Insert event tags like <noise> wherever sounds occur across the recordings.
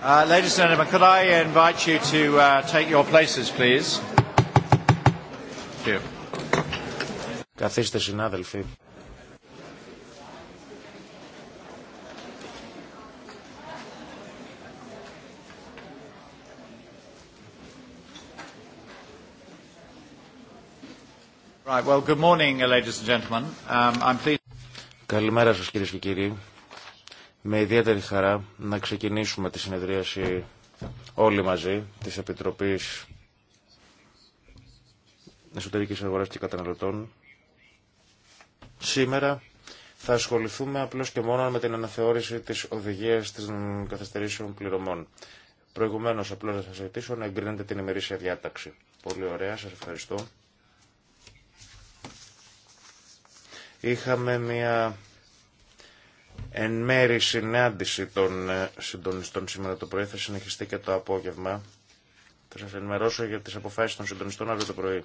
Uh, ladies and gentlemen, could I invite you to uh, take your places, please? Thank you. Καθίστε, συνάδελφοι. Right, well, good morning, ladies and gentlemen. Um, I'm pleased... Καλημέρα σας, κυρίες και κύριοι με ιδιαίτερη χαρά να ξεκινήσουμε τη συνεδρίαση όλοι μαζί της Επιτροπής Εσωτερικής Αγοράς και Καταναλωτών. Σήμερα θα ασχοληθούμε απλώς και μόνο με την αναθεώρηση της οδηγίας των καθυστερήσεων πληρωμών. Προηγουμένως απλώς θα σας ζητήσω να εγκρίνετε την ημερήσια διάταξη. Πολύ ωραία, σας ευχαριστώ. Είχαμε μια Εν μέρη συνάντηση των ε, συντονιστών σήμερα το πρωί θα συνεχιστεί και το απόγευμα. Θα σας ενημερώσω για τις αποφάσεις των συντονιστών αύριο το πρωί.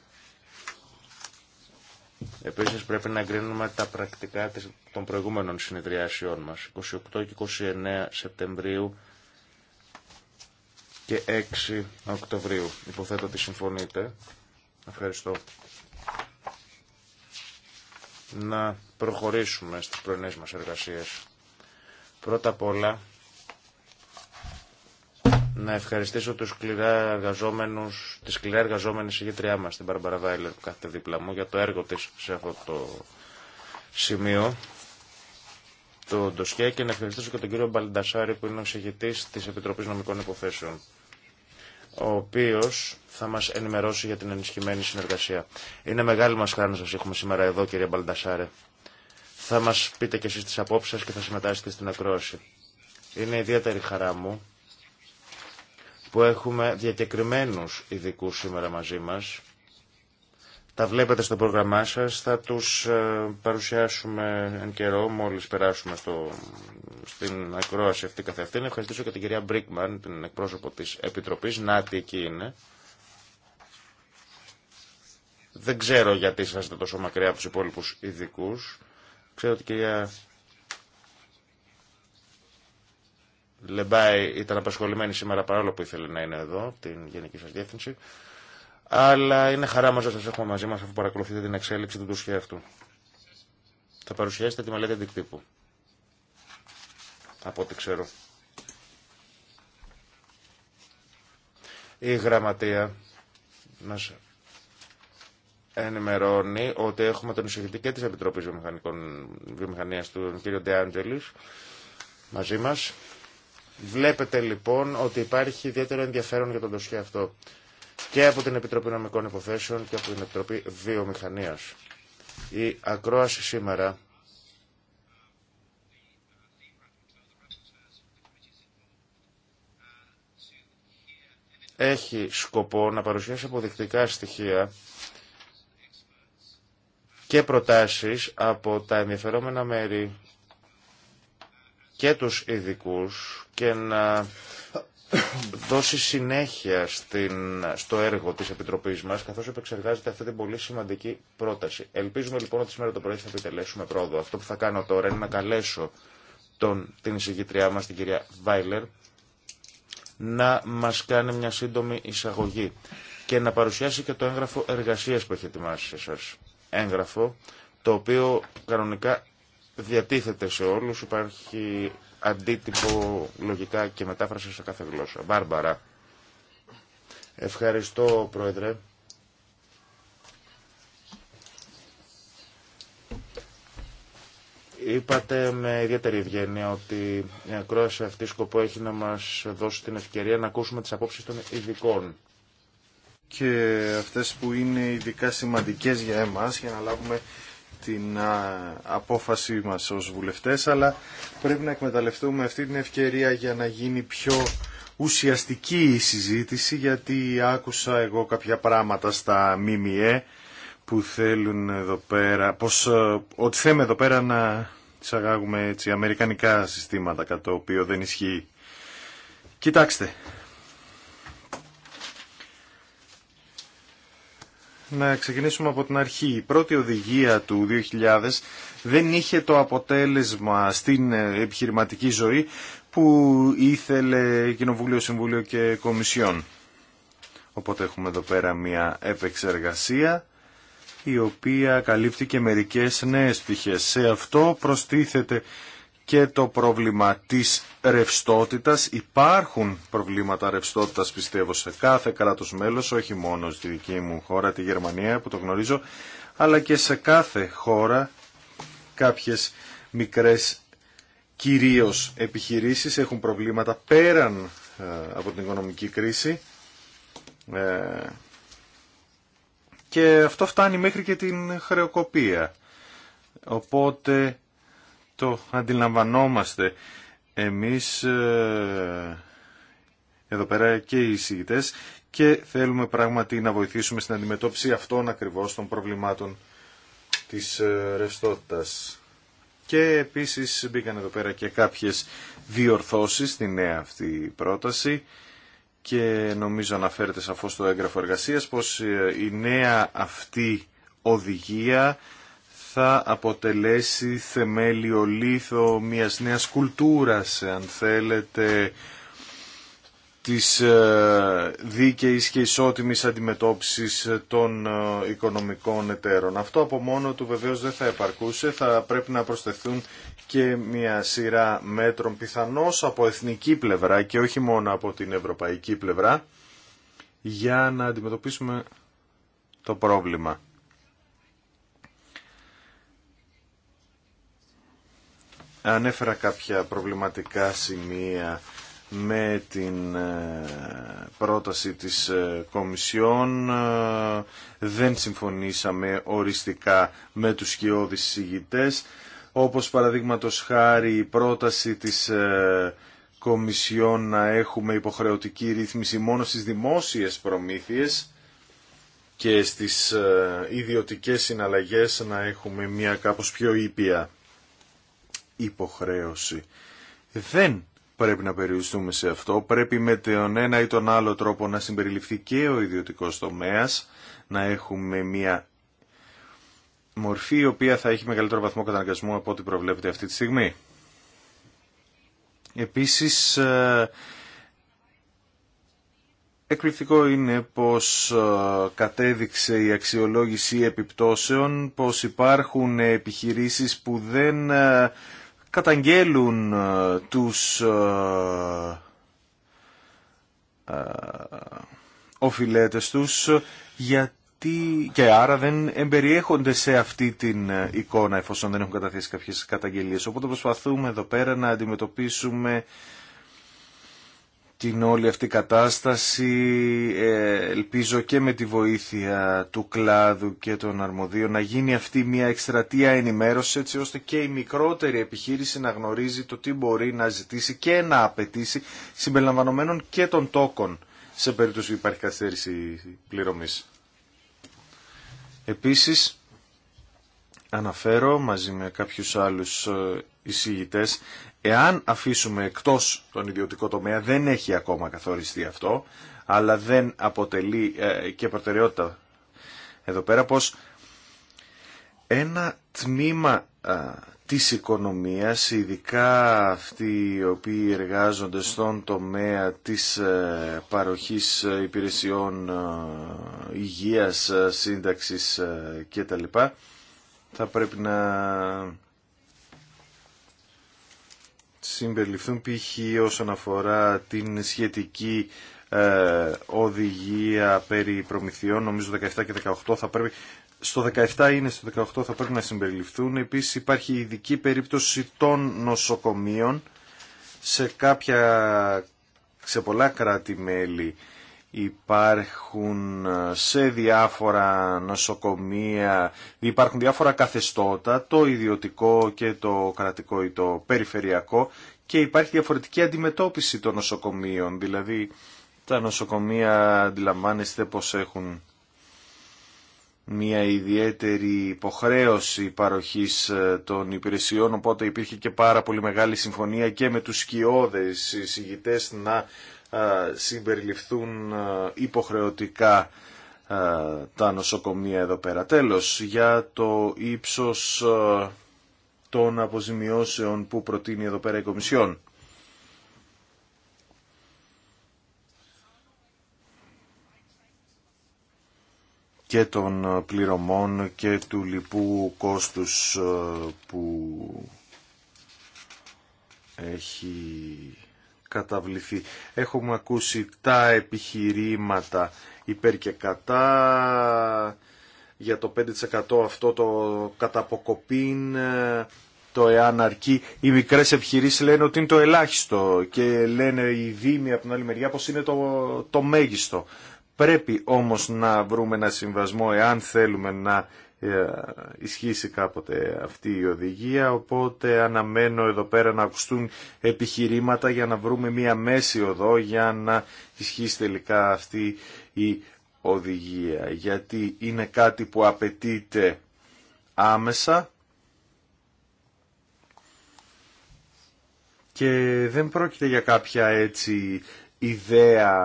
Επίσης πρέπει να εγκρίνουμε τα πρακτικά των προηγούμενων συνεδριάσεών μας. 28 και 29 Σεπτεμβρίου και 6 Οκτωβρίου. Υποθέτω ότι συμφωνείτε. Ευχαριστώ. Να προχωρήσουμε στις πρωινές μας εργασίες. Πρώτα απ' όλα, να ευχαριστήσω τους σκληρά εργαζόμενους, τη σκληρά εργαζόμενη μας, την Μπαρμπαρα Βάιλερ, που κάθεται δίπλα μου, για το έργο της σε αυτό το σημείο. Το ντοσιέ και να ευχαριστήσω και τον κύριο Μπαλντασάρη που είναι ο συγητής της Επιτροπής Νομικών Υποθέσεων ο οποίος θα μας ενημερώσει για την ενισχυμένη συνεργασία. Είναι μεγάλη μας χάρη να σας έχουμε σήμερα εδώ κύριε Μπαλντασάρε θα μας πείτε και εσείς τις απόψεις και θα συμμετάσχετε στην ακρόαση. Είναι ιδιαίτερη χαρά μου που έχουμε διακεκριμένους ειδικού σήμερα μαζί μας. Τα βλέπετε στο πρόγραμμά σας, θα τους ε, παρουσιάσουμε εν καιρό μόλις περάσουμε στο, στην ακρόαση αυτή καθεαυτή. Να ευχαριστήσω και την κυρία Μπρίκμαν, την εκπρόσωπο της Επιτροπής, να τι εκεί είναι. Δεν ξέρω γιατί είσαστε τόσο μακριά από τους υπόλοιπους ειδικού. Ξέρω ότι η κυρία Λεμπάη ήταν απασχολημένη σήμερα παρόλο που ήθελε να είναι εδώ, την Γενική σας Διεύθυνση. Αλλά είναι χαρά μας να σας έχουμε μαζί μας αφού παρακολουθείτε την εξέλιξη του ντουσιέ αυτού. Θα παρουσιάσετε τη μελέτη αντικτύπου. Από ό,τι ξέρω. Η γραμματεία μας ενημερώνει ότι έχουμε τον εισηγητή και της Επιτροπής Βιομηχανίας του κύριο Ντεάντζελης μαζί μας. Βλέπετε λοιπόν ότι υπάρχει ιδιαίτερο ενδιαφέρον για τον δοσχέ αυτό και από την Επιτροπή Νομικών Υποθέσεων και από την Επιτροπή Βιομηχανίας. Η ακρόαση σήμερα έχει σκοπό να παρουσιάσει αποδεικτικά στοιχεία και προτάσεις από τα ενδιαφερόμενα μέρη και τους ειδικού και να δώσει συνέχεια στην, στο έργο της Επιτροπής μας καθώς επεξεργάζεται αυτή την πολύ σημαντική πρόταση. Ελπίζουμε λοιπόν ότι σήμερα το πρωί θα επιτελέσουμε πρόοδο. Αυτό που θα κάνω τώρα είναι να καλέσω τον, την εισηγητριά μας, την κυρία Βάιλερ, να μας κάνει μια σύντομη εισαγωγή και να παρουσιάσει και το έγγραφο εργασίας που έχει ετοιμάσει σε εσάς έγγραφο το οποίο κανονικά διατίθεται σε όλους, υπάρχει αντίτυπο λογικά και μετάφραση σε κάθε γλώσσα. Μπάρμπαρα. Ευχαριστώ Πρόεδρε. Είπατε με ιδιαίτερη ευγένεια ότι η ακρόαση αυτή σκοπό έχει να μας δώσει την ευκαιρία να ακούσουμε τις απόψεις των ειδικών και αυτές που είναι ειδικά σημαντικές για εμάς για να λάβουμε την απόφαση μας ως βουλευτές αλλά πρέπει να εκμεταλλευτούμε αυτή την ευκαιρία για να γίνει πιο ουσιαστική η συζήτηση γιατί άκουσα εγώ κάποια πράγματα στα ΜΜΕ που θέλουν εδώ πέρα πως, ε, ότι θέμε εδώ πέρα να εισαγάγουμε έτσι αμερικανικά συστήματα κατά το οποίο δεν ισχύει. Κοιτάξτε, να ξεκινήσουμε από την αρχή. Η πρώτη οδηγία του 2000 δεν είχε το αποτέλεσμα στην ε, επιχειρηματική ζωή που ήθελε Κοινοβούλιο, Συμβούλιο και Κομισιόν. Οπότε έχουμε εδώ πέρα μια επεξεργασία η οποία καλύπτει και μερικές νέες πτυχές. Σε αυτό προστίθεται και το πρόβλημα της ρευστότητας. Υπάρχουν προβλήματα ρευστότητας πιστεύω σε κάθε κράτος μέλος, όχι μόνο στη δική μου χώρα, τη Γερμανία που το γνωρίζω, αλλά και σε κάθε χώρα κάποιες μικρές κυρίως επιχειρήσεις έχουν προβλήματα πέραν ε, από την οικονομική κρίση ε, και αυτό φτάνει μέχρι και την χρεοκοπία. Οπότε το αντιλαμβανόμαστε εμείς ε, εδώ πέρα και οι εισηγητές και θέλουμε πράγματι να βοηθήσουμε στην αντιμετώπιση αυτών ακριβώς των προβλημάτων της ε, ρευστότητα. Και επίσης μπήκαν εδώ πέρα και κάποιες διορθώσεις στη νέα αυτή πρόταση και νομίζω αναφέρεται σαφώς το έγγραφο εργασίας πως ε, η νέα αυτή οδηγία θα αποτελέσει θεμέλιο λίθο μιας νέας κουλτούρας, αν θέλετε, της ε, δίκαιης και ισότιμης αντιμετώπισης των ε, οικονομικών εταίρων. Αυτό από μόνο του βεβαίως δεν θα επαρκούσε, θα πρέπει να προσθεθούν και μια σειρά μέτρων πιθανώς από εθνική πλευρά και όχι μόνο από την ευρωπαϊκή πλευρά για να αντιμετωπίσουμε το πρόβλημα. Ανέφερα κάποια προβληματικά σημεία με την ε, πρόταση της ε, Κομισιόν. Ε, δεν συμφωνήσαμε οριστικά με τους σκιώδεις συγητές, όπως παραδείγματος χάρη η πρόταση της Κομισιόν να έχουμε υποχρεωτική ρύθμιση μόνο στις δημόσιες προμήθειες και στις ιδιωτικές συναλλαγές να έχουμε μια κάπως πιο ήπια υποχρέωση. Δεν πρέπει να περιοριστούμε σε αυτό, πρέπει με τον ένα ή τον άλλο τρόπο να συμπεριληφθεί και ο ιδιωτικός τομέας, να έχουμε μια μορφή η οποία θα έχει μεγαλύτερο βαθμό καταναγκασμού από ό,τι προβλέπεται αυτή τη στιγμή. Επίσης, ε, εκπληκτικό είναι πως ε, κατέδειξε η αξιολόγηση επιπτώσεων, πως υπάρχουν επιχειρήσεις που δεν ε, καταγγέλουν ε, τους ε, ε, οφειλέτες τους γιατί και άρα δεν εμπεριέχονται σε αυτή την εικόνα εφόσον δεν έχουν καταθέσει κάποιες καταγγελίες. Οπότε προσπαθούμε εδώ πέρα να αντιμετωπίσουμε την όλη αυτή κατάσταση. Ε, ελπίζω και με τη βοήθεια του κλάδου και των αρμοδίων να γίνει αυτή μια εκστρατεία ενημέρωση έτσι ώστε και η μικρότερη επιχείρηση να γνωρίζει το τι μπορεί να ζητήσει και να απαιτήσει συμπεριλαμβανομένων και των τόκων σε περίπτωση που υπάρχει καθυστέρηση πληρωμής. Επίσης, αναφέρω μαζί με κάποιους άλλους ε, εισηγητές, εάν αφήσουμε εκτός τον ιδιωτικό τομέα, δεν έχει ακόμα καθοριστεί αυτό, αλλά δεν αποτελεί ε, και προτεραιότητα εδώ πέρα, πω ένα τμήμα ε, της οικονομίας, ειδικά αυτοί οι οποίοι εργάζονται στον τομέα της ε, παροχής υπηρεσιών υγείας, σύνταξης κτλ. Θα πρέπει να συμπεριληφθούν π.χ. όσον αφορά την σχετική ε, οδηγία περί προμηθειών, νομίζω 17 και 18 θα πρέπει... Στο 17 είναι, στο 18 θα πρέπει να συμπεριληφθούν. Επίσης υπάρχει ειδική περίπτωση των νοσοκομείων σε κάποια, σε πολλά κράτη-μέλη υπάρχουν ε, σε διάφορα νοσοκομεία, υπάρχουν διάφορα καθεστώτα, το ιδιωτικό και το κρατικό ή το περιφερειακό και υπάρχει διαφορετική αντιμετώπιση των νοσοκομείων, δηλαδή τα νοσοκομεία αντιλαμβάνεστε πως έχουν μια ιδιαίτερη υποχρέωση παροχής ε, των υπηρεσιών, οπότε υπήρχε και πάρα πολύ μεγάλη συμφωνία και με τους σκιώδες συζητητές να συμπεριληφθούν υποχρεωτικά τα νοσοκομεία εδώ πέρα. Τέλος, για το ύψος των αποζημιώσεων που προτείνει εδώ πέρα η Κομισιόν. και των πληρωμών και του λοιπού κόστους που έχει καταβληθεί. Έχουμε ακούσει τα επιχειρήματα υπέρ και κατά για το 5% αυτό το καταποκοπήν το εάν αρκεί. Οι μικρές επιχειρήσει λένε ότι είναι το ελάχιστο και λένε οι δήμοι από την άλλη μεριά πως είναι το, το μέγιστο. Πρέπει όμως να βρούμε ένα συμβασμό εάν θέλουμε να ε, ισχύσει κάποτε αυτή η οδηγία, οπότε αναμένω εδώ πέρα να ακουστούν επιχειρήματα για να βρούμε μία μέση οδό για να ισχύσει τελικά αυτή η οδηγία, γιατί είναι κάτι που απαιτείται άμεσα και δεν πρόκειται για κάποια έτσι ιδέα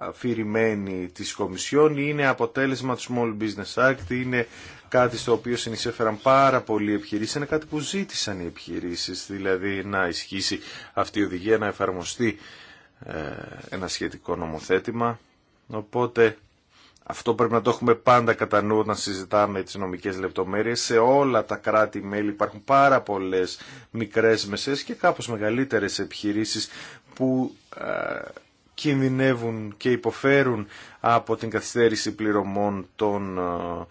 αφηρημένη της Κομισιόν είναι αποτέλεσμα του Small Business Act, είναι κάτι στο οποίο συνεισέφεραν πάρα πολλοί επιχειρήσει, είναι κάτι που ζήτησαν οι επιχειρήσει, δηλαδή να ισχύσει αυτή η οδηγία, να εφαρμοστεί ε, ένα σχετικό νομοθέτημα. Οπότε αυτό πρέπει να το έχουμε πάντα κατά νου όταν συζητάμε τις νομικές λεπτομέρειες. Σε όλα τα κράτη-μέλη υπάρχουν πάρα πολλές μικρές, μεσές και κάπως μεγαλύτερες επιχειρήσεις που ε, κινδυνεύουν και υποφέρουν από την καθυστέρηση πληρωμών των ε,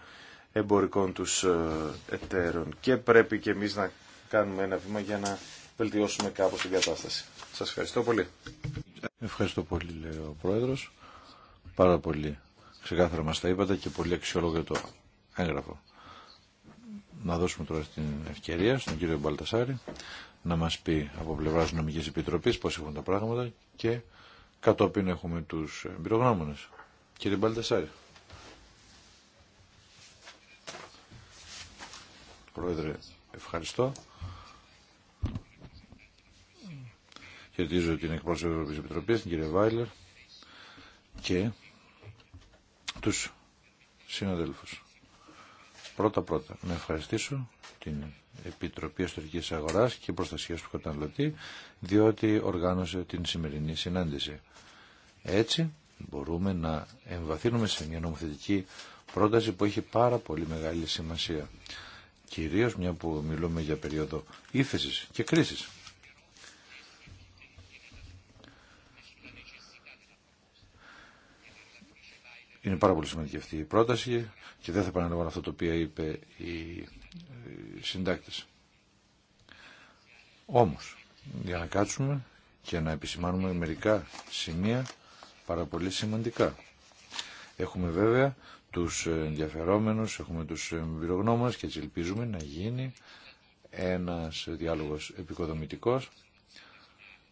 εμπορικών τους ε, εταίρων και πρέπει και εμείς να κάνουμε ένα βήμα για να βελτιώσουμε κάπως την κατάσταση. Σας ευχαριστώ πολύ. Ευχαριστώ πολύ λέει ο Πρόεδρος. Πάρα πολύ ξεκάθαρα μας τα είπατε και πολύ αξιόλογο το έγγραφο. Να δώσουμε τώρα την ευκαιρία στον κύριο Μπαλτασάρη να μας πει από πλευράς νομικής επιτροπής πώς έχουν τα πράγματα και κατόπιν έχουμε τους εμπειρογνώμονες. Κύριε Μπαλτασάρη. Πρόεδρε, ευχαριστώ. Χαιρετίζω την εκπρόσωπη της Επιτροπής, την κυρία Βάιλερ και τους συναδέλφους. Πρώτα-πρώτα να ευχαριστήσω την Επιτροπή Ιστορικής Αγοράς και Προστασίας του Καταναλωτή διότι οργάνωσε την σημερινή συνάντηση. Έτσι μπορούμε να εμβαθύνουμε σε μια νομοθετική πρόταση που έχει πάρα πολύ μεγάλη σημασία κυρίως μια που μιλούμε για περίοδο ύφεσης και κρίσης. Είναι πάρα πολύ σημαντική αυτή η πρόταση και δεν θα επαναλαμβάνω αυτό το οποίο είπε η συντάκτης. Όμως, για να κάτσουμε και να επισημάνουμε μερικά σημεία πάρα πολύ σημαντικά. Έχουμε βέβαια τους ενδιαφερόμενους, έχουμε τους εμπειρογνώμας και έτσι ελπίζουμε να γίνει ένας διάλογος επικοδομητικός,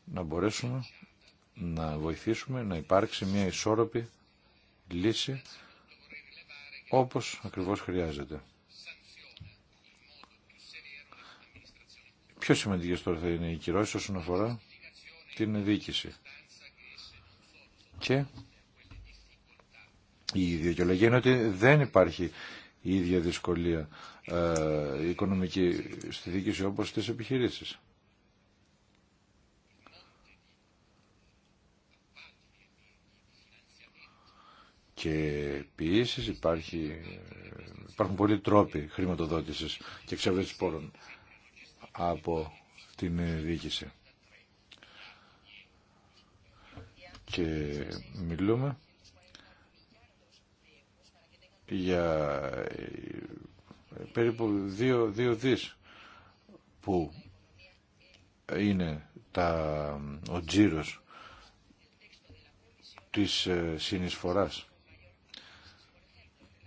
να μπορέσουμε να βοηθήσουμε να υπάρξει μια ισόρροπη λύση όπως ακριβώς χρειάζεται. Πιο σημαντικές τώρα θα είναι οι κυρώσεις όσον αφορά την διοίκηση. Και η λέγει είναι ότι δεν υπάρχει η ίδια δυσκολία ε, οικονομική στη δίκηση όπως στις επιχειρήσεις. Και επίση υπάρχει, υπάρχουν πολλοί τρόποι χρηματοδότησης και εξεύρεσης πόρων από την διοίκηση. Και μιλούμε για ε, περίπου δύο δις που είναι τα, ο τζίρος της ε, συνεισφοράς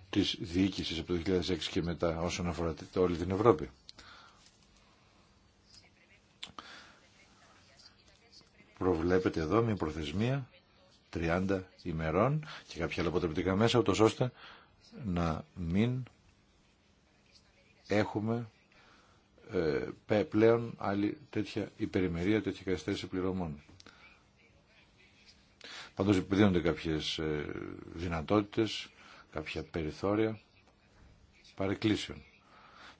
της διοίκησης από το 2006 και μετά όσον αφορά όλη την Ευρώπη. Προβλέπεται εδώ μια προθεσμία 30 ημερών και κάποια άλλα μέσα, ούτως ώστε να μην έχουμε ε, πλέον άλλη τέτοια υπερημερία, τέτοια καθυστέρηση πληρωμών. Πάντως επιδίνονται κάποιες ε, δυνατότητες, κάποια περιθώρια παρεκκλήσεων.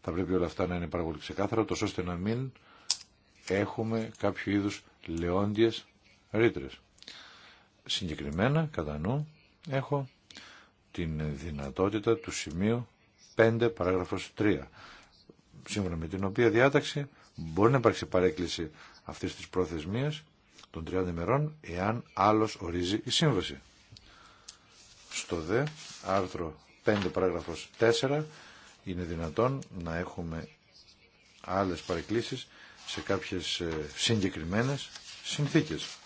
Θα πρέπει όλα αυτά να είναι πάρα πολύ ξεκάθαρα, ώστε να μην έχουμε κάποιο είδους λεόντιες ρήτρες. Συγκεκριμένα, κατά νου, έχω την δυνατότητα του σημείου 5 παράγραφος 3 σύμφωνα με την οποία διάταξη μπορεί να υπάρξει παρέκκληση αυτής της προθεσμίας των 30 ημερών εάν άλλος ορίζει η σύμβαση. Στο δε άρθρο 5 παράγραφος 4 είναι δυνατόν να έχουμε άλλες παρεκκλήσεις σε κάποιες ε, συγκεκριμένες συνθήκες.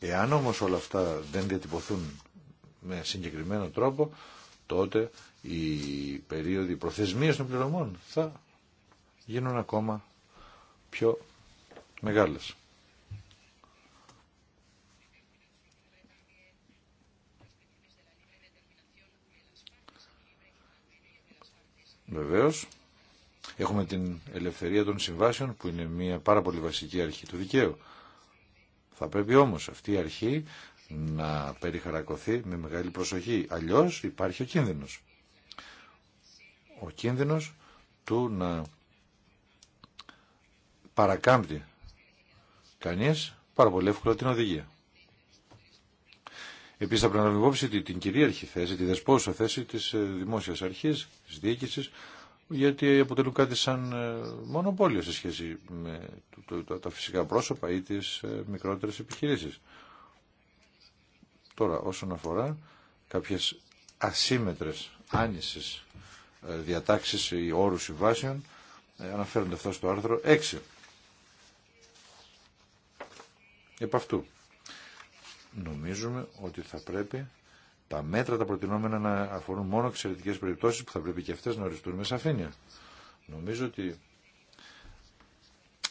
Εάν όμως όλα αυτά δεν διατυπωθούν με συγκεκριμένο τρόπο, τότε οι περίοδοι προθεσμίας των πληρωμών θα γίνουν ακόμα πιο μεγάλες. Βεβαίως, έχουμε την ελευθερία των συμβάσεων που είναι μια πάρα πολύ βασική αρχή του δικαίου. Θα πρέπει όμως αυτή η αρχή να περιχαρακωθεί με μεγάλη προσοχή. Αλλιώς υπάρχει ο κίνδυνος. Ο κίνδυνος του να παρακάμπτει κανείς πάρα πολύ εύκολα την οδηγία. Επίσης θα πρέπει να υπόψη την κυρίαρχη θέση, τη δεσπόζουσα θέση της ε, δημόσιας αρχής, της διοίκησης, γιατί αποτελούν κάτι σαν ε, μονοπόλιο σε σχέση με τα φυσικά πρόσωπα ή τις ε, μικρότερες επιχειρήσεις. Τώρα, όσον αφορά κάποιες ασύμετρες, άνησες ε, διατάξεις ή όρους συμβάσεων, ε, αναφέρονται αυτό στο άρθρο 6. Επ' αυτού, νομίζουμε ότι θα πρέπει τα μέτρα τα προτινόμενα να αφορούν μόνο εξαιρετικέ περιπτώσεις που θα πρέπει και αυτές να οριστούν με σαφήνεια. Νομίζω ότι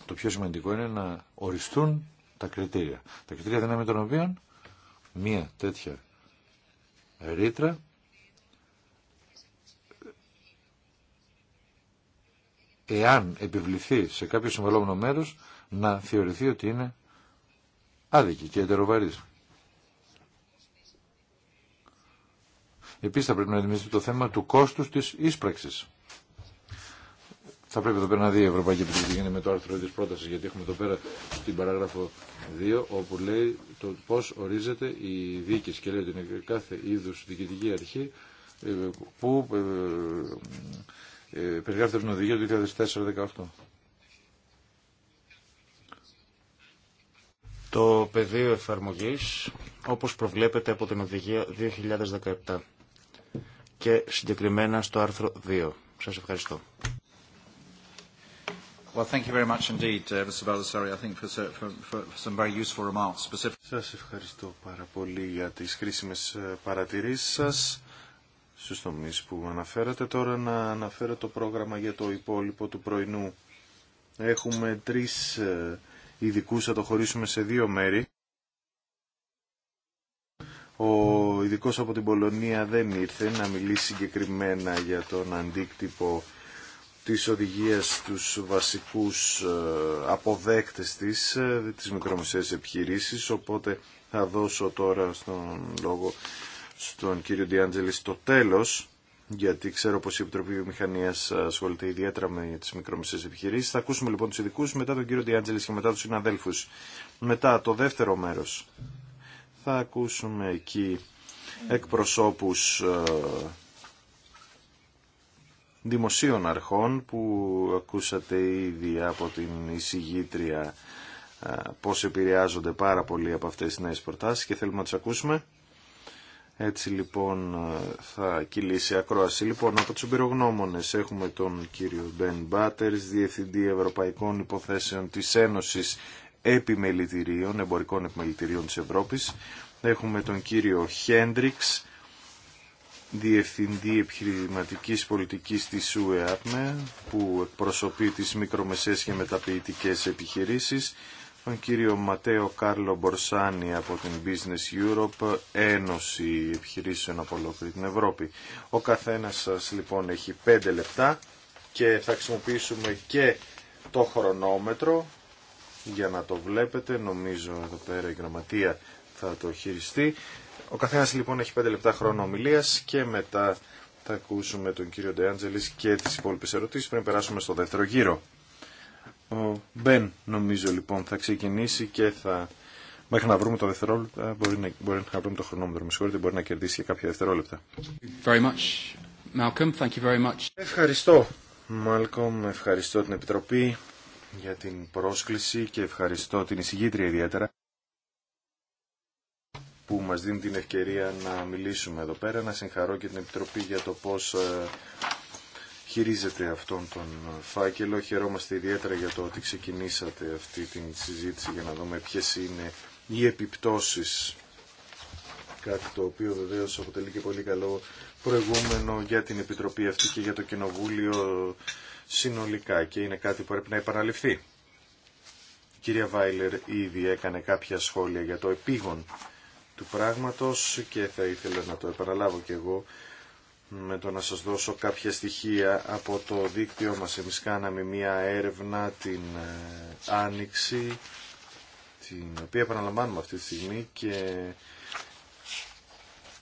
το πιο σημαντικό είναι να οριστούν τα κριτήρια. Τα κριτήρια δυνάμει των οποίων μία τέτοια ρήτρα εάν επιβληθεί σε κάποιο συμβαλόμενο μέρος να θεωρηθεί ότι είναι άδικη και ετεροβαρής. Επίσης θα πρέπει να δημιουργηθεί το θέμα του κόστους της ίσπραξης θα πρέπει εδώ πέρα να δει η Ευρωπαϊκή Επιτροπή τι γίνεται με το άρθρο τη πρόταση, γιατί έχουμε εδώ πέρα την παράγραφο 2, όπου λέει το πώ ορίζεται η δίκη και λέει ότι είναι κάθε είδου διοικητική αρχή ε, που ε, ε, περιγράφεται στην οδηγία του 2004 2018 Το πεδίο εφαρμογής, όπως προβλέπεται από την οδηγία 2017 και συγκεκριμένα στο άρθρο 2. Σας ευχαριστώ. Well, thank you very much indeed, uh, I think for, uh, for, Σας ευχαριστώ πάρα πολύ για τις χρήσιμες ε, παρατηρήσεις σας στους τομείς που αναφέρατε. Τώρα να αναφέρω το πρόγραμμα για το υπόλοιπο του πρωινού. Έχουμε τρεις ε, ειδικού θα το χωρίσουμε σε δύο μέρη. Ο ειδικό από την Πολωνία δεν ήρθε να μιλήσει συγκεκριμένα για τον αντίκτυπο τις οδηγίες τους βασικούς ε, αποδέκτες της, ε, της μικρομεσαίες επιχειρήσεις, οπότε θα δώσω τώρα στον λόγο στον κύριο Διάντζελη στο τέλος, γιατί ξέρω πως η Επιτροπή Μηχανίας ασχολείται ιδιαίτερα με τις μικρομεσαίες επιχειρήσεις. Θα ακούσουμε λοιπόν τους ειδικούς, μετά τον κύριο Διάντζελη και μετά τους συναδέλφους. Μετά το δεύτερο μέρος θα ακούσουμε εκεί εκπροσώπους ε, δημοσίων αρχών που ακούσατε ήδη από την εισηγήτρια πώς επηρεάζονται πάρα πολύ από αυτές τις νέες προτάσεις και θέλουμε να τις ακούσουμε. Έτσι λοιπόν θα κυλήσει η ακρόαση. Λοιπόν, από τους εμπειρογνώμονες έχουμε τον κύριο Μπεν Μπάτερς, Διευθυντή Ευρωπαϊκών Υποθέσεων της Ένωσης Επιμελητηρίων, Εμπορικών Επιμελητηρίων της Ευρώπης. Έχουμε τον κύριο Χέντριξ, Διευθυντή Επιχειρηματικής Πολιτικής της ΟΕΑΠΜΕ που εκπροσωπεί τις μικρομεσαίες και μεταποιητικές επιχειρήσεις τον κύριο Ματέο Κάρλο Μπορσάνη από την Business Europe, Ένωση Επιχειρήσεων από ολόκληρη την Ευρώπη. Ο καθένα σας λοιπόν έχει πέντε λεπτά και θα χρησιμοποιήσουμε και το χρονόμετρο για να το βλέπετε. Νομίζω εδώ πέρα η γραμματεία θα το χειριστεί. Ο καθένα λοιπόν έχει πέντε λεπτά χρόνο ομιλία και μετά θα ακούσουμε τον κύριο Ντεάντζελη και τις υπόλοιπε ερωτήσει πριν περάσουμε στο δεύτερο γύρο. Ο Μπεν νομίζω λοιπόν θα ξεκινήσει και θα... Μέχρι να βρούμε το δευτερόλεπτα, ε, μπορεί να, μπορεί να βρούμε το χρονόμετρο. Με συγχωρείτε, μπορεί να κερδίσει και κάποια δευτερόλεπτα. Very much. Malcolm, thank you very much. Ευχαριστώ, Μάλκομ. Ευχαριστώ την Επιτροπή για την πρόσκληση και ευχαριστώ την εισηγήτρια ιδιαίτερα που μας δίνει την ευκαιρία να μιλήσουμε εδώ πέρα. Να συγχαρώ και την Επιτροπή για το πώς ε, χειρίζεται αυτόν τον φάκελο. Χαιρόμαστε ιδιαίτερα για το ότι ξεκινήσατε αυτή την συζήτηση για να δούμε ποιες είναι οι επιπτώσεις κάτι το οποίο βεβαίως αποτελεί και πολύ καλό προηγούμενο για την Επιτροπή αυτή και για το Κοινοβούλιο συνολικά και είναι κάτι που πρέπει να επαναληφθεί. κυρία Βάιλερ ήδη έκανε κάποια σχόλια για το επίγον του πράγματος και θα ήθελα να το επαναλάβω και εγώ με το να σας δώσω κάποια στοιχεία από το δίκτυο μας. Εμείς κάναμε μία έρευνα την ε, Άνοιξη, την οποία επαναλαμβάνουμε αυτή τη στιγμή και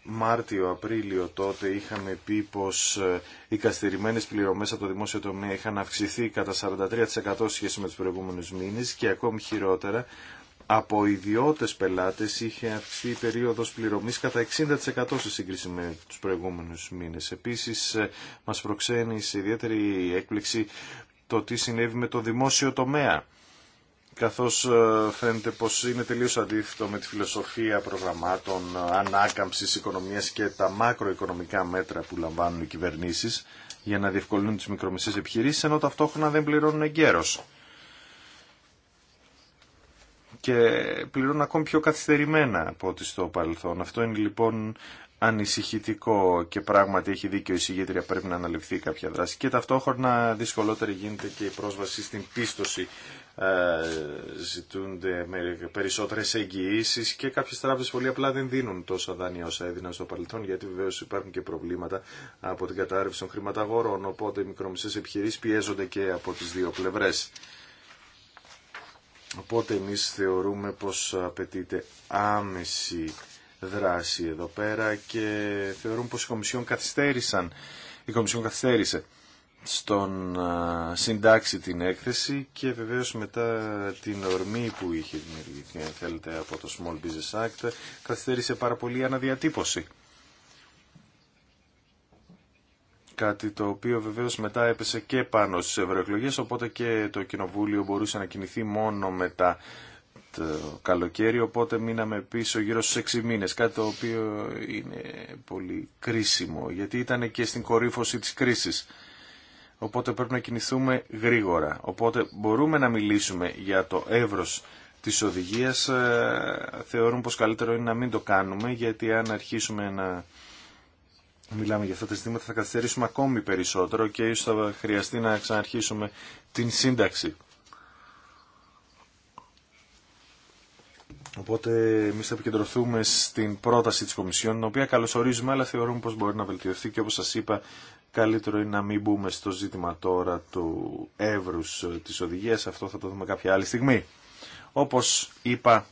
Μάρτιο-Απρίλιο τότε είχαμε πει πως ε, οι καστηριμένες πληρωμές από το δημόσιο τομέα είχαν αυξηθεί κατά 43% σχέση με τους προηγούμενους μήνες και ακόμη χειρότερα από ιδιώτες πελάτες είχε αυξηθεί η περίοδος πληρωμής κατά 60% σε σύγκριση με τους προηγούμενους μήνες. Επίσης, ε, μας προξένει σε ιδιαίτερη έκπληξη το τι συνέβη με το δημόσιο τομέα, καθώς ε, φαίνεται πως είναι τελείως αντίθετο με τη φιλοσοφία προγραμμάτων ε, ανάκαμψης οικονομίας και τα μακροοικονομικά μέτρα που λαμβάνουν οι κυβερνήσεις για να διευκολύνουν τις μικρομεσαίες επιχειρήσεις, ενώ ταυτόχρονα δεν πληρώνουν εγκαίρως και πληρώνουν ακόμη πιο καθυστερημένα από ό,τι στο παρελθόν. Αυτό είναι λοιπόν ανησυχητικό και πράγματι έχει δίκιο η συγγήτρια πρέπει να αναλυφθεί κάποια δράση και ταυτόχρονα δυσκολότερη γίνεται και η πρόσβαση στην πίστοση ε, ζητούνται με περισσότερες εγγυήσεις και κάποιες τράπεζες πολύ απλά δεν δίνουν τόσα δάνεια όσα έδιναν στο παρελθόν γιατί βεβαίω υπάρχουν και προβλήματα από την κατάρρευση των χρηματαγορών οπότε οι μικρομισές επιχειρήσεις πιέζονται και από τις δύο πλευρές. Οπότε εμείς θεωρούμε πως απαιτείται άμεση δράση εδώ πέρα και θεωρούμε πως η Κομισιόν καθυστέρησαν, η Κομισιόν καθυστέρησε στον συντάξει την έκθεση και βεβαίως μετά την ορμή που είχε δημιουργηθεί θέλετε από το Small Business Act καθυστέρησε πάρα πολύ η αναδιατύπωση. Κάτι το οποίο βεβαίω μετά έπεσε και πάνω στι ευρωεκλογέ, οπότε και το Κοινοβούλιο μπορούσε να κινηθεί μόνο μετά το καλοκαίρι, οπότε μείναμε πίσω γύρω στους 6 μήνες, κάτι το οποίο είναι πολύ κρίσιμο, γιατί ήταν και στην κορύφωση της κρίσης. Οπότε πρέπει να κινηθούμε γρήγορα. Οπότε μπορούμε να μιλήσουμε για το εύρο τη οδηγία. Ε, θεωρούν πω καλύτερο είναι να μην το κάνουμε, γιατί αν αρχίσουμε να μιλάμε για αυτά τα ζητήματα θα καθυστερήσουμε ακόμη περισσότερο και ίσως θα χρειαστεί να ξαναρχίσουμε την σύνταξη. Οπότε εμεί θα επικεντρωθούμε στην πρόταση τη Κομισιόν, την οποία καλωσορίζουμε, αλλά θεωρούμε πώ μπορεί να βελτιωθεί και όπω σα είπα, καλύτερο είναι να μην μπούμε στο ζήτημα τώρα του εύρου ε, τη οδηγία. αυτό θα το δούμε κάποια άλλη στιγμή. Όπω είπα,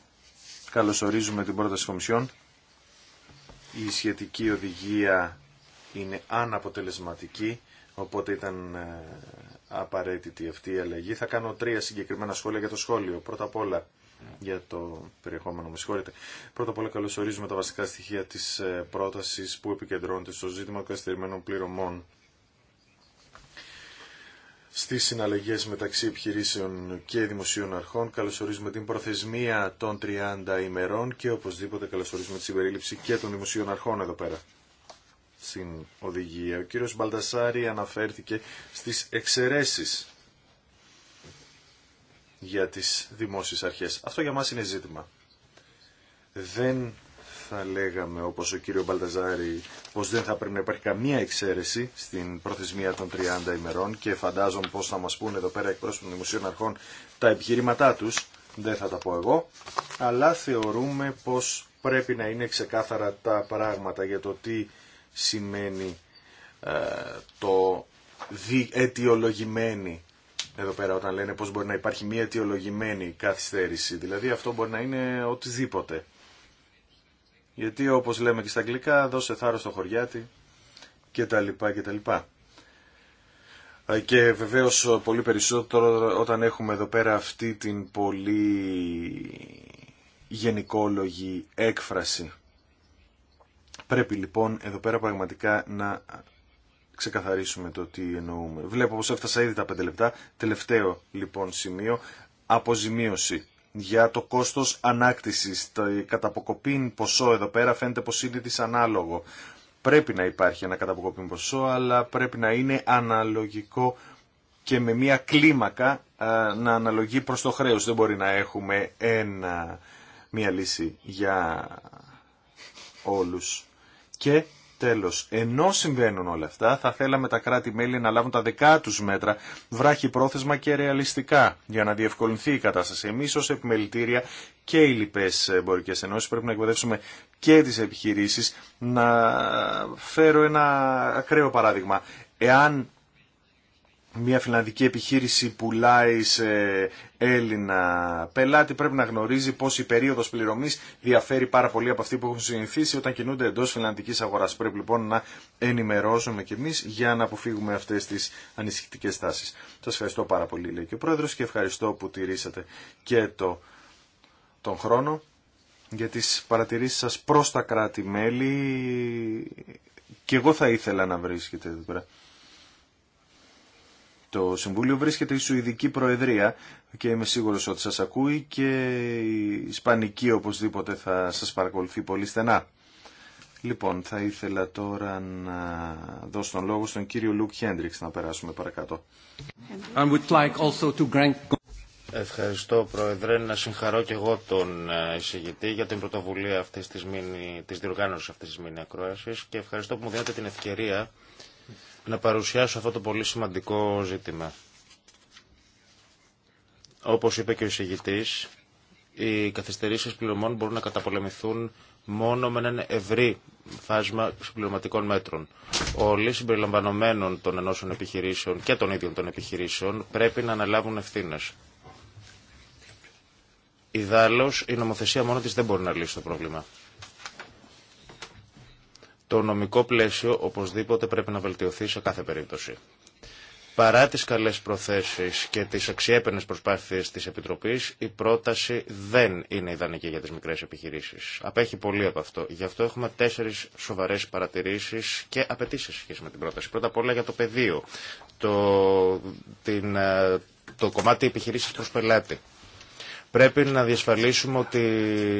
καλωσορίζουμε την πρόταση της Κομισιόν. Η σχετική οδηγία είναι αναποτελεσματική, οπότε ήταν ε, απαραίτητη αυτή η αλλαγή. Θα κάνω τρία συγκεκριμένα σχόλια για το σχόλιο. Πρώτα απ' όλα για το περιεχόμενο, με συγχωρείτε. Πρώτα απ' όλα καλωσορίζουμε τα βασικά στοιχεία τη ε, πρόταση που επικεντρώνεται στο ζήτημα των καθυστερημένων πληρωμών στι συναλλαγέ μεταξύ επιχειρήσεων και δημοσίων αρχών. Καλωσορίζουμε την προθεσμία των 30 ημερών και οπωσδήποτε καλωσορίζουμε τη συμπερίληψη και των δημοσίων αρχών εδώ πέρα στην οδηγία. Ο κύριος Μπαλτασάρη αναφέρθηκε στις εξαιρέσεις για τις δημόσιες αρχές. Αυτό για μας είναι ζήτημα. Δεν θα λέγαμε, όπως ο κύριο Μπαλτασάρη πως δεν θα πρέπει να υπάρχει καμία εξαίρεση στην προθεσμία των 30 ημερών και φαντάζομαι πως θα μας πούνε εδώ πέρα εκπρόσωποι των δημοσίων αρχών τα επιχειρήματά τους, δεν θα τα πω εγώ, αλλά θεωρούμε πως πρέπει να είναι ξεκάθαρα τα πράγματα για το τι σημαίνει ε, το αιτιολογημένη εδώ πέρα όταν λένε πως μπορεί να υπάρχει μια αιτιολογημένη καθυστέρηση. Δηλαδή αυτό μπορεί να είναι οτιδήποτε. Γιατί όπως λέμε και στα αγγλικά δώσε θάρρος στο χωριάτι και τα λοιπά και τα λοιπά. Ε, και βεβαίως πολύ περισσότερο όταν έχουμε εδώ πέρα αυτή την πολύ γενικόλογη έκφραση Πρέπει λοιπόν εδώ πέρα πραγματικά να ξεκαθαρίσουμε το τι εννοούμε. Βλέπω πως έφτασα ήδη τα 5 λεπτά. Τελευταίο λοιπόν σημείο, αποζημίωση για το κόστος ανάκτησης. Το καταποκοπήν ποσό εδώ πέρα φαίνεται πως είναι δυσανάλογο. Πρέπει να υπάρχει ένα καταποκοπήν ποσό, αλλά πρέπει να είναι αναλογικό και με μια κλίμακα να αναλογεί προς το χρέος. Δεν μπορεί να έχουμε ένα, μια λύση για όλους. Και τέλος, ενώ συμβαίνουν όλα αυτά, θα θέλαμε τα κράτη-μέλη να λάβουν τα δικά τους μέτρα βράχη πρόθεσμα και ρεαλιστικά για να διευκολυνθεί η κατάσταση. Εμείς ως επιμελητήρια και οι λοιπές εμπορικές ενώσεις πρέπει να εκπαιδεύσουμε και τις επιχειρήσεις. Να φέρω ένα ακραίο παράδειγμα. Εάν μια φιλανδική επιχείρηση πουλάει σε Έλληνα πελάτη πρέπει να γνωρίζει πως η περίοδος πληρωμής διαφέρει πάρα πολύ από αυτή που έχουν συνηθίσει όταν κινούνται εντός φιλανδικής αγοράς. Πρέπει λοιπόν να ενημερώσουμε κι εμείς για να αποφύγουμε αυτές τις ανησυχητικές τάσεις. Σας ευχαριστώ πάρα πολύ λέει και ο Πρόεδρος και ευχαριστώ που τηρήσατε και το, τον χρόνο για τις παρατηρήσεις σας προς τα κράτη-μέλη και εγώ θα ήθελα να βρίσκεται εδώ πέρα το Συμβούλιο βρίσκεται η Σουηδική Προεδρία και είμαι σίγουρος ότι σας ακούει και η Ισπανική οπωσδήποτε θα σας παρακολουθεί πολύ στενά. Λοιπόν, θα ήθελα τώρα να δώσω τον λόγο στον κύριο Λουκ Χέντριξ να περάσουμε παρακάτω. Ευχαριστώ Πρόεδρε, να συγχαρώ και εγώ τον ε, εισηγητή για την πρωτοβουλία αυτής της, μήνυ, της διοργάνωσης αυτής της ακρόασης και ευχαριστώ που μου δίνετε την ευκαιρία να παρουσιάσω αυτό το πολύ σημαντικό ζήτημα. Όπως είπε και ο εισηγητής, οι καθυστερήσεις πληρωμών μπορούν να καταπολεμηθούν μόνο με έναν ευρύ φάσμα συμπληρωματικών μέτρων. Όλοι συμπεριλαμβανομένων των ενώσεων επιχειρήσεων και των ίδιων των επιχειρήσεων πρέπει να αναλάβουν ευθύνε. Ιδάλω, η νομοθεσία μόνο της δεν μπορεί να λύσει το πρόβλημα. Το νομικό πλαίσιο οπωσδήποτε πρέπει να βελτιωθεί σε κάθε περίπτωση. Παρά τις καλές προθέσεις και τις αξιέπαινες προσπάθειες της Επιτροπής, η πρόταση δεν είναι ιδανική για τις μικρές επιχειρήσεις. Απέχει πολύ από αυτό. Γι' αυτό έχουμε τέσσερις σοβαρές παρατηρήσεις και απαιτήσει σχέση με την πρόταση. Πρώτα απ' όλα για το πεδίο, το, την, ε, το κομμάτι επιχειρήσεις προς πελάτη. Πρέπει να διασφαλίσουμε ότι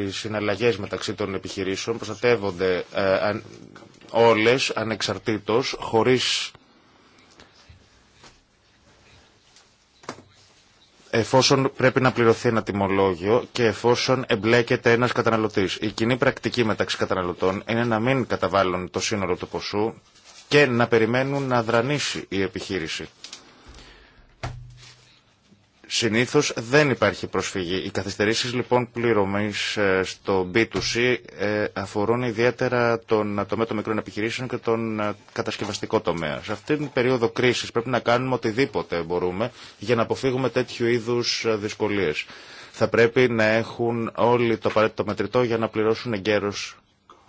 οι συναλλαγές μεταξύ των επιχειρήσεων προστατεύονται ε, όλες ανεξαρτήτως, χωρίς εφόσον πρέπει να πληρωθεί ένα τιμολόγιο και εφόσον εμπλέκεται ένας καταναλωτής. Η κοινή πρακτική μεταξύ καταναλωτών είναι να μην καταβάλουν το σύνολο του ποσού και να περιμένουν να δρανήσει η επιχείρηση. Συνήθως δεν υπάρχει προσφυγή. Οι καθυστερήσεις λοιπόν πληρωμής ε, στο B2C ε, αφορούν ιδιαίτερα τον ε, τομέα των μικρών επιχειρήσεων και τον κατασκευαστικό τομέα. Σε αυτήν την περίοδο κρίσης πρέπει να κάνουμε οτιδήποτε μπορούμε για να αποφύγουμε τέτοιου είδους δυσκολίες. Θα πρέπει να έχουν όλοι το απαραίτητο μετρητό για να πληρώσουν εγκαίρως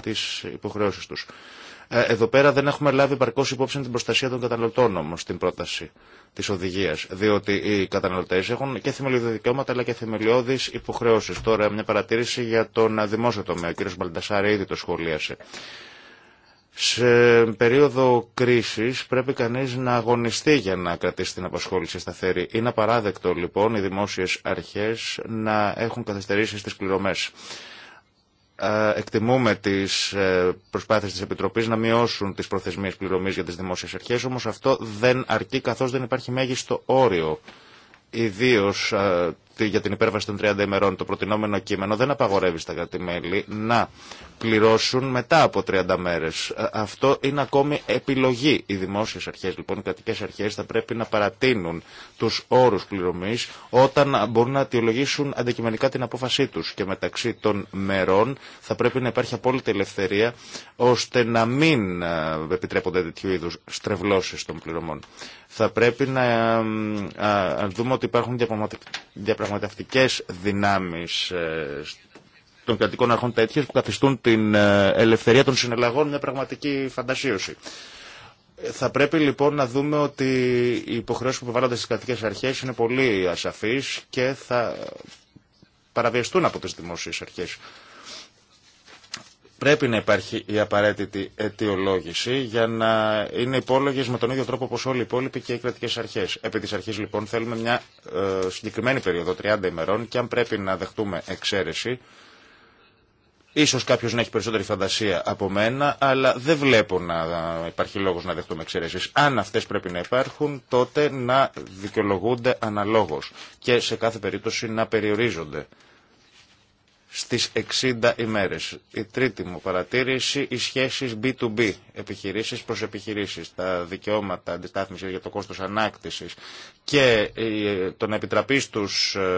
τις υποχρεώσεις τους. Ε, εδώ πέρα δεν έχουμε λάβει παρκώ υπόψη την προστασία των καταναλωτών όμω στην πρόταση τη οδηγία. Διότι οι καταναλωτέ έχουν και θεμελιώδη δικαιώματα αλλά και θεμελιώδει υποχρεώσει. Τώρα μια παρατήρηση για τον δημόσιο τομέα. Ο κ. Μπαλντασάρη ήδη το σχολίασε. Σε περίοδο κρίση πρέπει κανεί να αγωνιστεί για να κρατήσει την απασχόληση σταθερή. Είναι απαράδεκτο λοιπόν οι δημόσιε αρχέ να έχουν καθυστερήσει στι πληρωμέ. Ε, εκτιμούμε τι ε, προσπάθειες της Επιτροπής να μειώσουν τις προθεσμίες πληρωμής για τις δημόσιες αρχές, όμως αυτό δεν αρκεί καθώς δεν υπάρχει μέγιστο όριο. Ιδίω ε, για την υπέρβαση των 30 ημερών, το προτινόμενο κείμενο δεν απαγορεύει στα κρατημέλη να πληρώσουν μετά από 30 μέρες. Ε, αυτό είναι ακόμη επιλογή. Οι δημόσιες αρχές λοιπόν, οι κρατικέ αρχέ θα πρέπει να παρατείνουν τους όρους πληρωμής όταν μπορούν να αιτιολογήσουν αντικειμενικά την απόφασή τους Και μεταξύ των μερών θα πρέπει να υπάρχει απόλυτη ελευθερία ώστε να μην ε, επιτρέπονται τέτοιου είδου στρεβλώσεις των πληρωμών. Θα πρέπει να ε, δούμε ότι υπάρχουν διαπραγματεύσει διαπραγματευτικές δυνάμεις ε, των κρατικών αρχών τέτοιε που καθιστούν την ε, ελευθερία των συνελλαγών μια πραγματική φαντασίωση. Ε, θα πρέπει λοιπόν να δούμε ότι οι υποχρεώσει που επιβάλλονται στι κρατικέ αρχέ είναι πολύ ασαφεί και θα παραβιαστούν από τι δημόσιε αρχέ. Πρέπει να υπάρχει η απαραίτητη αιτιολόγηση για να είναι υπόλογε με τον ίδιο τρόπο όπω όλοι οι υπόλοιποι και οι κρατικέ αρχέ. Επί τη αρχή λοιπόν θέλουμε μια ε, συγκεκριμένη περίοδο 30 ημερών και αν πρέπει να δεχτούμε εξαίρεση, ίσως κάποιο να έχει περισσότερη φαντασία από μένα, αλλά δεν βλέπω να υπάρχει λόγο να δεχτούμε εξαιρέσει. Αν αυτέ πρέπει να υπάρχουν, τότε να δικαιολογούνται αναλόγω και σε κάθε περίπτωση να περιορίζονται στις 60 ημέρες. Η τρίτη μου παρατήρηση, οι σχέσεις B2B, επιχειρήσεις προς επιχειρήσεις, τα δικαιώματα αντιστάθμισης για το κόστος ανάκτησης και ε, το να επιτραπεί στους ε,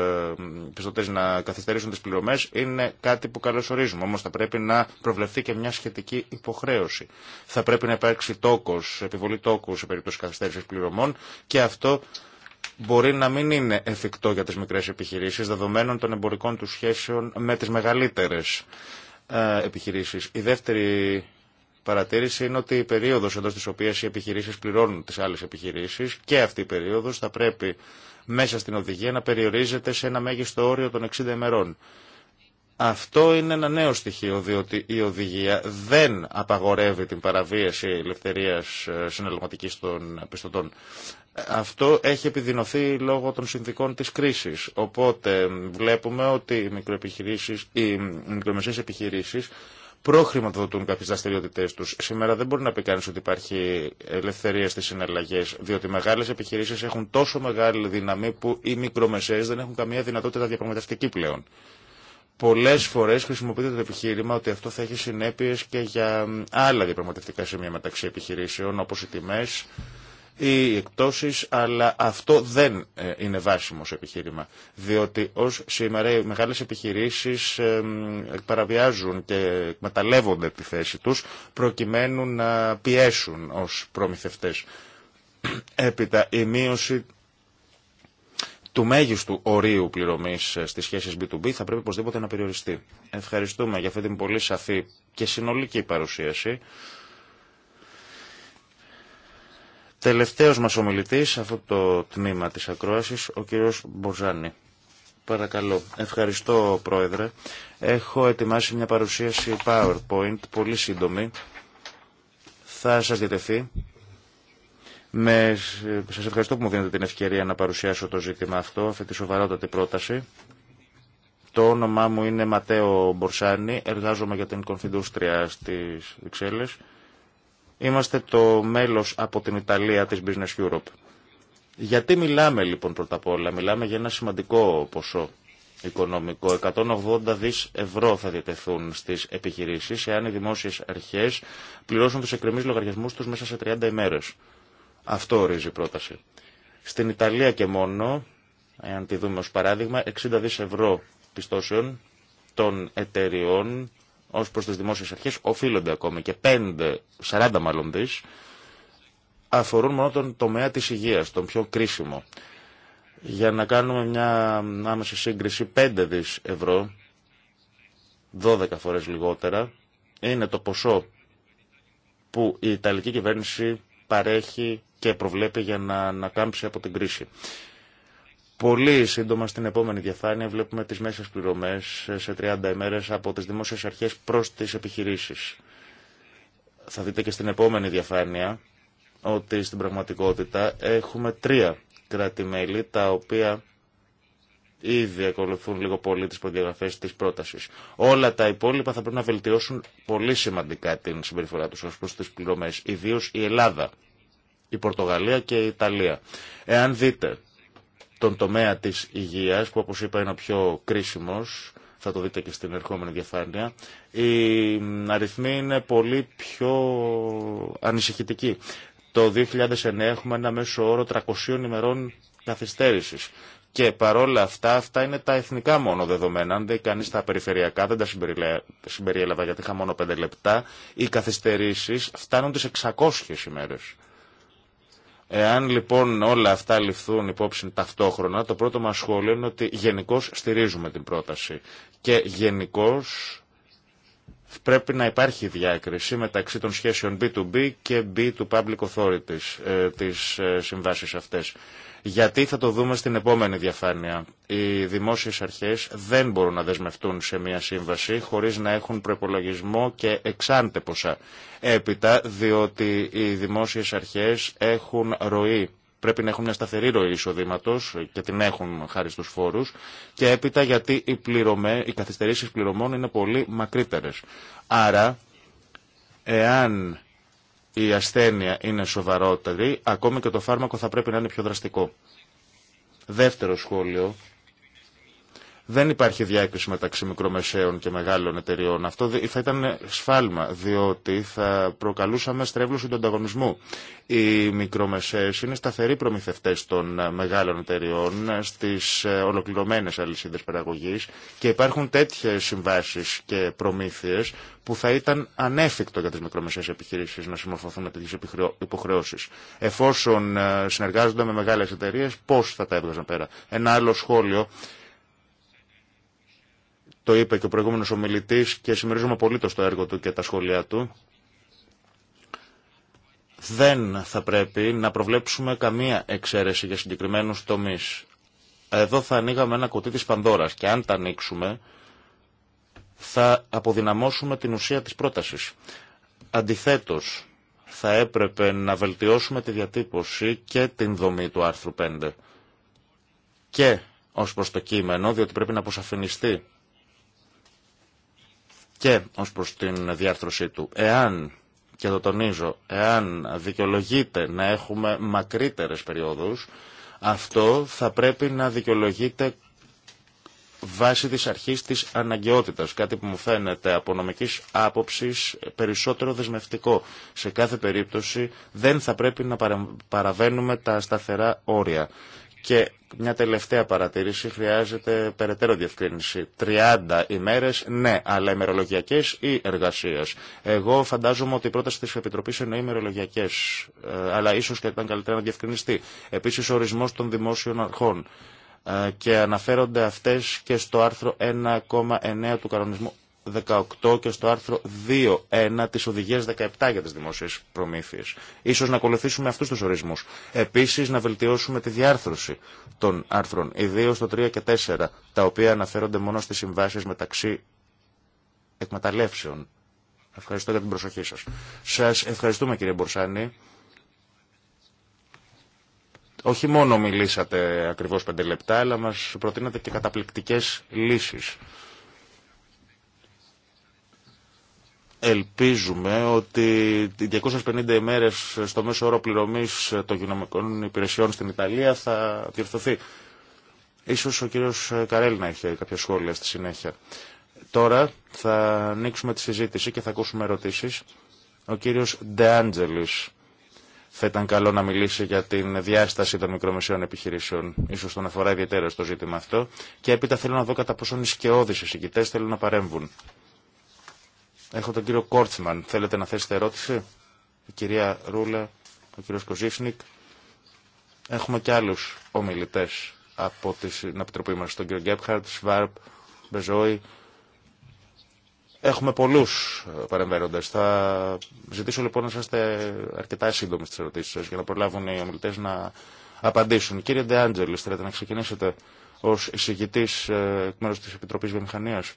πιστωτές να καθυστερήσουν τις πληρωμές είναι κάτι που καλωσορίζουμε. Όμως θα πρέπει να προβλεφθεί και μια σχετική υποχρέωση. Θα πρέπει να υπάρξει επιβολή τόκου σε περίπτωση καθυστέρησης πληρωμών και αυτό μπορεί να μην είναι εφικτό για τις μικρές επιχειρήσεις δεδομένων των εμπορικών του σχέσεων με τις μεγαλύτερες ε, επιχειρήσεις. Η δεύτερη παρατήρηση είναι ότι η περίοδος εντός της οποίας οι επιχειρήσεις πληρώνουν τις άλλες επιχειρήσεις και αυτή η περίοδος θα πρέπει μέσα στην οδηγία να περιορίζεται σε ένα μέγιστο όριο των 60 ημερών. Αυτό είναι ένα νέο στοιχείο, διότι η οδηγία δεν απαγορεύει την παραβίαση ελευθερίας ε, συναλλαγματικής των πιστωτών. Αυτό έχει επιδεινωθεί λόγω των συνδικών της κρίσης. Οπότε βλέπουμε ότι οι, μικροεπιχειρήσεις, οι μικρομεσαίες επιχειρήσεις προχρηματοδοτούν κάποιες δραστηριότητε τους. Σήμερα δεν μπορεί να πει κανείς ότι υπάρχει ελευθερία στις συναλλαγές, διότι μεγάλες επιχειρήσεις έχουν τόσο μεγάλη δύναμη που οι μικρομεσαίες δεν έχουν καμία δυνατότητα διαπραγματευτική πλέον. Πολλέ φορέ χρησιμοποιείται το επιχείρημα ότι αυτό θα έχει συνέπειε και για άλλα διαπραγματευτικά σημεία μεταξύ επιχειρήσεων, όπω οι τιμέ, η εκτόσεις, αλλά αυτό δεν ε, είναι βάσιμο σε επιχείρημα. Διότι ως σήμερα οι μεγάλες επιχειρήσεις παραβιάζουν και εκμεταλλεύονται τη θέση τους προκειμένου να πιέσουν ως προμηθευτές. Έπειτα η μείωση του μέγιστου ορίου πληρωμής ε, στις σχεσεις b B2B θα πρέπει οπωσδήποτε να περιοριστεί. Ευχαριστούμε για αυτή την πολύ σαφή και συνολική παρουσίαση. Τελευταίος μας ομιλητής, αυτό το τμήμα της ακρόασης, ο κύριος Μποζάνη. Παρακαλώ. Ευχαριστώ, Πρόεδρε. Έχω ετοιμάσει μια παρουσίαση PowerPoint, πολύ σύντομη. Θα σας διατεθεί. Με... Σας ευχαριστώ που μου δίνετε την ευκαιρία να παρουσιάσω το ζήτημα αυτό, αυτή τη σοβαρότατη πρόταση. Το όνομά μου είναι Ματέο Μπορσάνη, εργάζομαι για την Κονφιντούστρια στις Βρυξέλλες. Είμαστε το μέλος από την Ιταλία της Business Europe. Γιατί μιλάμε λοιπόν πρώτα απ' όλα. Μιλάμε για ένα σημαντικό ποσό οικονομικό. 180 δις ευρώ θα διατεθούν στις επιχειρήσεις εάν οι δημόσιες αρχές πληρώσουν τους εκκρεμείς λογαριασμούς τους μέσα σε 30 ημέρες. Αυτό ορίζει η πρόταση. Στην Ιταλία και μόνο, εάν τη δούμε ως παράδειγμα, 60 δις ευρώ πιστώσεων των εταιριών ω προ τι δημόσιε αρχέ οφείλονται ακόμη και 5, 40 μάλλον δι αφορούν μόνο τον τομέα τη υγεία, τον πιο κρίσιμο. Για να κάνουμε μια άμεση σύγκριση, 5 δι ευρώ, 12 φορέ λιγότερα, είναι το ποσό που η Ιταλική κυβέρνηση παρέχει και προβλέπει για να ανακάμψει από την κρίση. Πολύ σύντομα στην επόμενη διαφάνεια βλέπουμε τις μέσες πληρωμές σε 30 ημέρες από τις δημόσιες αρχές προς τις επιχειρήσεις. Θα δείτε και στην επόμενη διαφάνεια ότι στην πραγματικότητα έχουμε τρία κράτη-μέλη τα οποία ήδη ακολουθούν λίγο πολύ τις προδιαγραφές της πρότασης. Όλα τα υπόλοιπα θα πρέπει να βελτιώσουν πολύ σημαντικά την συμπεριφορά τους ως προς τις πληρωμές, ιδίως η Ελλάδα, η Πορτογαλία και η Ιταλία. Εάν δείτε τον τομέα της υγείας, που όπως είπα είναι ο πιο κρίσιμος, θα το δείτε και στην ερχόμενη διαφάνεια, οι αριθμοί είναι πολύ πιο ανησυχητικοί. Το 2009 έχουμε ένα μέσο όρο 300 ημερών καθυστέρησης. Και παρόλα αυτά, αυτά είναι τα εθνικά μόνο δεδομένα. Αν δεν κανεί τα περιφερειακά, δεν τα συμπεριέλαβα γιατί είχα μόνο 5 λεπτά, οι καθυστερήσει φτάνουν τι 600 ημέρε. Εάν λοιπόν όλα αυτά ληφθούν υπόψη ταυτόχρονα, το πρώτο μας σχόλιο είναι ότι γενικώ στηρίζουμε την πρόταση και γενικώ πρέπει να υπάρχει διάκριση μεταξύ των σχέσεων B2B και B2 Public Authorities, ε, ε συμβάσεις αυτές. Γιατί θα το δούμε στην επόμενη διαφάνεια. Οι δημόσιες αρχές δεν μπορούν να δεσμευτούν σε μια σύμβαση χωρίς να έχουν προπολογισμό και εξάντε ποσά. Έπειτα, διότι οι δημόσιες αρχές έχουν ροή πρέπει να έχουν μια σταθερή ροή εισοδήματο και την έχουν χάρη στου φόρου. Και έπειτα γιατί οι, πληρωμέ, οι καθυστερήσει πληρωμών είναι πολύ μακρύτερε. Άρα, εάν η ασθένεια είναι σοβαρότερη, ακόμη και το φάρμακο θα πρέπει να είναι πιο δραστικό. Δεύτερο σχόλιο δεν υπάρχει διάκριση μεταξύ μικρομεσαίων και μεγάλων εταιριών. Αυτό θα ήταν σφάλμα, διότι θα προκαλούσαμε στρέβλωση του ανταγωνισμού. Οι μικρομεσαίε είναι σταθεροί προμηθευτέ των μεγάλων εταιριών στι ε, ολοκληρωμένε αλυσίδε παραγωγή και υπάρχουν τέτοιε συμβάσει και προμήθειε που θα ήταν ανέφικτο για τι μικρομεσαίες επιχειρήσει να συμμορφωθούν με τέτοιε υποχρεώσει. Εφόσον ε, συνεργάζονται με μεγάλε εταιρείε, πώ θα τα έβγαζαν πέρα. Ένα άλλο σχόλιο το είπε και ο προηγούμενος ομιλητής και συμμερίζομαι πολύ το έργο του και τα σχόλιά του. Δεν θα πρέπει να προβλέψουμε καμία εξαίρεση για συγκεκριμένους τομείς. Εδώ θα ανοίγαμε ένα κουτί της Πανδώρας και αν τα ανοίξουμε θα αποδυναμώσουμε την ουσία της πρότασης. Αντιθέτως, θα έπρεπε να βελτιώσουμε τη διατύπωση και την δομή του άρθρου 5. Και ως προς το κείμενο, διότι πρέπει να αποσαφινιστεί και ως προς την διάρθρωσή του. Εάν, και το τονίζω, εάν δικαιολογείται να έχουμε μακρύτερες περιόδους, αυτό θα πρέπει να δικαιολογείται βάσει της αρχής της αναγκαιότητας, κάτι που μου φαίνεται από νομικής άποψης περισσότερο δεσμευτικό. Σε κάθε περίπτωση δεν θα πρέπει να παραβαίνουμε τα σταθερά όρια. Και μια τελευταία παρατήρηση χρειάζεται περαιτέρω διευκρίνηση. 30 ημέρε, ναι, αλλά ημερολογιακέ ή εργασίε. Εγώ φαντάζομαι ότι η πρόταση τη Επιτροπή εννοεί ημερολογιακέ, ε, αλλά ίσω και ήταν καλύτερα να διευκρινιστεί. Επίση, ο ορισμό των δημόσιων αρχών. Ε, και αναφέρονται αυτέ και στο άρθρο 1,9 του κανονισμού 18 και στο άρθρο 2.1 της Οδηγίας 17 για τις δημόσιες προμήθειες. Ίσως να ακολουθήσουμε αυτούς τους ορισμούς. Επίσης να βελτιώσουμε τη διάρθρωση των άρθρων, ιδίω το 3 και 4, τα οποία αναφέρονται μόνο στις συμβάσεις μεταξύ εκμεταλλεύσεων. Ευχαριστώ για την προσοχή σας. Σας ευχαριστούμε κύριε Μπορσάνη. Όχι μόνο μιλήσατε ακριβώς πέντε λεπτά, αλλά μας προτείνατε και καταπληκτικές λύσεις. Ελπίζουμε ότι οι 250 ημέρες στο μέσο όρο πληρωμής των κοινωνικών υπηρεσιών στην Ιταλία θα διορθωθεί. Ίσως ο κύριος Καρέλ να έχει κάποια σχόλια στη συνέχεια. Τώρα θα ανοίξουμε τη συζήτηση και θα ακούσουμε ερωτήσεις. Ο κύριος Ντεάντζελης θα ήταν καλό να μιλήσει για την διάσταση των μικρομεσαίων επιχειρήσεων, ίσως τον αφορά ιδιαίτερα στο ζήτημα αυτό. Και έπειτα θέλω να δω κατά πόσον οι συγκητές θέλουν να παρέμβουν. Έχω τον κύριο Κόρτσμαν. Θέλετε να θέσετε ερώτηση. Η κυρία Ρούλα, ο κύριος κοζίφνικ Έχουμε και άλλους ομιλητές από την Επιτροπή μας. Τον κύριο Γκέπχαρτ, Σβάρπ, Μπεζόη. Έχουμε πολλούς ε, παρεμβαίνοντες. Θα ζητήσω λοιπόν να είστε αρκετά σύντομοι στις ερωτήσεις σας για να προλάβουν οι ομιλητές να απαντήσουν. Κύριε Ντεάντζελης, θέλετε να ξεκινήσετε ως εισηγητής ε, εκ μέρους της Επιτροπής Βιομηχανίας.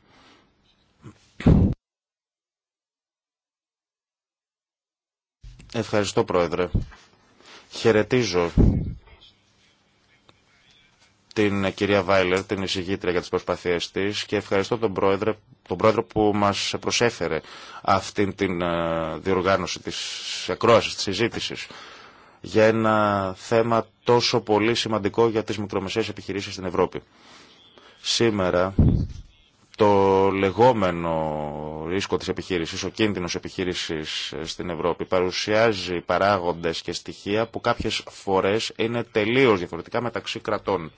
Ευχαριστώ, Πρόεδρε. Χαιρετίζω την κυρία Βάιλερ, την εισηγήτρια για τις προσπαθίες της και ευχαριστώ τον πρόεδρο, τον πρόεδρο που μας προσέφερε αυτήν την ε, διοργάνωση της ακρόασης, της συζήτησης για ένα θέμα τόσο πολύ σημαντικό για τις μικρομεσαίες επιχειρήσεις στην Ευρώπη. Σήμερα το λεγόμενο ρίσκο της επιχείρησης, ο κίνδυνος επιχείρησης στην Ευρώπη παρουσιάζει παράγοντες και στοιχεία που κάποιες φορές είναι τελείως διαφορετικά μεταξύ κρατών.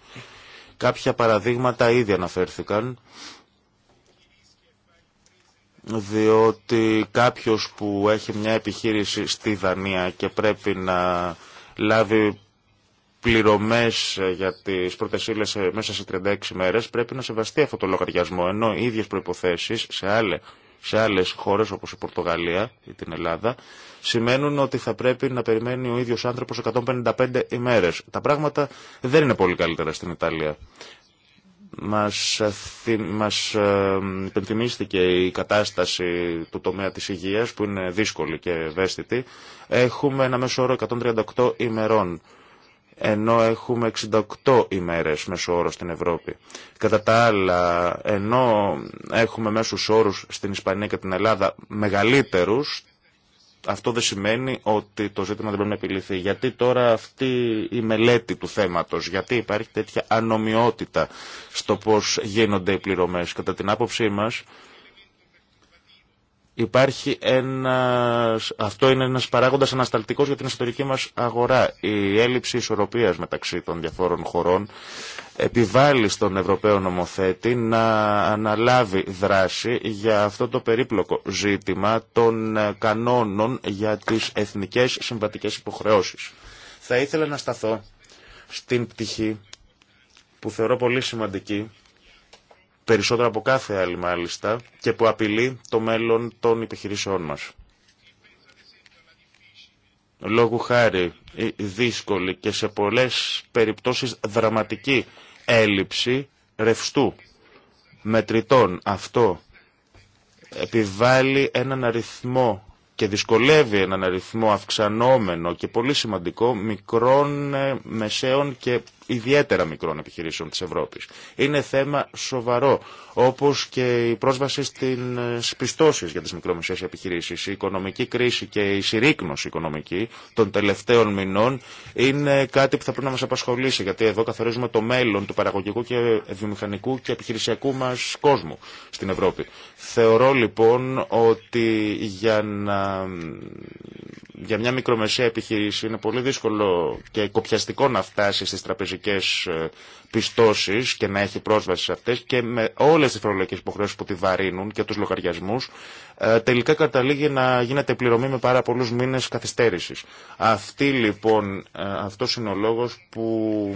Κάποια παραδείγματα ήδη αναφέρθηκαν, διότι κάποιος που έχει μια επιχείρηση στη Δανία και πρέπει να λάβει πληρωμές ε, για τις πρώτες ε, μέσα σε 36 μέρες πρέπει να σεβαστεί αυτό το λογαριασμό ενώ οι ίδιες προϋποθέσεις σε, άλλε, σε άλλες χώρες όπως η Πορτογαλία ή την Ελλάδα σημαίνουν ότι θα πρέπει να περιμένει ο ίδιος άνθρωπος 155 ημέρες. Τα πράγματα δεν είναι πολύ καλύτερα στην Ιταλία. Μας, ε, μας υπενθυμίστηκε η κατάσταση του τομέα της υγείας που είναι δύσκολη και ευαίσθητη. Έχουμε ένα μέσο όρο 138 ημερών ενώ έχουμε 68 ημέρες μέσω όρο στην Ευρώπη. Κατά τα άλλα, ενώ έχουμε μέσους όρους στην Ισπανία και την Ελλάδα μεγαλύτερους, αυτό δεν σημαίνει ότι το ζήτημα δεν πρέπει να επιληθεί. Γιατί τώρα αυτή η μελέτη του θέματος, γιατί υπάρχει τέτοια ανομοιότητα στο πώς γίνονται οι πληρωμές. Κατά την άποψή μας, Υπάρχει ένας, αυτό είναι ένας παράγοντας ανασταλτικός για την εσωτερική μας αγορά. Η έλλειψη ισορροπία μεταξύ των διαφόρων χωρών επιβάλλει στον Ευρωπαίο νομοθέτη να αναλάβει δράση για αυτό το περίπλοκο ζήτημα των ε, κανόνων για τις εθνικές συμβατικές υποχρεώσεις. Θα ήθελα να σταθώ στην πτυχή που θεωρώ πολύ σημαντική περισσότερο από κάθε άλλη μάλιστα, και που απειλεί το μέλλον των επιχειρήσεών μας. Λόγου χάρη, η δύσκολη και σε πολλές περιπτώσεις δραματική έλλειψη ρευστού μετρητών. Αυτό επιβάλλει έναν αριθμό και δυσκολεύει έναν αριθμό αυξανόμενο και πολύ σημαντικό μικρών, ε, μεσαίων και ιδιαίτερα μικρών επιχειρήσεων της Ευρώπης. Είναι θέμα σοβαρό, όπως και η πρόσβαση ε, στις πιστώσεις για τις μικρομεσαίες επιχειρήσεις. Η οικονομική κρίση και η συρρήκνωση οικονομική των τελευταίων μηνών είναι κάτι που θα πρέπει να μας απασχολήσει, γιατί εδώ καθορίζουμε το μέλλον του παραγωγικού και βιομηχανικού και επιχειρησιακού μας κόσμου στην Ευρώπη. Θεωρώ λοιπόν ότι για, να... για μια μικρομεσαία επιχειρήση είναι πολύ δύσκολο και κοπιαστικό να φτάσει στις τραπεζές μαζικές ε, πιστώσεις και να έχει πρόσβαση σε αυτές και με όλες τις φορολογικές υποχρεώσεις που τη βαρύνουν και τους λογαριασμούς ε, τελικά καταλήγει να γίνεται πληρωμή με πάρα πολλούς μήνες καθυστέρησης. Αυτή λοιπόν, ε, αυτός είναι ο λόγος που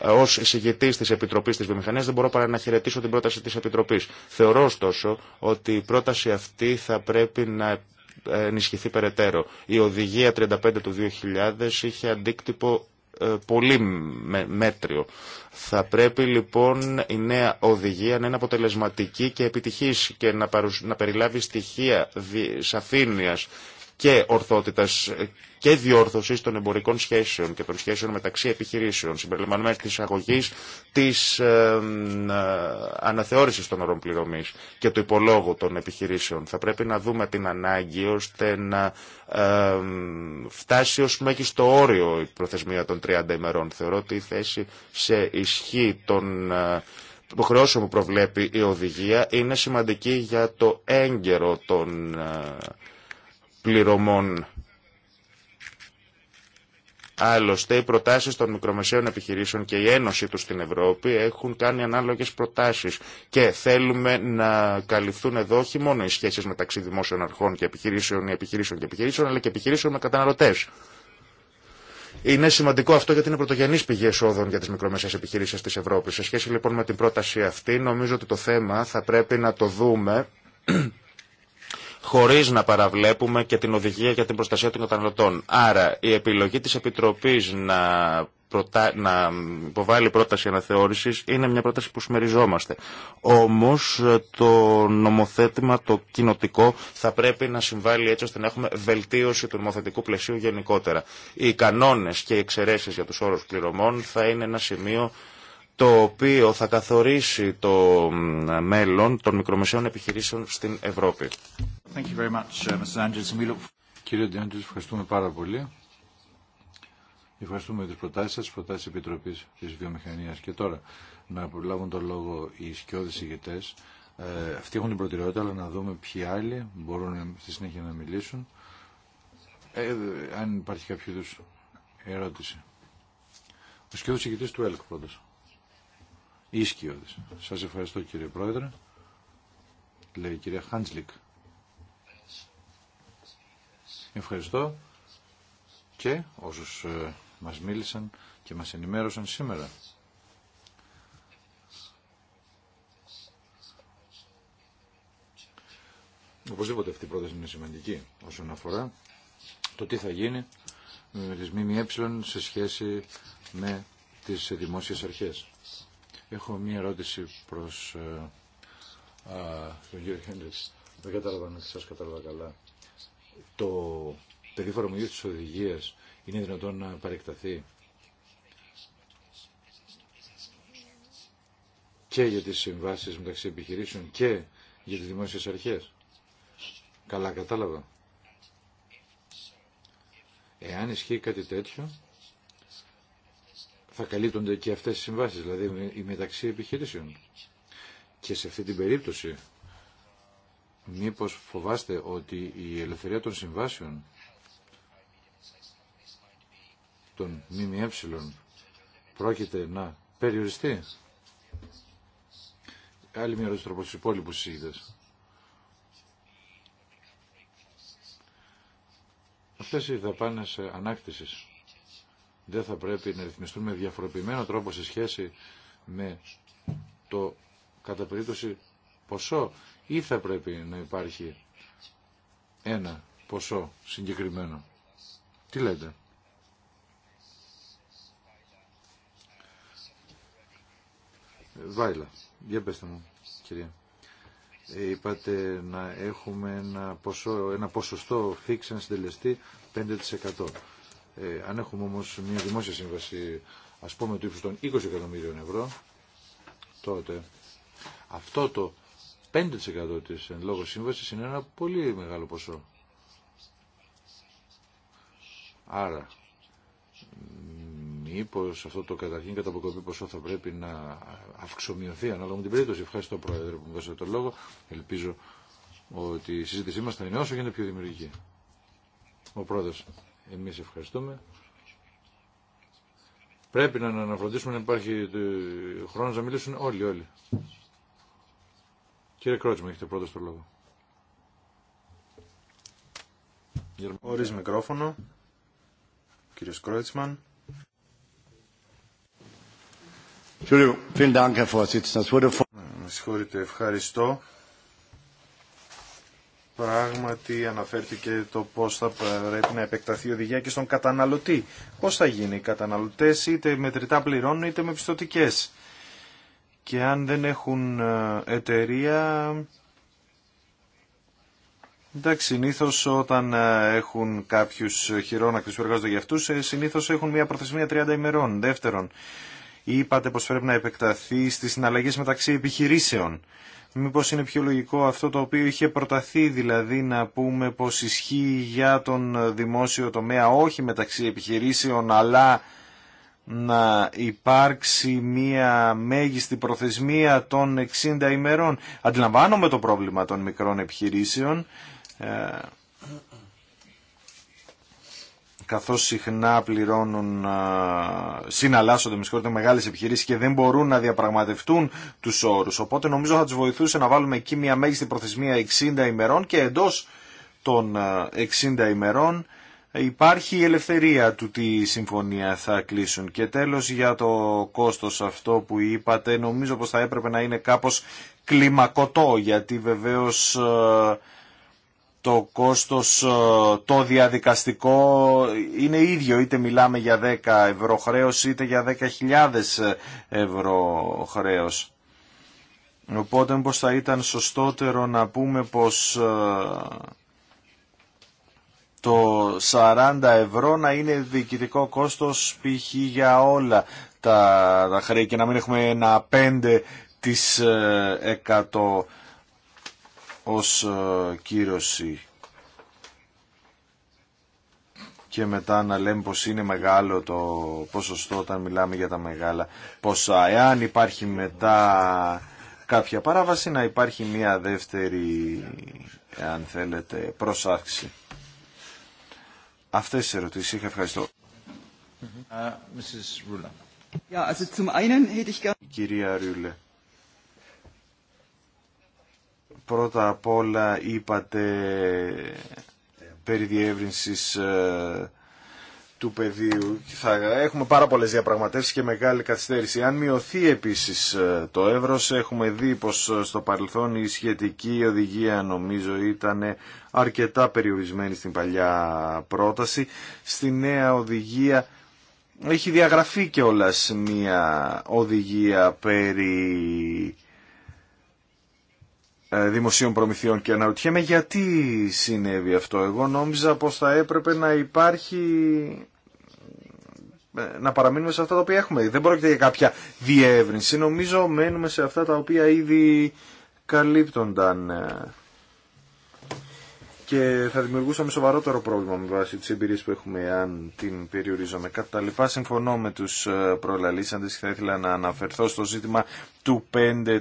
ω εισηγητή τη Επιτροπή τη Βιομηχανία δεν μπορώ παρά να χαιρετήσω την πρόταση τη Επιτροπή. Θεωρώ ωστόσο ότι η πρόταση αυτή θα πρέπει να ενισχυθεί περαιτέρω. Η οδηγία 35 του 2000 είχε αντίκτυπο ε, πολύ μέτριο. Θα πρέπει λοιπόν η νέα οδηγία να είναι αποτελεσματική και επιτυχής και να, να περιλάβει στοιχεία σαφήνειας και ορθότητα και διόρθωση των εμπορικών σχέσεων και των σχέσεων μεταξύ επιχειρήσεων, συμπεριλαμβανομένης της αγωγής, της ε, αναθεώρησης των ορών πληρωμής και του υπολόγου των επιχειρήσεων. Θα πρέπει να δούμε την ανάγκη ώστε να φτάσει ως μέγιστο όριο η προθεσμία των 30 ημερών. Θεωρώ ότι η θέση σε ισχύ των ε, υποχρεώσεων που προβλέπει η οδηγία είναι σημαντική για το έγκαιρο των ε, πληρωμών. Άλλωστε, οι προτάσεις των μικρομεσαίων επιχειρήσεων και η ένωση τους στην Ευρώπη έχουν κάνει ανάλογες προτάσεις και θέλουμε να καλυφθούν εδώ όχι μόνο οι σχέσεις μεταξύ δημόσιων αρχών και επιχειρήσεων ή επιχειρήσεων και επιχειρήσεων, αλλά και επιχειρήσεων με καταναλωτές. Είναι σημαντικό αυτό γιατί είναι πρωτογενή πηγή εσόδων για τι μικρομεσαίε επιχειρήσει τη Ευρώπη. Σε σχέση λοιπόν με την πρόταση αυτή, νομίζω ότι το θέμα θα πρέπει να το δούμε χωρίς να παραβλέπουμε και την οδηγία για την προστασία των καταναλωτών. Άρα η επιλογή της Επιτροπής να, προτα... να υποβάλει πρόταση αναθεώρησης είναι μια πρόταση που συμμεριζόμαστε. Όμως το νομοθέτημα, το κοινοτικό θα πρέπει να συμβάλλει έτσι ώστε να έχουμε βελτίωση του νομοθετικού πλαισίου γενικότερα. Οι κανόνες και οι εξαιρέσεις για τους όρους πληρωμών θα είναι ένα σημείο το οποίο θα καθορίσει το μέλλον των μικρομεσαίων επιχειρήσεων στην Ευρώπη. Κύριε Ντιάντζης, ευχαριστούμε πάρα πολύ. Ευχαριστούμε για τις προτάσεις σας, τις προτάσεις της Επιτροπής της Βιομηχανίας. Και τώρα να προλάβουν το λόγο οι σκιώδεις ηγετές. Ε, αυτοί έχουν την προτεραιότητα, αλλά να δούμε ποιοι άλλοι μπορούν στη συνέχεια να μιλήσουν. Ε, αν υπάρχει κάποιο είδους ερώτηση. Ο σκιώδης ηγετής του ΕΛΚ πρώτος ίσκυοδης. Σας ευχαριστώ κύριε Πρόεδρε. Λέει η κυρία Χάντσλικ. Ευχαριστώ και όσους ε, μας μίλησαν και μας ενημέρωσαν σήμερα. Οπωσδήποτε αυτή η πρόταση είναι σημαντική όσον αφορά το τι θα γίνει με τις ΜΜΕ σε σχέση με τις δημόσιες αρχές. Έχω μία ερώτηση προς ε, τον κύριο Χέντες. Δεν κατάλαβα αν σας κατάλαβα καλά. Το περίφορο εφαρμογή της οδηγίας είναι δυνατόν να παρεκταθεί και για τις συμβάσεις μεταξύ επιχειρήσεων και για τις δημόσιες αρχές. Καλά κατάλαβα. Εάν ισχύει κάτι τέτοιο, θα καλύπτονται και αυτές οι συμβάσεις, δηλαδή η μεταξύ επιχειρήσεων. Και σε αυτή την περίπτωση, μήπως φοβάστε ότι η ελευθερία των συμβάσεων των ΜΜΕ πρόκειται να περιοριστεί. Άλλη μια ερώτηση από του υπόλοιπου Αυτές οι δαπάνες ανάκτησης δεν θα πρέπει να ρυθμιστούν με διαφοροποιημένο τρόπο σε σχέση με το κατά περίπτωση ποσό ή θα πρέπει να υπάρχει ένα ποσό συγκεκριμένο. Τι λέτε. Βάιλα, για πέστε μου, κυρία. Ε, είπατε να έχουμε ένα, ποσό, ένα ποσοστό φίξαν συντελεστή 5%. Ε, αν έχουμε όμως μια δημόσια σύμβαση ας πούμε του ύψου των 20 εκατομμύριων ευρώ τότε αυτό το 5% της εν λόγω σύμβασης είναι ένα πολύ μεγάλο ποσό. Άρα μήπως αυτό το καταρχήν καταποκοπή ποσό θα πρέπει να αυξομοιωθεί ανάλογα με την περίπτωση. Ευχαριστώ Πρόεδρε που μου δώσατε το λόγο. Ελπίζω ότι η συζήτησή μας θα είναι όσο γίνεται πιο δημιουργική. Ο Πρόεδρος. Εμείς ευχαριστούμε. Πρέπει να αναφροντίσουμε να υπάρχει χρόνος να μιλήσουν όλοι, όλοι. Κύριε Κρότσμα, έχετε πρώτο το λόγο. Χωρίς μικρόφωνο, κύριος Κρότσμαν. Με συγχωρείτε, ευχαριστώ πράγματι αναφέρθηκε το πώς θα πρέπει να επεκταθεί η οδηγία και στον καταναλωτή. Πώς θα γίνει οι καταναλωτές είτε μετρητά πληρώνουν είτε με πιστοτικές. Και αν δεν έχουν ε, εταιρεία, εντάξει, συνήθω, όταν ε, έχουν κάποιου χειρόνακτες που εργάζονται για αυτού, ε, συνήθω έχουν μια προθεσμία 30 ημερών. Δεύτερον, είπατε πώ πρέπει να επεκταθεί στι συναλλαγέ μεταξύ επιχειρήσεων μήπως είναι πιο λογικό αυτό το οποίο είχε προταθεί δηλαδή να πούμε πως ισχύει για τον δημόσιο τομέα όχι μεταξύ επιχειρήσεων αλλά να υπάρξει μία μέγιστη προθεσμία των 60 ημερών. Αντιλαμβάνομαι το πρόβλημα των μικρών επιχειρήσεων ε, καθώς συχνά πληρώνουν, συναλλάσσονται με συγχωρείτε μεγάλες επιχειρήσεις και δεν μπορούν να διαπραγματευτούν τους όρους. Οπότε νομίζω θα τους βοηθούσε να βάλουμε εκεί μια μέγιστη προθεσμία 60 ημερών και εντός των 60 ημερών υπάρχει η ελευθερία του τι συμφωνία θα κλείσουν. Και τέλος για το κόστος αυτό που είπατε νομίζω πως θα έπρεπε να είναι κάπως κλιμακωτό γιατί βεβαίως το κόστος ε, το διαδικαστικό είναι ίδιο είτε μιλάμε για 10 ευρώ χρέος είτε για 10.000 ε, ευρώ χρέος. Οπότε πως θα ήταν σωστότερο να πούμε πως ε, το 40 ευρώ να είναι διοικητικό κόστος π.χ. για όλα τα, τα χρέη και να μην έχουμε ένα 5% ως ε, κύρωση και μετά να λέμε πως είναι μεγάλο το ποσοστό όταν μιλάμε για τα μεγάλα πως Εάν υπάρχει μετά κάποια παράβαση να υπάρχει μια δεύτερη, αν θέλετε, προσάρξη. Αυτές τις ερωτήσεις είχα ευχαριστώ. Uh, Κυρία Ρούλε. Πρώτα απ' όλα είπατε περί διεύρυνσης ε, του πεδίου. Θα έχουμε πάρα πολλές διαπραγματεύσεις και μεγάλη καθυστέρηση. Αν μειωθεί επίσης ε, το εύρος, έχουμε δει πως ε, στο παρελθόν η σχετική οδηγία νομίζω ήταν αρκετά περιορισμένη στην παλιά πρόταση. Στη νέα οδηγία έχει διαγραφεί και μια οδηγία περί ε, δημοσίων προμηθειών και αναρωτιέμαι γιατί συνέβη αυτό. Εγώ νόμιζα πως θα έπρεπε να υπάρχει ε, να παραμείνουμε σε αυτά τα οποία έχουμε. Δεν πρόκειται για κάποια διεύρυνση. Νομίζω μένουμε σε αυτά τα οποία ήδη καλύπτονταν και θα δημιουργούσαμε σοβαρότερο πρόβλημα με βάση τι εμπειρίες που έχουμε αν την περιορίζομαι. Κατά τα λοιπά συμφωνώ με τους ε, προλαλήσαντε και θα ήθελα να αναφερθώ στο ζήτημα του 5, ε,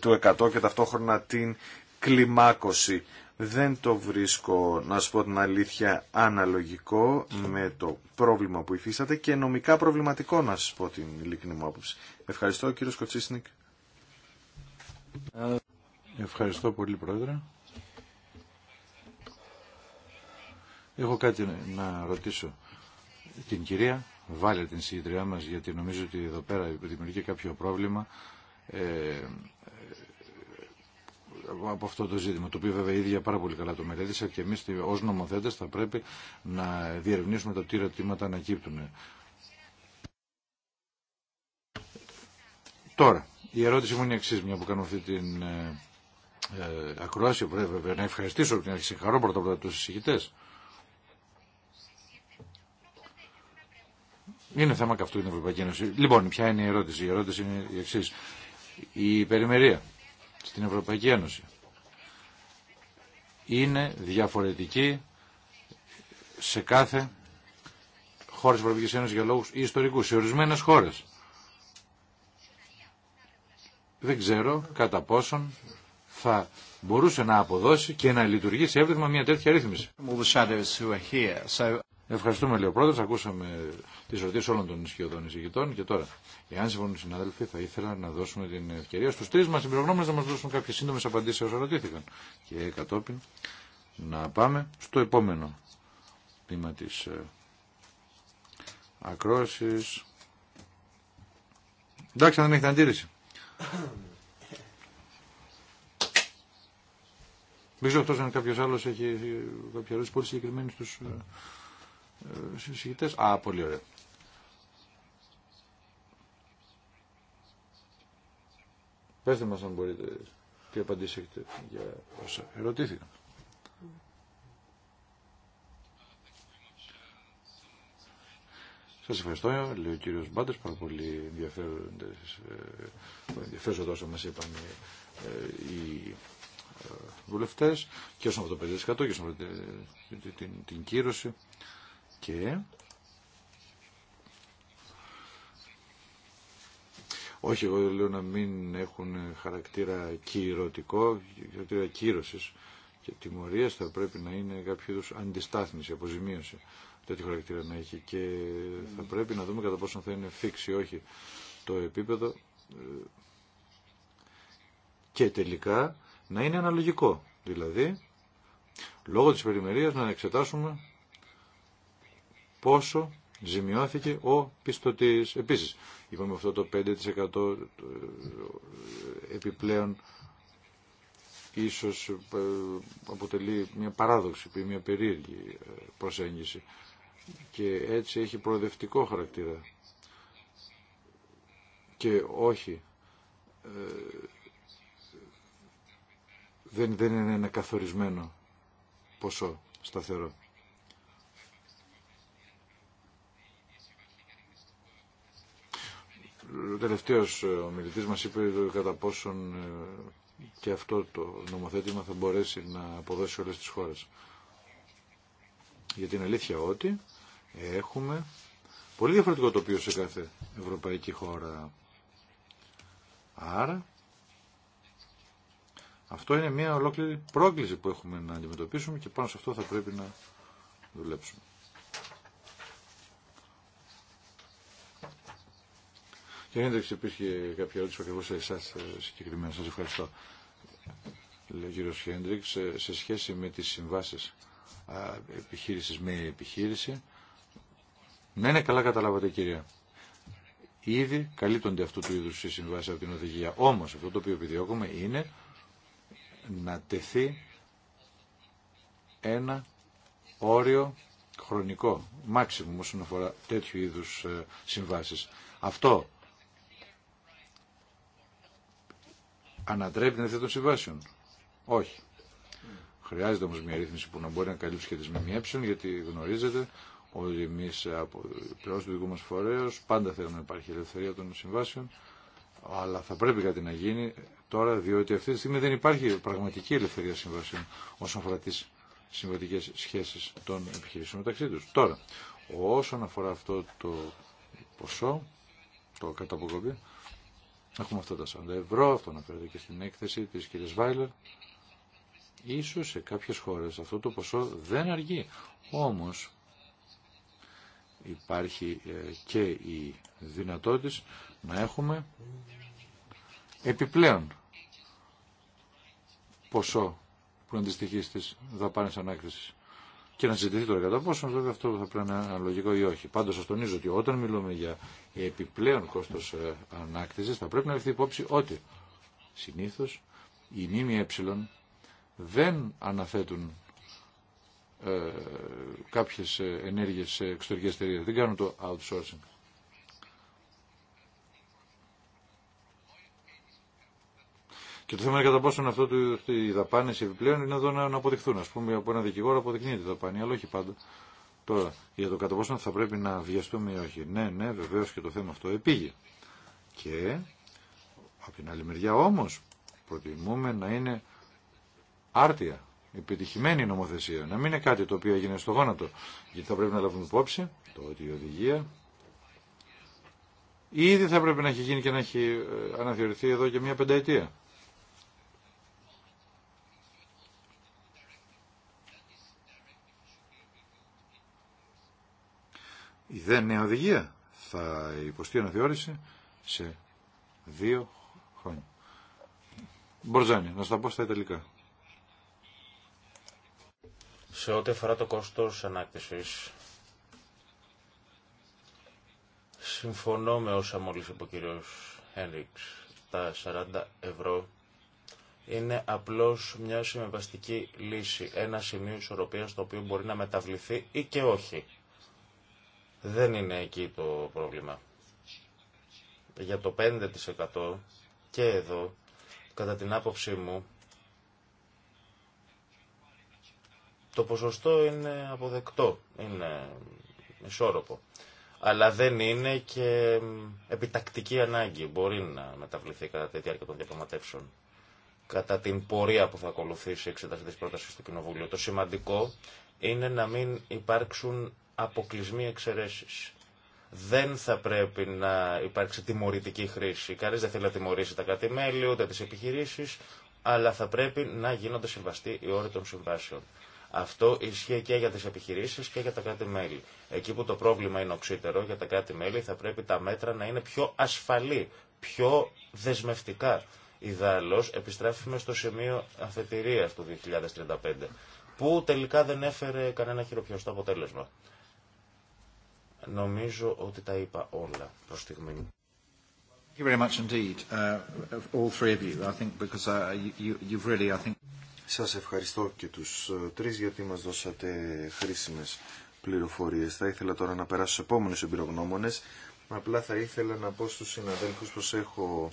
του 100 και ταυτόχρονα την κλιμάκωση. Δεν το βρίσκω, να σου πω την αλήθεια, αναλογικό με το πρόβλημα που υφίσατε και νομικά προβληματικό, να σα πω την ειλικρινή μου άποψη. Ευχαριστώ, κύριο Σκοτσίσνικ. Ευχαριστώ πολύ, Πρόεδρε. Έχω κάτι να ρωτήσω την κυρία Βάλε την συγκεντριά μας γιατί νομίζω ότι εδώ πέρα δημιουργεί κάποιο πρόβλημα ε, ε, από αυτό το ζήτημα, το οποίο βέβαια η ίδια πάρα πολύ καλά το μελέτησα και εμείς ως νομοθέτες θα πρέπει να διερευνήσουμε τα τι ρωτήματα ανακύπτουν. Τώρα, η ερώτηση μου είναι εξή, μια που κάνω αυτή την ε, ε βέβαια να ευχαριστήσω και να συγχαρώ πρώτα πρώτα-πρώτα τους συζητητές Είναι θέμα καυτού για την Ευρωπαϊκή Ένωση. Λοιπόν, ποια είναι η ερώτηση. Η ερώτηση είναι η εξή. Η περιμερία στην Ευρωπαϊκή Ένωση είναι διαφορετική σε κάθε χώρα της Ευρωπαϊκής Ένωσης για λόγους ιστορικούς, σε ορισμένες χώρες. Δεν ξέρω κατά πόσον θα μπορούσε να αποδώσει και να λειτουργήσει έβδομα μια τέτοια ρύθμιση. Ευχαριστούμε, λέει ο Ακούσαμε τις ερωτήσεις όλων των ισχυωδών εισηγητών και τώρα, εάν συμφωνούν οι συνάδελφοι, θα ήθελα να δώσουμε την ευκαιρία στους τρεις μας συμπληρογνώμενες να μας δώσουν κάποιες σύντομες απαντήσεις όσο ρωτήθηκαν. Και κατόπιν να πάμε στο επόμενο τμήμα της ε, ακρόασης. Εντάξει, αν δεν έχετε αντίρρηση. Μην ξέρω αυτός αν κάποιος άλλος έχει ε, κάποια ερώτηση πολύ συγκεκριμένη στους ε, ε, συζητητές. Α, πολύ ωραία. Πετε μας αν μπορείτε τι απαντήσει έχετε για όσα ερωτήθηκαν. Σας ευχαριστώ, λέει ο κύριος Μπάντες, πάρα πολύ ενδιαφέρον ε, όσο μας είπαν ε, οι βουλευτές και όσον αυτό το 5% και όσον την, την, την κύρωση και όχι εγώ λέω να μην έχουν χαρακτήρα κυρωτικό, χαρακτήρα κύρωσης και τιμωρίας θα πρέπει να είναι κάποιο είδους αντιστάθμιση, αποζημίωση τέτοιο χαρακτήρα να έχει και θα πρέπει να δούμε κατά πόσο θα είναι φίξη ή όχι το επίπεδο ε, και τελικά να είναι αναλογικό. Δηλαδή, λόγω της περιμερίας να εξετάσουμε πόσο ζημιώθηκε ο πιστωτής. Επίσης, είπαμε αυτό το 5% ε, επιπλέον ίσως ε, αποτελεί μια παράδοξη, μια περίεργη ε, προσέγγιση και έτσι έχει προοδευτικό χαρακτήρα και όχι δεν, δεν είναι ένα καθορισμένο ποσό σταθερό. ο τελευταίος ε, ομιλητής μας είπε κατά πόσον ε, και αυτό το νομοθέτημα θα μπορέσει να αποδώσει όλες τις χώρες. Για την αλήθεια ότι έχουμε πολύ διαφορετικό τοπίο σε κάθε ευρωπαϊκή χώρα. Άρα, αυτό είναι μια ολόκληρη πρόκληση που έχουμε να αντιμετωπίσουμε και πάνω σε αυτό θα πρέπει να δουλέψουμε. Κύριε Χέντριξ, υπήρχε κάποια ερώτηση ακριβώ σε εσά ε, συγκεκριμένα. Σα ευχαριστώ. Λέει ο κύριο Χέντριξ, ε, σε σχέση με τι συμβάσει επιχείρηση με επιχείρηση. Ναι, ναι, καλά καταλάβατε κυρία. Ήδη καλύπτονται αυτού του είδου οι συμβάσει από την οδηγία. Όμω αυτό το οποίο επιδιώκουμε είναι να τεθεί ένα όριο χρονικό, μάξιμουμ όσον αφορά τέτοιου είδους ε, συμβάσεις. Αυτό ανατρέπει την ελευθερία των συμβάσεων. Όχι. Χρειάζεται όμω μια ρύθμιση που να μπορεί να καλύψει και τι ΜΜΕ, γιατί γνωρίζετε ότι εμεί από πλευρά του δικού μα φορέα πάντα θέλουμε να υπάρχει ελευθερία των συμβάσεων, αλλά θα πρέπει κάτι να γίνει τώρα, διότι αυτή τη στιγμή δεν υπάρχει πραγματική ελευθερία συμβάσεων όσον αφορά τι συμβατικέ σχέσει των επιχειρήσεων μεταξύ του. Τώρα, όσον αφορά αυτό το ποσό, το καταποκοπή, Έχουμε αυτά τα 40 ευρώ, αυτό αναφέρεται και στην έκθεση της κυρίας Βάιλερ. Ίσως σε κάποιες χώρες αυτό το ποσό δεν αργεί. Όμως υπάρχει ε, και η δυνατότητα να έχουμε επιπλέον ποσό που αντιστοιχεί στις δαπάνες ανάκτησης και να συζητηθεί τώρα κατά πόσο βέβαια αυτό θα πρέπει να είναι λογικό ή όχι. Πάντως σας τονίζω ότι όταν μιλούμε για επιπλέον κόστος ε, ανάκτησης θα πρέπει να ληφθεί υπόψη ότι συνήθως οι νήμοι ε δεν αναθέτουν ε, κάποιες ε, ενέργειες σε εξωτερικές εταιρείες. Δεν κάνουν το outsourcing. Και το θέμα είναι κατά πόσον αυτό του, οι δαπάνε επιπλέον είναι εδώ να, να αποδειχθούν. Α πούμε, από ένα δικηγόρο αποδεικνύεται η δαπάνη, αλλά όχι πάντα. Τώρα, για το κατά πόσο θα πρέπει να βιαστούμε ή όχι. Ναι, ναι, βεβαίω και το θέμα αυτό επήγε. Και από την άλλη μεριά όμω προτιμούμε να είναι άρτια, επιτυχημένη η νομοθεσία. Να μην είναι κάτι το οποίο έγινε στο γόνατο. Γιατί θα πρέπει να λάβουμε υπόψη το ότι η οδηγία ήδη θα πρέπει να έχει γίνει και να έχει ε, αναθεωρηθεί εδώ και μια πενταετία. η δε νέα οδηγία θα υποστεί αναθεώρηση σε δύο χρόνια. Μπορζάνι, να στα πω στα ιταλικά. Σε ό,τι αφορά το κόστος ανάκτησης, συμφωνώ με όσα μόλις είπε ο κύριος Ένριξ. Τα 40 ευρώ είναι απλώς μια συμμεβαστική λύση, ένα σημείο ισορροπίας το οποίο μπορεί να μεταβληθεί ή και όχι. Δεν είναι εκεί το πρόβλημα. Για το 5% και εδώ, κατά την άποψή μου, το ποσοστό είναι αποδεκτό, είναι ισόρροπο. Αλλά δεν είναι και επιτακτική ανάγκη. Μπορεί να μεταβληθεί κατά τη διάρκεια των διαπραγματεύσεων. Κατά την πορεία που θα ακολουθήσει η εξέταση πρόταση του Κοινοβουλίου. Το σημαντικό είναι να μην υπάρξουν αποκλεισμοί εξαιρέσει. Δεν θα πρέπει να υπάρξει τιμωρητική χρήση. Κανεί δεν θέλει να τιμωρήσει τα κατημέλη, ούτε τι επιχειρήσει, αλλά θα πρέπει να γίνονται συμβαστοί οι όροι των συμβάσεων. Αυτό ισχύει και για τι επιχειρήσει και για τα κράτη-μέλη. Εκεί που το πρόβλημα είναι οξύτερο για τα κράτη-μέλη θα πρέπει τα μέτρα να είναι πιο ασφαλή, πιο δεσμευτικά. Ιδάλω επιστρέφουμε στο σημείο αφετηρία του 2035, που τελικά δεν έφερε κανένα χειροπιαστό αποτέλεσμα. Νομίζω ότι τα είπα όλα προς στιγμή. Σας ευχαριστώ και τους ε, τρεις γιατί μας δώσατε χρήσιμες πληροφορίες. Θα ήθελα τώρα να περάσω στους επόμενους εμπειρογνώμονες. Απλά θα ήθελα να πω στους συναδέλφους πως έχω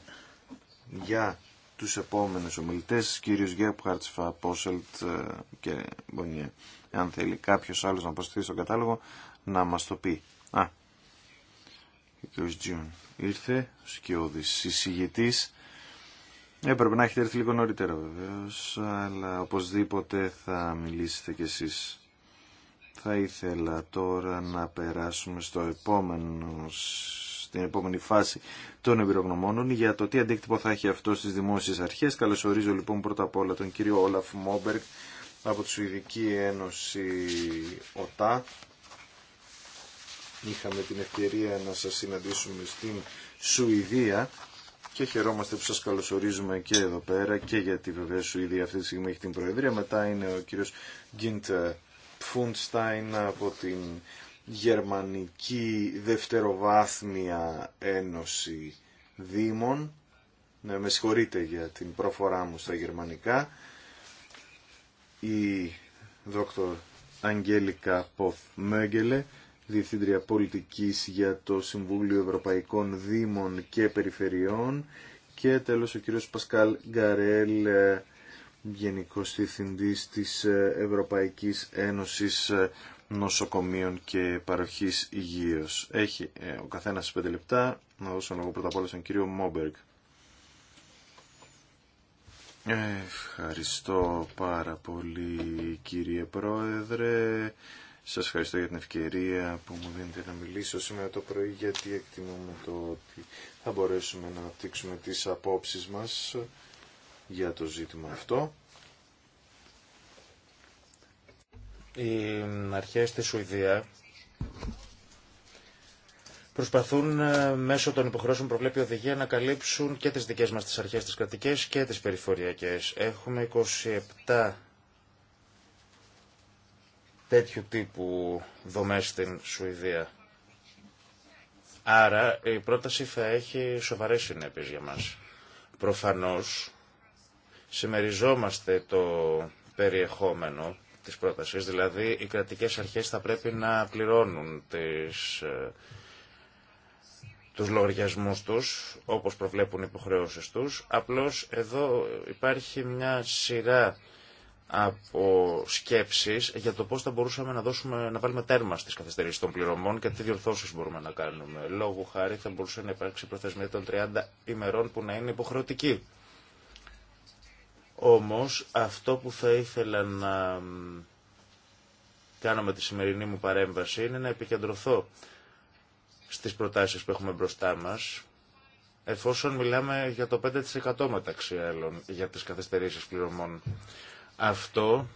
για τους επόμενους ομιλητές, κύριος Γκέπχαρτ Φαπόσελτ και Μπονιέ. Αν θέλει κάποιος άλλος να προσθέσει στον κατάλογο, να μας το πει. Α, ο κ. Τζιούν ήρθε, ο σκιώδης εισηγητής. Έπρεπε να έχετε έρθει λίγο νωρίτερα βεβαίω. αλλά οπωσδήποτε θα μιλήσετε κι εσείς. Θα ήθελα τώρα να περάσουμε στο επόμενο, στην επόμενη φάση των εμπειρογνωμόνων για το τι αντίκτυπο θα έχει αυτό στις δημόσιες αρχές. Καλωσορίζω λοιπόν πρώτα απ' όλα τον κύριο Όλαφ Μόμπεργκ από τη Σουηδική Ένωση ΟΤΑ είχαμε την ευκαιρία να σας συναντήσουμε στην Σουηδία και χαιρόμαστε που σας καλωσορίζουμε και εδώ πέρα και γιατί βεβαίως Σουηδία αυτή τη στιγμή έχει την Προεδρία. Μετά είναι ο κύριος Γκίντ Πφούντστάιν ε, από την Γερμανική Δευτεροβάθμια Ένωση Δήμων. Ναι, με συγχωρείτε για την προφορά μου στα γερμανικά. Η δόκτωρ Αγγέλικα Ποθ Μέγκελε Διευθύντρια Πολιτικής για το Συμβούλιο Ευρωπαϊκών Δήμων και Περιφερειών και τέλος ο κύριος Πασκάλ Γκαρέλ, ε, Γενικός Διευθυντής της ε, Ευρωπαϊκής Ένωσης ε, Νοσοκομείων και Παροχής Υγείας. Έχει ο καθένας 5 λεπτά. Να δώσω λόγο πρώτα απ' όλα στον κύριο Μόμπεργκ. Ευχαριστώ πάρα πολύ κύριε Πρόεδρε. Σας ευχαριστώ για την ευκαιρία που μου δίνετε να μιλήσω σήμερα το πρωί γιατί εκτιμούμε το ότι θα μπορέσουμε να αναπτύξουμε τις απόψεις μας για το ζήτημα αυτό. Οι αρχές στη Σουηδία προσπαθούν ε, μέσω των υποχρεώσεων που προβλέπει οδηγία να καλύψουν και τις δικές μας τις αρχές τις κρατικές και τις περιφοριακές. Έχουμε 27 τέτοιου τύπου δομές στην Σουηδία. Άρα η πρόταση θα έχει σοβαρές συνέπειες για μας. Προφανώς συμμεριζόμαστε το περιεχόμενο της πρότασης, δηλαδή οι κρατικές αρχές θα πρέπει να πληρώνουν τις, ε, τους λογαριασμούς τους, όπως προβλέπουν οι υποχρεώσεις τους. Απλώς εδώ υπάρχει μια σειρά από σκέψεις για το πώς θα μπορούσαμε να, δώσουμε, να βάλουμε τέρμα στις καθυστερήσει των πληρωμών και τι διορθώσει μπορούμε να κάνουμε. Λόγω χάρη θα μπορούσε να υπάρξει προθεσμία των 30 ημερών που να είναι υποχρεωτική. Όμως αυτό που θα ήθελα να κάνω με τη σημερινή μου παρέμβαση είναι να επικεντρωθώ στις προτάσεις που έχουμε μπροστά μας, εφόσον μιλάμε για το 5% μεταξύ άλλων για τις καθυστερήσεις πληρωμών. Αυτό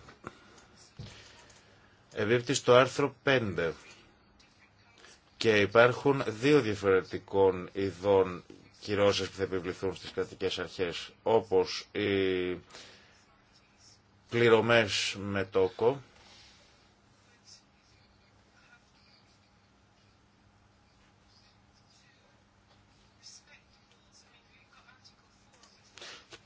εμπίπτει στο άρθρο 5 και υπάρχουν δύο διαφορετικών ειδών κυρώσεις που θα επιβληθούν στις κρατικές αρχές όπως οι πληρωμές με τόκο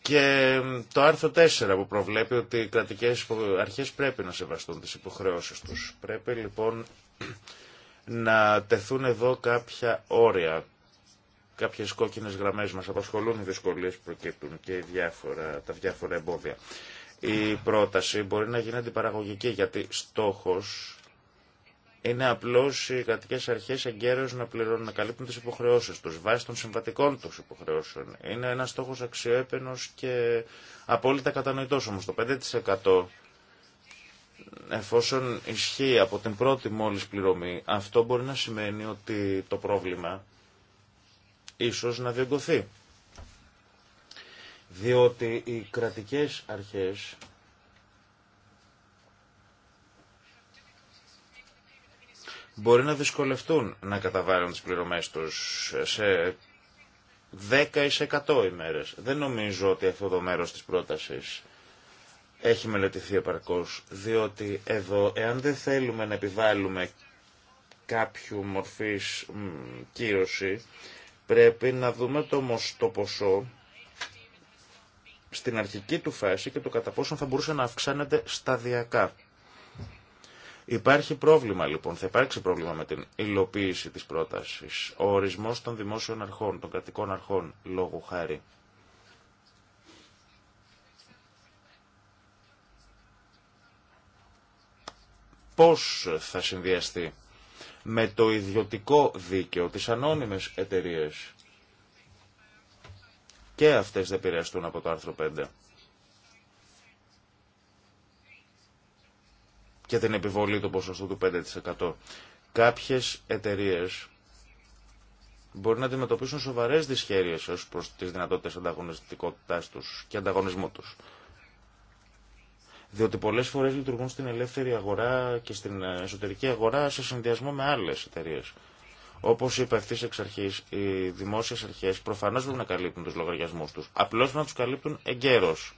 Και το άρθρο 4 που προβλέπει ότι οι κρατικές αρχές πρέπει να σεβαστούν τις υποχρεώσεις τους. Πρέπει λοιπόν <clears throat> να τεθούν εδώ κάποια όρια, κάποιες κόκκινες γραμμές μας απασχολούν οι δυσκολίες που προκύπτουν και διάφορα, τα διάφορα εμπόδια. Η πρόταση μπορεί να γίνει αντιπαραγωγική γιατί στόχος είναι απλώ οι κρατικέ αρχές εγκαίρω να πληρώνουν, να καλύπτουν τις υποχρεώσεις τους, βάσει των συμβατικών τους υποχρεώσεων. Είναι ένας στόχος αξιοέπαινο και απόλυτα κατανοητός όμως. Το 5% εφόσον ισχύει από την πρώτη μόλις πληρωμή, αυτό μπορεί να σημαίνει ότι το πρόβλημα ίσως να διωγγωθεί. Διότι οι κρατικέ αρχέ. μπορεί να δυσκολευτούν να καταβάλουν τις πληρωμές τους σε 10 ή σε 100 ημέρες. Δεν νομίζω ότι αυτό το μέρος της πρότασης έχει μελετηθεί επαρκώς, διότι εδώ, εάν δεν θέλουμε να επιβάλλουμε κάποιου μορφής κύρωση, πρέπει να δούμε το, το ποσό στην αρχική του φάση και το κατά πόσο θα μπορούσε να αυξάνεται σταδιακά. Υπάρχει πρόβλημα λοιπόν, θα υπάρξει πρόβλημα με την υλοποίηση της πρότασης. Ο ορισμός των δημόσιων αρχών, των κρατικών αρχών, λόγου χάρη. Πώς θα συνδυαστεί με το ιδιωτικό δίκαιο, τις ανώνυμες εταιρείες. Και αυτές δεν επηρεαστούν από το άρθρο 5. και την επιβολή του ποσοστού του 5%. Κάποιες εταιρείες μπορεί να αντιμετωπίσουν σοβαρές δυσχέρειες ως προς τις δυνατότητες ανταγωνιστικότητάς τους και ανταγωνισμού τους. Διότι πολλές φορές λειτουργούν στην ελεύθερη αγορά και στην εσωτερική αγορά σε συνδυασμό με άλλες εταιρείες. Όπως είπα ευθύ εξ αρχής, οι δημόσιες αρχές προφανώς δεν να καλύπτουν τους λογαριασμούς τους. Απλώς να τους καλύπτουν εγκαίρως.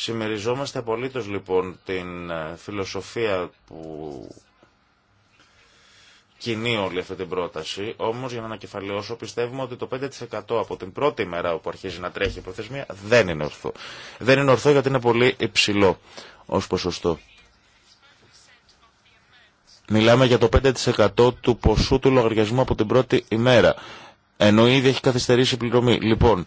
Συμμεριζόμαστε απολύτως λοιπόν την ε, φιλοσοφία που κινεί όλη αυτή την πρόταση, όμως για να ανακεφαλαιώσω πιστεύουμε ότι το 5% από την πρώτη μέρα όπου αρχίζει να τρέχει η προθεσμία δεν είναι ορθό. Δεν είναι ορθό γιατί είναι πολύ υψηλό ως ποσοστό. Μιλάμε για το 5% του ποσού του λογαριασμού από την πρώτη ημέρα, ενώ ήδη έχει καθυστερήσει η πληρωμή. Λοιπόν,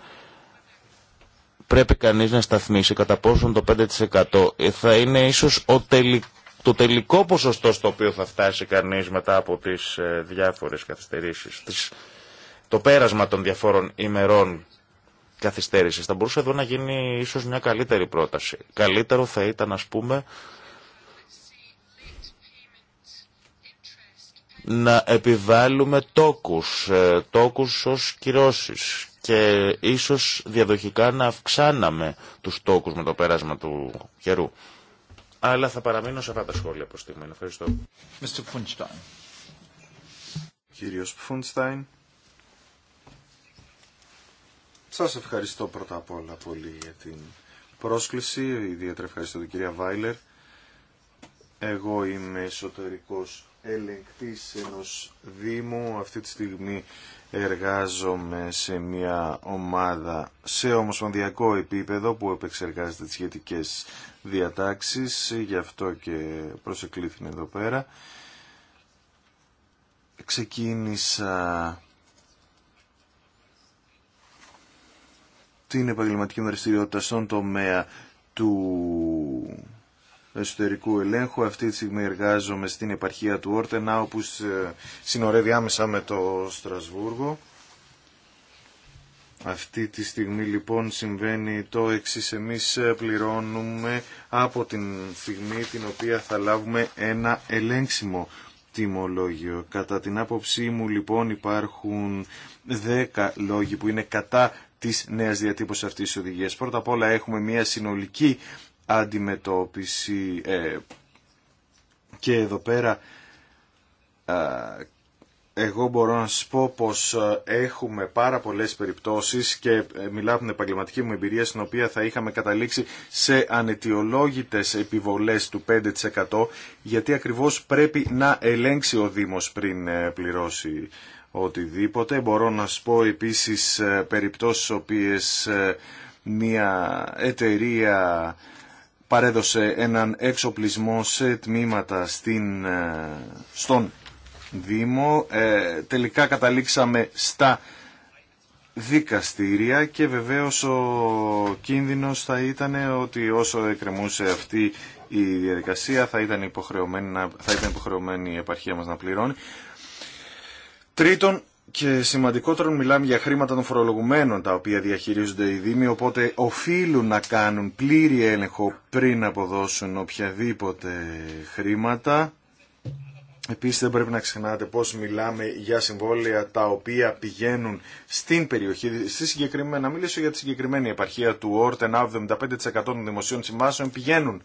πρέπει κανείς να σταθμίσει κατά πόσον το 5% θα είναι ίσως το τελικό ποσοστό στο οποίο θα φτάσει κανείς μετά από τις ε, διάφορες καθυστερήσεις, το πέρασμα των διαφόρων ημερών καθυστέρησης, θα μπορούσε εδώ να γίνει ίσως μια καλύτερη πρόταση. Καλύτερο θα ήταν, ας πούμε, να επιβάλλουμε τόκους, ε, τόκους ως κυρώσεις και ίσως διαδοχικά να αυξάναμε τους τόκους με το πέρασμα του καιρού. Αλλά θα παραμείνω σε αυτά τα σχόλια προς στιγμή. Ευχαριστώ. Mr. Κύριος Φουνστάιν. Σας ευχαριστώ πρώτα απ' όλα πολύ για την πρόσκληση. Ιδιαίτερα ευχαριστώ την κυρία Βάιλερ. Εγώ είμαι εσωτερικός ελεγκτής ενός Δήμου. Αυτή τη στιγμή εργάζομαι σε μια ομάδα σε ομοσπονδιακό επίπεδο που επεξεργάζεται τις σχετικές διατάξεις, γι' αυτό και προσεκλήθηνε εδώ πέρα. Ξεκίνησα την επαγγελματική μου δραστηριότητα στον τομέα του εσωτερικού ελέγχου. Αυτή τη στιγμή εργάζομαι στην επαρχία του Όρτενα, όπου συνορεύει άμεσα με το Στρασβούργο. Αυτή τη στιγμή λοιπόν συμβαίνει το εξής. Εμείς πληρώνουμε από την στιγμή την οποία θα λάβουμε ένα ελέγξιμο τιμολόγιο. Κατά την άποψή μου λοιπόν υπάρχουν δέκα λόγοι που είναι κατά της νέας διατύπωσης αυτής της οδηγίας. Πρώτα απ' όλα έχουμε μια συνολική αντιμετώπιση ε, και εδώ πέρα ε, εγώ μπορώ να σας πω πως ε, έχουμε πάρα πολλές περιπτώσεις και μιλάω από την επαγγελματική μου εμπειρία στην οποία θα είχαμε καταλήξει σε ανετιολόγητες επιβολές του 5% γιατί ακριβώς πρέπει να ελέγξει ο Δήμος πριν πληρώσει οτιδήποτε. Μπορώ να σας πω επίσης περιπτώσεις οποίες μια εταιρεία παρέδωσε έναν εξοπλισμό σε τμήματα στην, ε, στον Δήμο. Ε, τελικά καταλήξαμε στα δικαστήρια και βεβαίως ο κίνδυνος θα ήταν ότι όσο εκκρεμούσε αυτή η διαδικασία θα ήταν υποχρεωμένη, να, θα ήταν υποχρεωμένη η επαρχία μας να πληρώνει. Τρίτον, και σημαντικότερον μιλάμε για χρήματα των φορολογουμένων τα οποία διαχειρίζονται οι Δήμοι, οπότε οφείλουν να κάνουν πλήρη έλεγχο πριν αποδώσουν οποιαδήποτε χρήματα Επίση δεν πρέπει να ξεχνάτε πώ μιλάμε για συμβόλαια τα οποία πηγαίνουν στην περιοχή. Στη συγκεκριμένη, να μιλήσω για τη συγκεκριμένη επαρχία του Όρτεν, 75% των δημοσίων συμβάσεων πηγαίνουν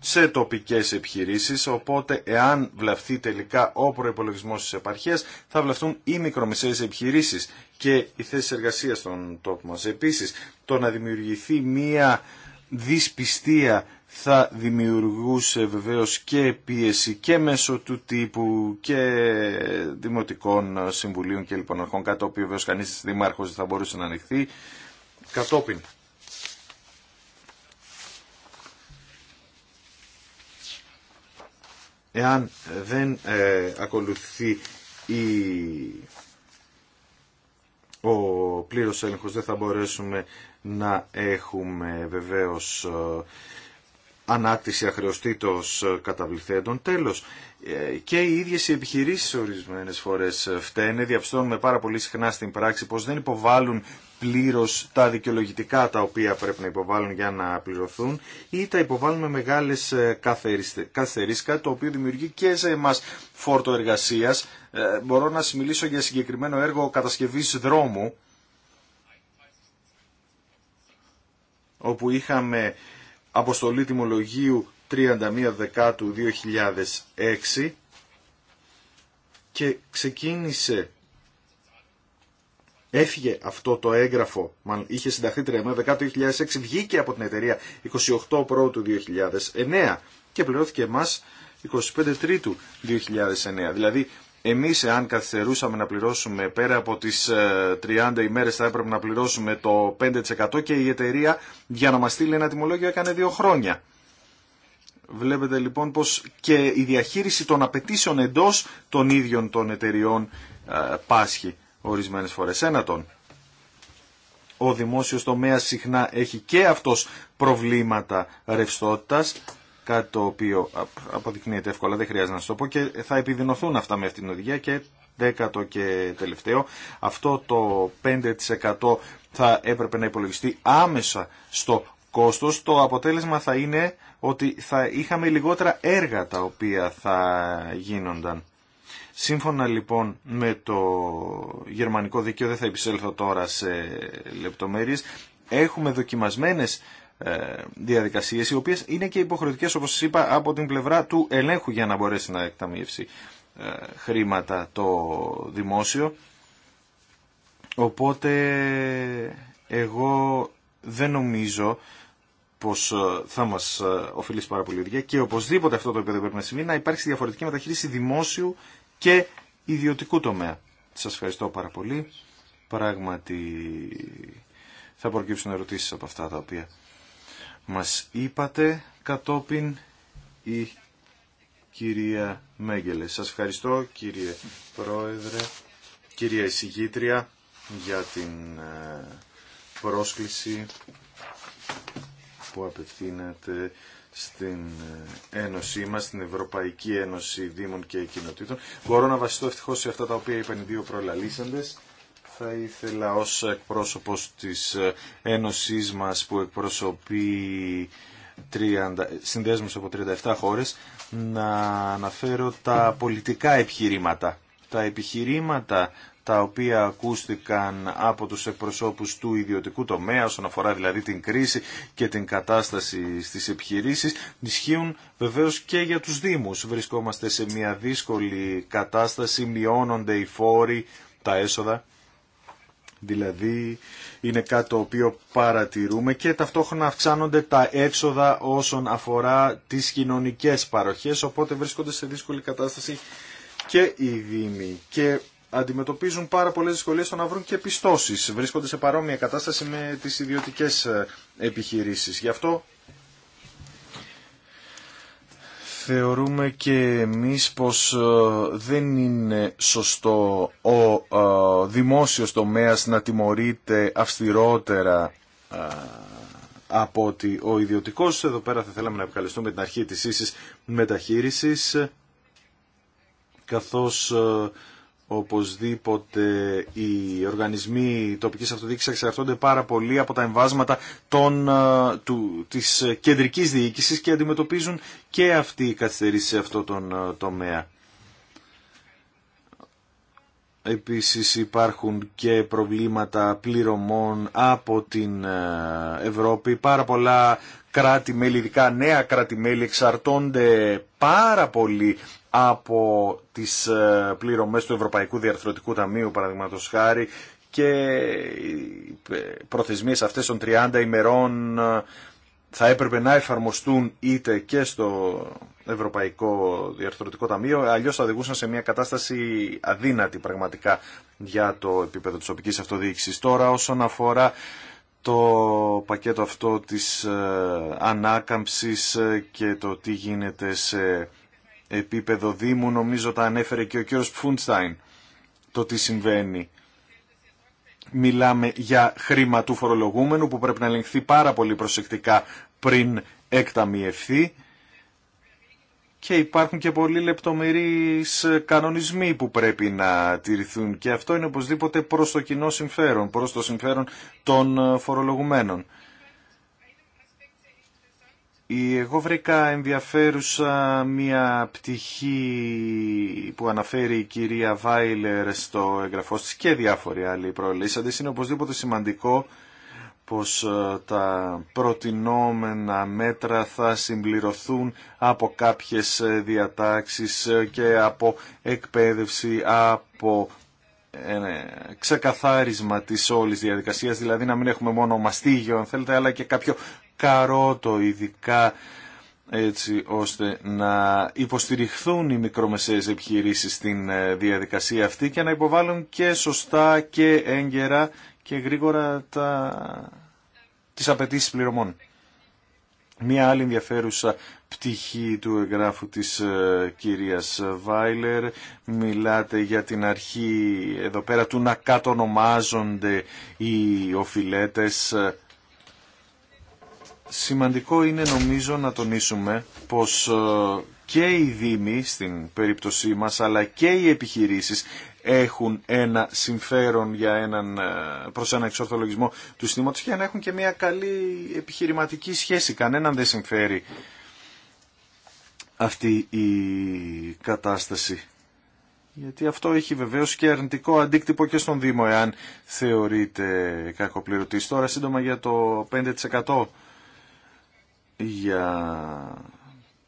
σε τοπικέ επιχειρήσει, οπότε εάν βλαφθεί τελικά ο προπολογισμό τη επαρχία θα βλαφθούν οι μικρομεσαίε επιχειρήσει και οι θέσει εργασία των τόπων μα. Επίση, το να δημιουργηθεί μία δυσπιστία θα δημιουργούσε βεβαίως και πίεση και μέσω του τύπου και δημοτικών συμβουλίων και λοιπόν αρχών οποίο βεβαίως κανείς δήμαρχος δεν θα μπορούσε να ανοιχθεί κατόπιν. Εάν δεν ε, ακολουθεί η... ο πλήρως έλεγχος δεν θα μπορέσουμε να έχουμε βεβαίως ε, ανάκτηση αχρεωστήτως ε, καταβληθέντων. Τέλος, ε, και οι ίδιες οι επιχειρήσεις ορισμένες φορές ε, φταίνε, διαπιστώνουμε πάρα πολύ συχνά στην πράξη πως δεν υποβάλλουν πλήρως τα δικαιολογητικά τα οποία πρέπει να υποβάλλουν για να πληρωθούν ή τα υποβάλλουν με μεγάλες καθερίσκα, το οποίο δημιουργεί και σε εμάς φόρτο εργασίας. Μπορώ να μιλήσω για συγκεκριμένο έργο κατασκευής δρόμου, όπου είχαμε αποστολή τιμολογίου 31 Δεκάτου 2006 και ξεκίνησε έφυγε αυτό το έγγραφο, μάλλον είχε συνταχθεί 31 Δεκάτου 2006, βγήκε από την εταιρεία 28 Πρώτου 2009 και πληρώθηκε εμάς 25 Τρίτου 2009. Δηλαδή εμείς εάν καθυστερούσαμε να πληρώσουμε πέρα από τις 30 ε, ημέρες θα έπρεπε να πληρώσουμε το 5% και η εταιρεία για να μας στείλει ένα τιμολόγιο έκανε δύο χρόνια. Βλέπετε λοιπόν πως και η διαχείριση των απαιτήσεων εντός των ίδιων των εταιριών ε, πάσχει ορισμένες φορές. τον, ο δημόσιος τομέας συχνά έχει και αυτός προβλήματα ρευστότητας κάτι το οποίο αποδεικνύεται εύκολα, δεν χρειάζεται να σου το πω και θα επιδεινωθούν αυτά με αυτήν την οδηγία και δέκατο και τελευταίο, αυτό το 5% θα έπρεπε να υπολογιστεί άμεσα στο κόστος, το αποτέλεσμα θα είναι ότι θα είχαμε λιγότερα έργα τα οποία θα γίνονταν. Σύμφωνα λοιπόν με το γερμανικό δίκαιο, δεν θα επισέλθω τώρα σε λεπτομέρειες, έχουμε δοκιμασμένες ε, διαδικασίες οι οποίε είναι και υποχρεωτικές όπως σα είπα από την πλευρά του ελέγχου για να μπορέσει να εκταμείευσει ε, χρήματα το δημόσιο οπότε εγώ δεν νομίζω πως ε, θα μας οφειλήσει πάρα πολύ όπως και οπωσδήποτε αυτό το επίπεδο πρέπει να σημαίνει να υπάρξει διαφορετική μεταχείριση δημόσιου και ιδιωτικού τομέα. Σας ευχαριστώ πάρα πολύ. Πράγματι θα προκύψουν ερωτήσεις από αυτά τα οποία μας είπατε κατόπιν η κυρία Μέγκελε. Σας ευχαριστώ κύριε Πρόεδρε, κυρία Εισηγήτρια για την ε, πρόσκληση που απευθύνεται στην ε, Ένωσή μας, στην Ευρωπαϊκή Ένωση Δήμων και Κοινοτήτων. Μπορώ να βασιστώ ευτυχώς σε αυτά τα οποία είπαν οι δύο προλαλήσαντες θα ήθελα ως εκπρόσωπος της Ένωσής μας που εκπροσωπεί 30, συνδέσμους από 37 χώρες να αναφέρω τα πολιτικά επιχειρήματα. Τα επιχειρήματα τα οποία ακούστηκαν από τους εκπροσώπους του ιδιωτικού τομέα όσον αφορά δηλαδή την κρίση και την κατάσταση στις επιχειρήσεις ισχύουν βεβαίως και για τους Δήμους. Βρισκόμαστε σε μια δύσκολη κατάσταση, μειώνονται οι φόροι, τα έσοδα Δηλαδή είναι κάτι το οποίο παρατηρούμε και ταυτόχρονα αυξάνονται τα έξοδα όσον αφορά τις κοινωνικές παροχές, οπότε βρίσκονται σε δύσκολη κατάσταση και οι Δήμοι. Και αντιμετωπίζουν πάρα πολλές δυσκολίες στο να βρουν και πιστώσεις. Βρίσκονται σε παρόμοια κατάσταση με τις ιδιωτικές ε, επιχειρήσεις. Γι' αυτό θεωρούμε και εμείς πως ε, δεν είναι σωστό ο ε, δημόσιος τομέας να τιμωρείται αυστηρότερα ε, από ότι ο ιδιωτικός. Εδώ πέρα θα θέλαμε να επικαλεστούμε την αρχή της ίσης μεταχείρισης καθώς Οπωσδήποτε οι οργανισμοί τοπικής αυτοδιοίκησης εξαρτώνται πάρα πολύ από τα εμβάσματα των, ε, του, της κεντρικής διοίκησης και αντιμετωπίζουν και αυτή η καθυστερήση σε αυτό τον ε, τομέα. Επίσης υπάρχουν και προβλήματα πληρωμών από την ε, Ευρώπη. Πάρα πολλά κράτη-μέλη, ειδικά νέα κράτη-μέλη, εξαρτώνται πάρα πολύ από τις ε, πληρωμές του Ευρωπαϊκού Διαρθρωτικού Ταμείου, παραδείγματος χάρη, και οι ε, προθεσμίες αυτές των 30 ημερών θα έπρεπε να εφαρμοστούν είτε και στο Ευρωπαϊκό Διαρθρωτικό Ταμείο, αλλιώς θα οδηγούσαν σε μια κατάσταση αδύνατη πραγματικά για το επίπεδο της οπτικής αυτοδιοίκησης. Τώρα όσον αφορά το πακέτο αυτό της ε, ανάκαμψης ε, και το τι γίνεται σε επίπεδο Δήμου, νομίζω τα ανέφερε και ο κύριος Πφούντσταϊν το τι συμβαίνει. Μιλάμε για χρήμα του φορολογούμενου που πρέπει να ελεγχθεί πάρα πολύ προσεκτικά πριν εκταμιευθεί και υπάρχουν και πολλοί λεπτομερείς κανονισμοί που πρέπει να τηρηθούν και αυτό είναι οπωσδήποτε προς το κοινό συμφέρον, προς το συμφέρον των φορολογουμένων. Εγώ βρήκα ενδιαφέρουσα μια πτυχή που αναφέρει η κυρία Βάιλερ στο εγγραφό της και διάφοροι άλλοι προελίσσαντες. Είναι οπωσδήποτε σημαντικό πως ε, τα προτινόμενα μέτρα θα συμπληρωθούν από κάποιες ε, διατάξεις ε, και από εκπαίδευση, από ναι, ξεκαθάρισμα της όλης διαδικασίας, δηλαδή να μην έχουμε μόνο μαστίγιο, αν θέλετε, αλλά και κάποιο καρότο ειδικά έτσι ώστε να υποστηριχθούν οι μικρομεσαίες επιχειρήσεις στην διαδικασία αυτή και να υποβάλουν και σωστά και έγκαιρα και γρήγορα τα... τις απαιτήσει πληρωμών. Μία άλλη ενδιαφέρουσα πτυχή του εγγράφου της ε, κυρίας Βάιλερ. Μιλάτε για την αρχή εδώ πέρα του να κατονομάζονται οι οφιλέτες. Σημαντικό είναι νομίζω να τονίσουμε πως ε, και οι δήμοι στην περίπτωσή μας αλλά και οι επιχειρήσεις έχουν ένα συμφέρον για έναν, ε, προς ένα εξορθολογισμό του συστήματος και να έχουν και μια καλή επιχειρηματική σχέση. Κανέναν δεν συμφέρει αυτή η κατάσταση. Γιατί αυτό έχει βεβαίως και αρνητικό αντίκτυπο και στον Δήμο, εάν θεωρείται κακοπληρωτής. Τώρα σύντομα για το 5% για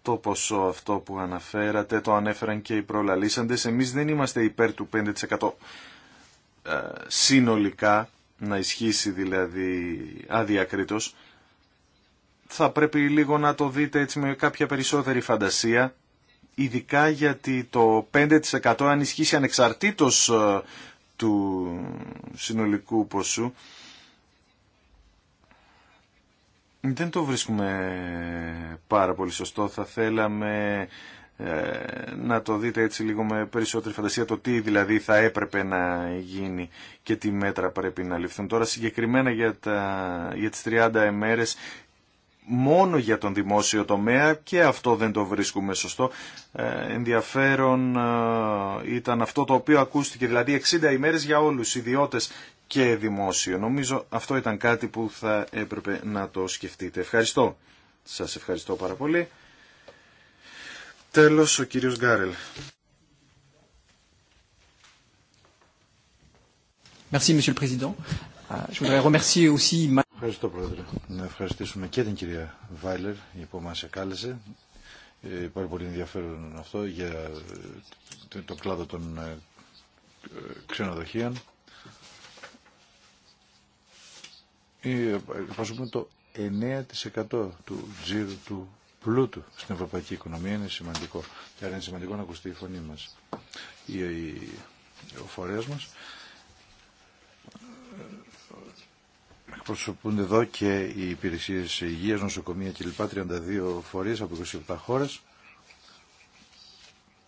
το ποσό αυτό που αναφέρατε, το ανέφεραν και οι προλαλήσαντες. Εμείς δεν είμαστε υπέρ του 5% ε, συνολικά, να ισχύσει δηλαδή αδιακρίτως. Θα πρέπει λίγο να το δείτε έτσι με κάποια περισσότερη φαντασία, ειδικά γιατί το 5% αν ισχύσει ανεξαρτήτως ε, του συνολικού ποσού, δεν το βρίσκουμε πάρα πολύ σωστό. Θα θέλαμε ε, να το δείτε έτσι λίγο με περισσότερη φαντασία το τι δηλαδή θα έπρεπε να γίνει και τι μέτρα πρέπει να ληφθούν. Τώρα συγκεκριμένα για, τα, για τις 30 ημέρες μόνο για τον δημόσιο τομέα και αυτό δεν το βρίσκουμε σωστό. Ε, ενδιαφέρον ε, ήταν αυτό το οποίο ακούστηκε, δηλαδή 60 ημέρες για όλους, ιδιώτες και δημόσιο. Νομίζω αυτό ήταν κάτι που θα έπρεπε να το σκεφτείτε. Ευχαριστώ. Σας ευχαριστώ πάρα πολύ. Τέλος ο κύριος Γκάρελ. Ευχαριστώ, Πρόεδρε. Να ευχαριστήσουμε και την κυρία Βάιλερ η οποία μας εκάλεσε. Ε, πάρα πολύ ενδιαφέρον αυτό για ε, τον κλάδο των ε, ε, ξενοδοχείων. Ε, εκπροσωπούν το 9% του τζίρου του πλούτου στην ευρωπαϊκή οικονομία. Είναι σημαντικό. Και άρα είναι σημαντικό να ακουστεί η φωνή μας. Η, η, ο φορέας μας ε, εκπροσωπούνται εδώ και οι υπηρεσίες υγείας, νοσοκομεία κλπ. 32 φορείς από 27 χώρες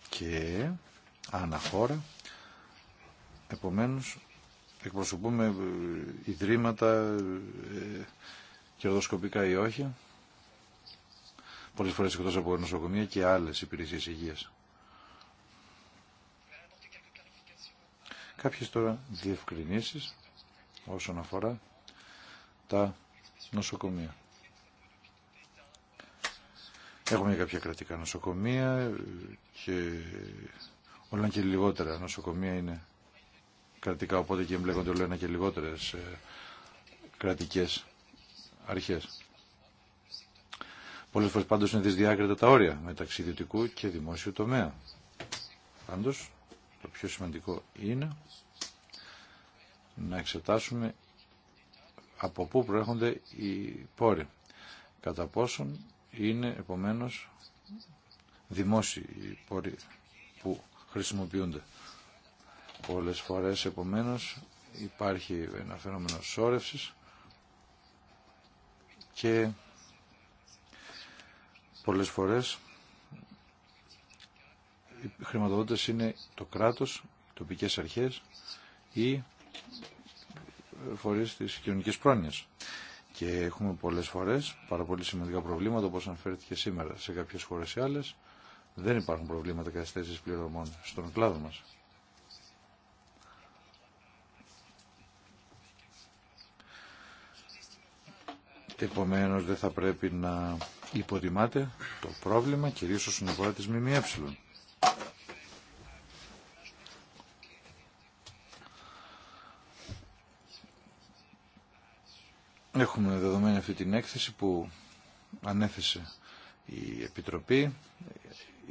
και αναχώρα. Επομένως, εκπροσωπούμε ε, ιδρύματα, ε, κερδοσκοπικά ή όχι. Πολλές φορές εκτός από νοσοκομεία και άλλες υπηρεσίες υγείας. Κάποιες τώρα διευκρινήσεις όσον αφορά τα νοσοκομεία. Έχουμε κάποια κρατικά νοσοκομεία ε, και όλα και λιγότερα νοσοκομεία είναι κρατικά, οπότε και εμπλέκονται όλο ένα και λιγότερες ε, κρατικές αρχές. Πολλές φορές πάντως είναι δυσδιάκριτα τα όρια μεταξύ ιδιωτικού και δημόσιου τομέα. Πάντως, το πιο σημαντικό είναι να εξετάσουμε από πού προέρχονται οι πόροι. Κατά πόσον είναι επομένως δημόσιοι οι πόροι που χρησιμοποιούνται. Πολλές φορές επομένως υπάρχει ένα φαινόμενο σώρευσης και πολλές φορές οι χρηματοδότες είναι το κράτος, τοπικές αρχές ή φορείς της κοινωνικής πρόνοιας. Και έχουμε πολλές φορές πάρα πολύ σημαντικά προβλήματα όπως αναφέρθηκε σήμερα σε κάποιες χώρες ή άλλες. Δεν υπάρχουν προβλήματα καθυστέρησης πληρωμών στον κλάδο μας. Επομένω δεν θα πρέπει να υποτιμάτε το πρόβλημα κυρίως όσον αφορά τις ΜΜΕ. Έχουμε δεδομένη αυτή την έκθεση που ανέθεσε η Επιτροπή.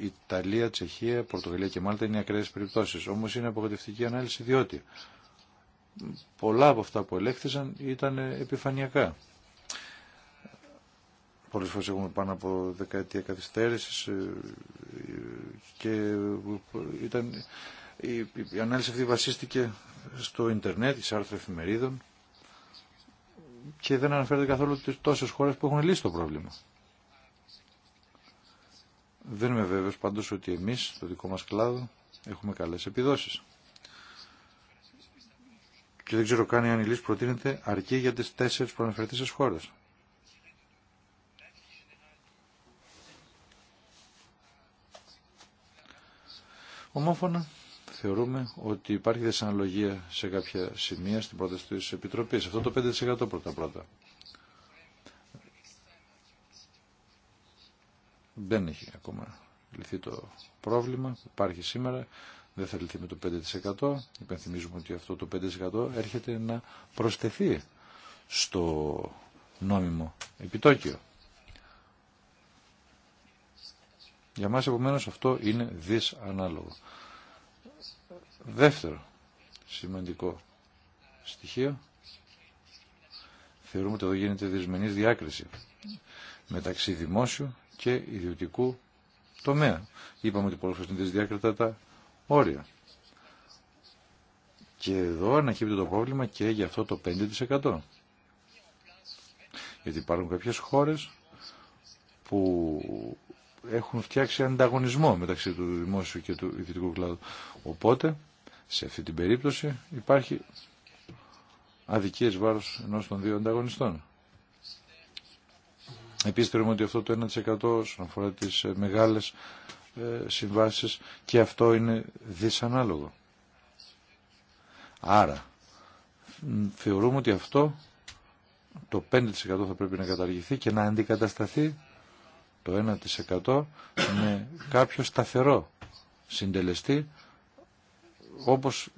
Ιταλία, Τσεχία, Πορτογαλία και Μάλτα είναι ακραίες περιπτώσεις. Όμως είναι απογοητευτική ανάλυση διότι πολλά από αυτά που ελέγχθησαν ήταν επιφανειακά. Πολλέ φορέ έχουμε πάνω από δεκαετία καθυστέρησης ε, και ήταν, η, η ανάλυση αυτή βασίστηκε στο ίντερνετ, σε άρθρα εφημερίδων και δεν αναφέρεται καθόλου τις τόσε χώρε που έχουν λύσει το πρόβλημα. Δεν είμαι βέβαιος πάντω ότι εμεί, το δικό μα κλάδο, έχουμε καλέ επιδόσεις. Και δεν ξέρω καν αν η λύση προτείνεται αρκεί για τι τέσσερι προαναφερθήσει χώρε. Ομόφωνα θεωρούμε ότι υπάρχει δυσαναλογία σε κάποια σημεία στην πρόταση τη επιτροπή. Αυτό το 5% πρώτα-πρώτα. Δεν έχει ακόμα λυθεί το πρόβλημα που υπάρχει σήμερα. Δεν θα λυθεί με το 5%. Υπενθυμίζουμε ότι αυτό το 5% έρχεται να προσθεθεί στο νόμιμο επιτόκιο. Για μας επομένως αυτό είναι δυσανάλογο. Δεύτερο σημαντικό στοιχείο θεωρούμε ότι εδώ γίνεται δυσμενής διάκριση μεταξύ δημόσιου και ιδιωτικού τομέα. Είπαμε ότι πολλές φορές είναι δυσδιάκριτα τα όρια. Και εδώ ανακύπτει το πρόβλημα και για αυτό το 5%. Γιατί υπάρχουν κάποιες χώρες που έχουν φτιάξει ανταγωνισμό μεταξύ του δημόσιου και του ιδιωτικού κλάδου. Οπότε, σε αυτή την περίπτωση υπάρχει αδικίες βάρος ενός των δύο ανταγωνιστών. Επίσης θεωρούμε ότι αυτό το 1% σχετικά αφορά τις ε, μεγάλες ε, συμβάσεις και αυτό είναι δυσανάλογο. Άρα, θεωρούμε ότι αυτό το 5% θα πρέπει να καταργηθεί και να αντικατασταθεί το 1% με κάποιο σταθερό συντελεστή όπως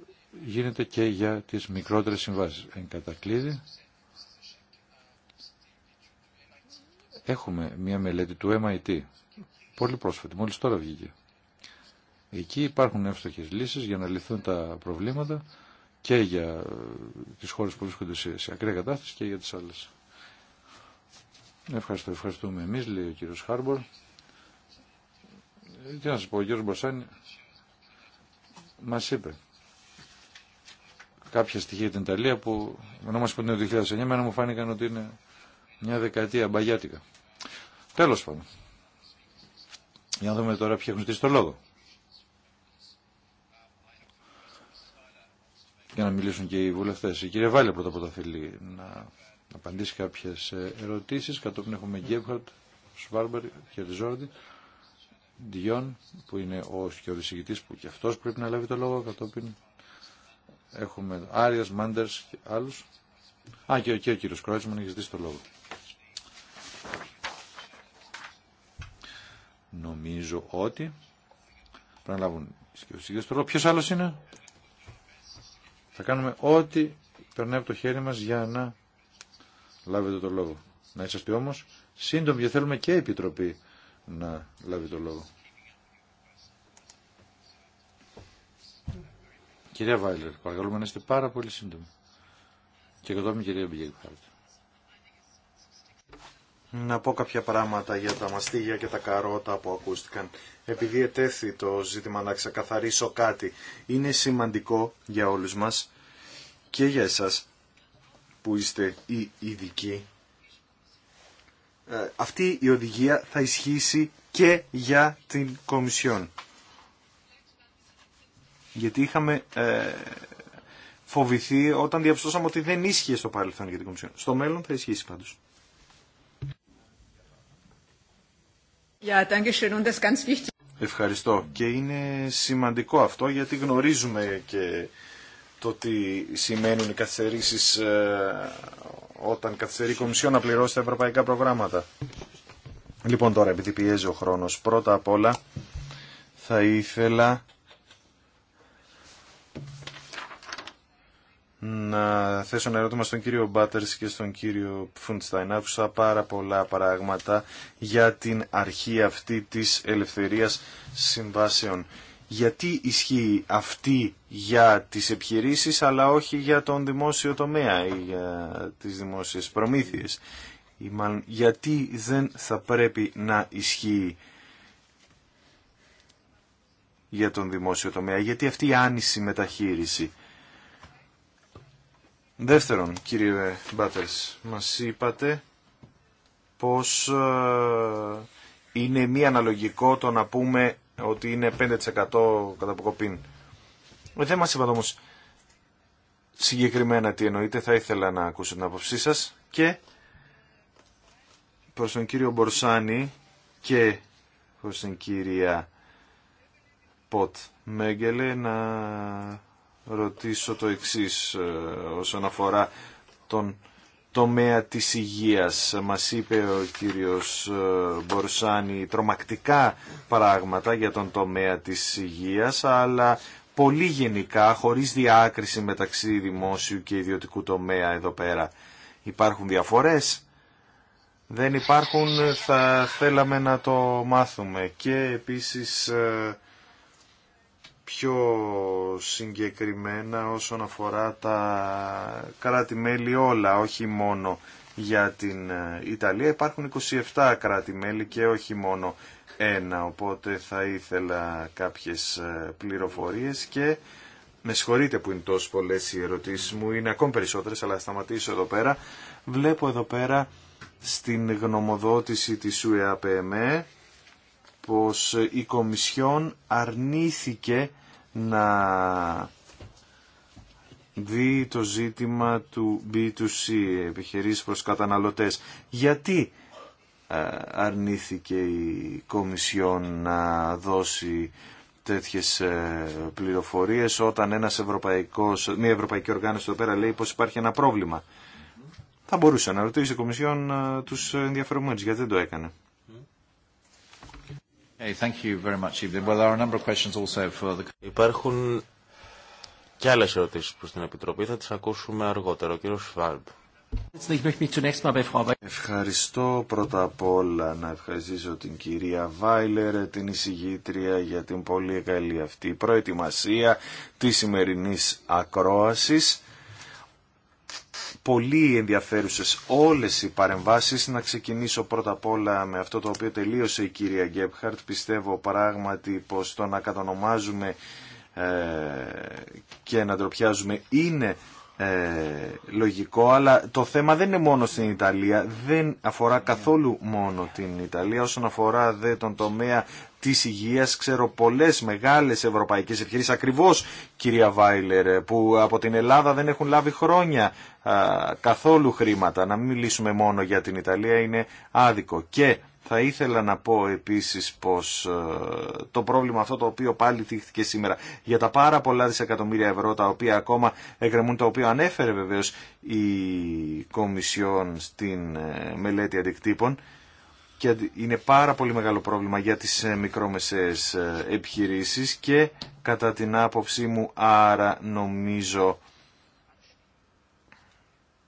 γίνεται και για τις μικρότερες συμβάσεις. Εν κατακλείδη, έχουμε μια μελέτη του MIT, πολύ πρόσφατη, μόλις τώρα βγήκε. Εκεί υπάρχουν εύστοχες λύσεις για να λυθούν τα προβλήματα και για ε, τις χώρες που βρίσκονται σε ακραία κατάσταση και για τις άλλες. Ευχαριστώ, ευχαριστούμε εμείς, λέει ο κύριος Χάρμπορ. Τι να σας πω, ο κύριος Μπασάνη μας είπε κάποια στοιχεία την Ιταλία που ενώ μας είναι το 2009, εμένα μου φάνηκαν ότι είναι μια δεκαετία μπαγιάτικα. Τέλος πάντων. Για να δούμε τώρα ποιοι έχουν ζητήσει το λόγο. Για να μιλήσουν και οι βουλευτές. Η κυρία Βάλια πρώτα από τα φίλη να απαντήσει κάποιες ε, ερωτήσεις. Κατόπιν έχουμε Γκέμπχαρτ, Σβάρμπερ και Ριζόρντι. Διόν, που είναι ο σκιοδησηγητής που και αυτός πρέπει να λάβει το λόγο. Κατόπιν έχουμε Άριας, Μάντερς και άλλους. Α, και, ο κύριος Κρότσμαν έχει ζητήσει το λόγο. Νομίζω ότι πρέπει να λάβουν οι το λόγο. Ποιος άλλος είναι? Θα κάνουμε ό,τι περνάει από το χέρι μας για να λάβετε το λόγο. Να είσαστε όμως σύντομοι γιατί θέλουμε και η Επιτροπή να λάβει το λόγο. Κυρία Βάιλερ, παρακαλούμε να είστε πάρα πολύ σύντομοι. Και κατόπιν κυρία Μπιέγκχαρτ. Να πω κάποια πράγματα για τα μαστίγια και τα καρότα που ακούστηκαν. Επειδή ετέθη το ζήτημα να ξεκαθαρίσω κάτι, είναι σημαντικό για όλους μας και για εσάς που είστε οι ειδικοί, ε, αυτή η οδηγία θα ισχύσει και για την Κομισιόν. Γιατί είχαμε ε, φοβηθεί όταν διαπιστώσαμε ότι δεν ίσχυε στο παρελθόν για την Κομισιόν. Στο μέλλον θα ισχύσει πάντως. Ευχαριστώ. Και είναι σημαντικό αυτό γιατί γνωρίζουμε και το τι σημαίνουν οι καθυστερήσεις ε, όταν καθυστερεί η Κομισιόν να πληρώσει τα ευρωπαϊκά προγράμματα. Λοιπόν τώρα, επειδή πιέζει ο χρόνος, πρώτα απ' όλα θα ήθελα να θέσω ένα ερώτημα στον κύριο Μπάτερς και στον κύριο Φουντστάιν. Άκουσα πάρα πολλά πράγματα για την αρχή αυτή της ελευθερίας συμβάσεων γιατί ισχύει αυτή για τις επιχειρήσεις αλλά όχι για τον δημόσιο τομέα ή για τις δημόσιες προμήθειες. γιατί δεν θα πρέπει να ισχύει για τον δημόσιο τομέα, γιατί αυτή η άνηση μεταχείριση. Δεύτερον, κύριε Μπάτερς, μας είπατε πως ε, είναι μη αναλογικό το να πούμε ότι είναι 5% κατά αποκοπήν. Ε, δεν μας είπατε όμως συγκεκριμένα τι εννοείτε, θα ήθελα να ακούσω την άποψή σας και προς τον κύριο Μπορσάνη και προς την κυρία Ποτ Μέγκελε να ρωτήσω το εξής ε, όσον αφορά τον τομέα της υγείας. Μας είπε ο κύριος ε, Μπορσάνη τρομακτικά πράγματα για τον τομέα της υγείας, αλλά πολύ γενικά, χωρίς διάκριση μεταξύ δημόσιου και ιδιωτικού τομέα εδώ πέρα. Υπάρχουν διαφορές. Δεν υπάρχουν, θα θέλαμε να το μάθουμε. Και επίσης ε, πιο συγκεκριμένα όσον αφορά τα κράτη-μέλη όλα, όχι μόνο για την ε, Ιταλία. Υπάρχουν 27 κράτη-μέλη και όχι μόνο ένα, οπότε θα ήθελα κάποιες ε, πληροφορίες και με συγχωρείτε που είναι τόσο πολλές οι ερωτήσεις μου, είναι ακόμη περισσότερες, αλλά σταματήσω εδώ πέρα. Βλέπω εδώ πέρα στην γνωμοδότηση της ΟΕΑΠΜΕ πως η Κομισιόν αρνήθηκε να δει το ζήτημα του B2C, επιχειρήσεις προς καταναλωτές. Γιατί ε, αρνήθηκε η Κομισιόν να δώσει τέτοιες ε, πληροφορίες όταν ένας ευρωπαϊκός, μια ευρωπαϊκή οργάνωση εδώ πέρα λέει πως υπάρχει ένα πρόβλημα. Θα μπορούσε να ρωτήσει η Κομισιόν ε, τους ενδιαφερομένους γιατί δεν το έκανε. Υπάρχουν και άλλε ερωτήσει προ την Επιτροπή. Θα τι ακούσουμε αργότερα. κύριο Σφάλμπ. Ευχαριστώ πρώτα απ' όλα να ευχαριστήσω την κυρία Βάιλερ, την εισηγήτρια για την πολύ καλή αυτή προετοιμασία της σημερινής ακρόασης πολύ ενδιαφέρουσες όλες οι παρεμβάσεις. Να ξεκινήσω πρώτα απ' όλα με αυτό το οποίο τελείωσε η κυρία Γκέπχαρτ. Πιστεύω πράγματι πως το να κατανομάζουμε ε, και να ντροπιάζουμε είναι ε, λογικό, αλλά το θέμα δεν είναι μόνο στην Ιταλία, δεν αφορά καθόλου μόνο την Ιταλία. Όσον αφορά δε τον τομέα της υγείας. Ξέρω πολλές μεγάλες ευρωπαϊκές επιχειρήσεις, ακριβώς κυρία Βάιλερ, που από την Ελλάδα δεν έχουν λάβει χρόνια καθόλου χρήματα. Να μην μιλήσουμε μόνο για την Ιταλία, είναι άδικο. Και θα ήθελα να πω επίσης πως το πρόβλημα αυτό το οποίο πάλι τύχθηκε σήμερα για τα πάρα πολλά δισεκατομμύρια ευρώ τα οποία ακόμα εγκρεμούν τα οποία ανέφερε βεβαίως η Κομισιόν στην ε, μελέτη αντικτύπων, και είναι πάρα πολύ μεγάλο πρόβλημα για τις ε, μικρόμεσες ε, επιχειρήσεις και κατά την άποψή μου άρα νομίζω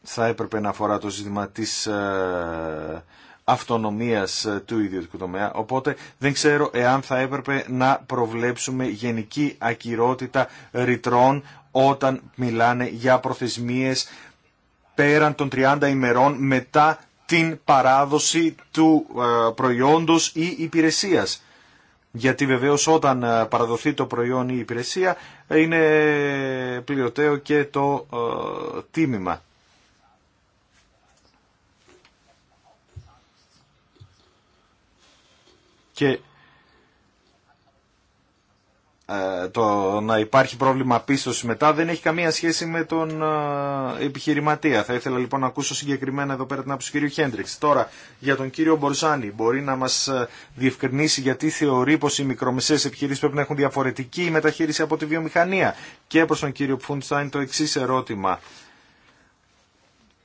θα έπρεπε να αφορά το ζήτημα της ε, αυτονομίας του ιδιωτικού τομέα. Οπότε δεν ξέρω εάν θα έπρεπε να προβλέψουμε γενική ακυρότητα ρητρών όταν μιλάνε για προθεσμίες πέραν των 30 ημερών μετά την παράδοση του ε, προϊόντος ή υπηρεσίας. Γιατί βεβαίως όταν ε, παραδοθεί το προϊόν ή υπηρεσία ε, είναι πληρωτέο και το τίμημα. Και ε, το να υπάρχει πρόβλημα πίστοση μετά δεν έχει καμία σχέση με τον ε, επιχειρηματία. Θα ήθελα λοιπόν να ακούσω συγκεκριμένα εδώ πέρα την άποψη του κ. Χέντριξ. Τώρα για τον κύριο Μπορζάνη μπορεί να μα ε, διευκρινίσει γιατί θεωρεί πω οι μικρομεσαίε επιχειρήσει πρέπει να έχουν διαφορετική μεταχείριση από τη βιομηχανία. Και προ τον κύριο Πφούντστάιν το εξή ερώτημα.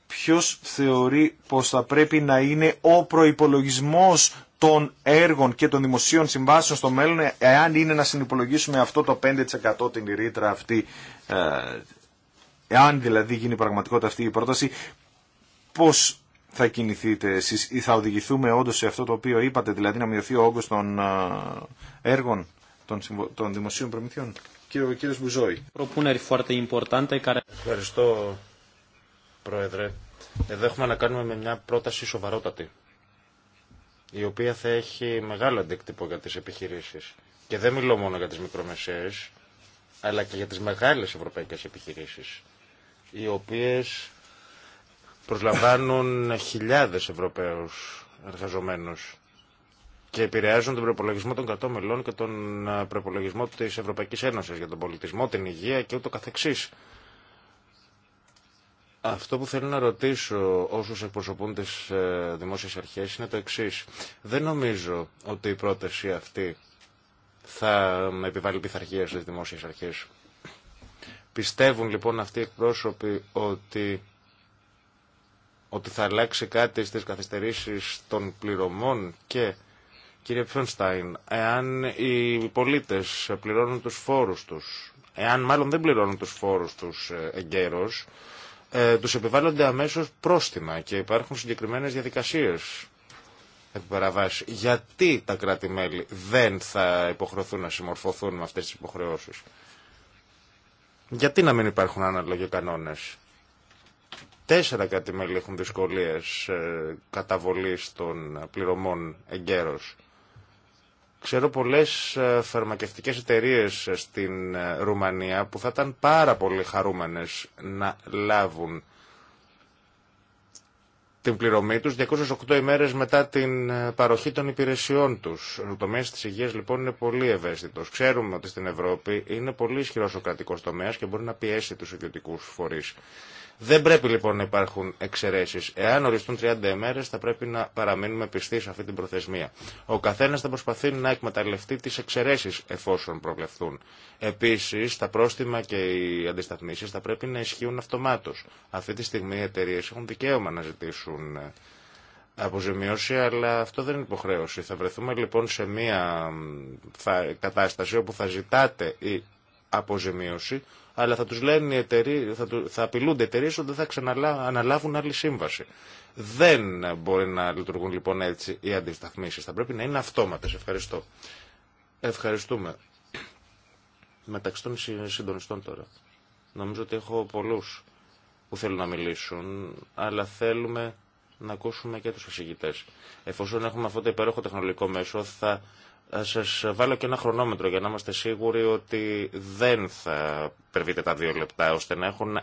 Ποιο θεωρεί πω θα πρέπει να είναι ο προπολογισμό των έργων και των δημοσίων συμβάσεων στο μέλλον, ε, εάν είναι να συνυπολογίσουμε αυτό το 5% την ρήτρα αυτή, ε, εάν δηλαδή γίνει πραγματικότητα αυτή η πρόταση, πώς θα κινηθείτε εσείς ή θα οδηγηθούμε όντως σε αυτό το οποίο είπατε, δηλαδή να μειωθεί ο όγκος των ε, έργων των, δημοσίων προμηθειών. Κύριο, κύριος Μπουζόη. Ευχαριστώ, Πρόεδρε. Εδώ έχουμε να κάνουμε με μια πρόταση σοβαρότατη η οποία θα έχει μεγάλο αντίκτυπο για τις επιχειρήσεις. Και δεν μιλώ μόνο για τις μικρομεσαίες, αλλά και για τις μεγάλες ευρωπαϊκές επιχειρήσεις, οι οποίες προσλαμβάνουν χιλιάδες Ευρωπαίους εργαζομένους και επηρεάζουν τον προπολογισμό των κρατών μελών και τον ε, προπολογισμό της Ευρωπαϊκής Ένωσης για τον πολιτισμό, την υγεία και ούτω καθεξής. Αυτό που θέλω να ρωτήσω όσους εκπροσωπούν τις ε, δημόσιες αρχές είναι το εξής. Δεν νομίζω ότι η πρόταση αυτή θα επιβάλλει πειθαρχία στις δημόσιες αρχές. Πιστεύουν λοιπόν αυτοί οι εκπρόσωποι ότι, ότι θα αλλάξει κάτι στις καθυστερήσεις των πληρωμών και κύριε Φιονστάιν, εάν οι πολίτες πληρώνουν τους φόρους τους, εάν μάλλον δεν πληρώνουν τους φόρους τους ε, εγκαίρως, ε, τους επιβάλλονται αμέσως πρόστιμα και υπάρχουν συγκεκριμένες διαδικασίες επιπαραβάσει. Γιατί τα κράτη-μέλη δεν θα υποχρεωθούν να συμμορφωθούν με αυτές τις υποχρεώσεις. Γιατί να μην υπάρχουν αναλογοί κανόνες. Τέσσερα κράτη-μέλη έχουν δυσκολίες ε, καταβολής των πληρωμών εγκαίρως. Ξέρω πολλές ε, φαρμακευτικές εταιρείες ε, στην ε, Ρουμανία που θα ήταν πάρα πολύ χαρούμενες να λάβουν την πληρωμή τους 208 ημέρες μετά την παροχή των υπηρεσιών τους. Ο τομέας της υγείας λοιπόν είναι πολύ ευαίσθητος. Ξέρουμε ότι στην Ευρώπη είναι πολύ ισχυρό ο κρατικός τομέας και μπορεί να πιέσει τους ιδιωτικού φορείς. Δεν πρέπει λοιπόν να υπάρχουν εξαιρέσει. Εάν οριστούν 30 ημέρε, θα πρέπει να παραμείνουμε πιστοί σε αυτή την προθεσμία. Ο καθένα θα προσπαθεί να εκμεταλλευτεί τι εξαιρέσει εφόσον προβλεφθούν. Επίση, τα πρόστιμα και οι αντισταθμίσει θα πρέπει να ισχύουν αυτομάτω. Αυτή τη στιγμή οι εταιρείε έχουν δικαίωμα να ζητήσουν ε, αποζημίωση, αλλά αυτό δεν είναι υποχρέωση. Θα βρεθούμε λοιπόν σε μια κατάσταση όπου θα ζητάτε η αποζημίωση αλλά θα τους λένε οι θα, θα απειλούνται εταιρείε ότι δεν θα ξαναλάβουν άλλη σύμβαση. Δεν μπορεί να λειτουργούν λοιπόν έτσι οι αντισταθμίσεις. Θα πρέπει να είναι αυτόματες. Ευχαριστώ. Ευχαριστούμε. Μεταξύ των συντονιστών τώρα. Νομίζω ότι έχω πολλούς που θέλουν να μιλήσουν, αλλά θέλουμε να ακούσουμε και τους εισηγητές. Εφόσον έχουμε αυτό το υπέροχο τεχνολογικό μέσο, θα Σα βάλω και ένα χρονόμετρο για να είμαστε σίγουροι ότι δεν θα περβείτε τα δύο λεπτά, ώστε να έχουν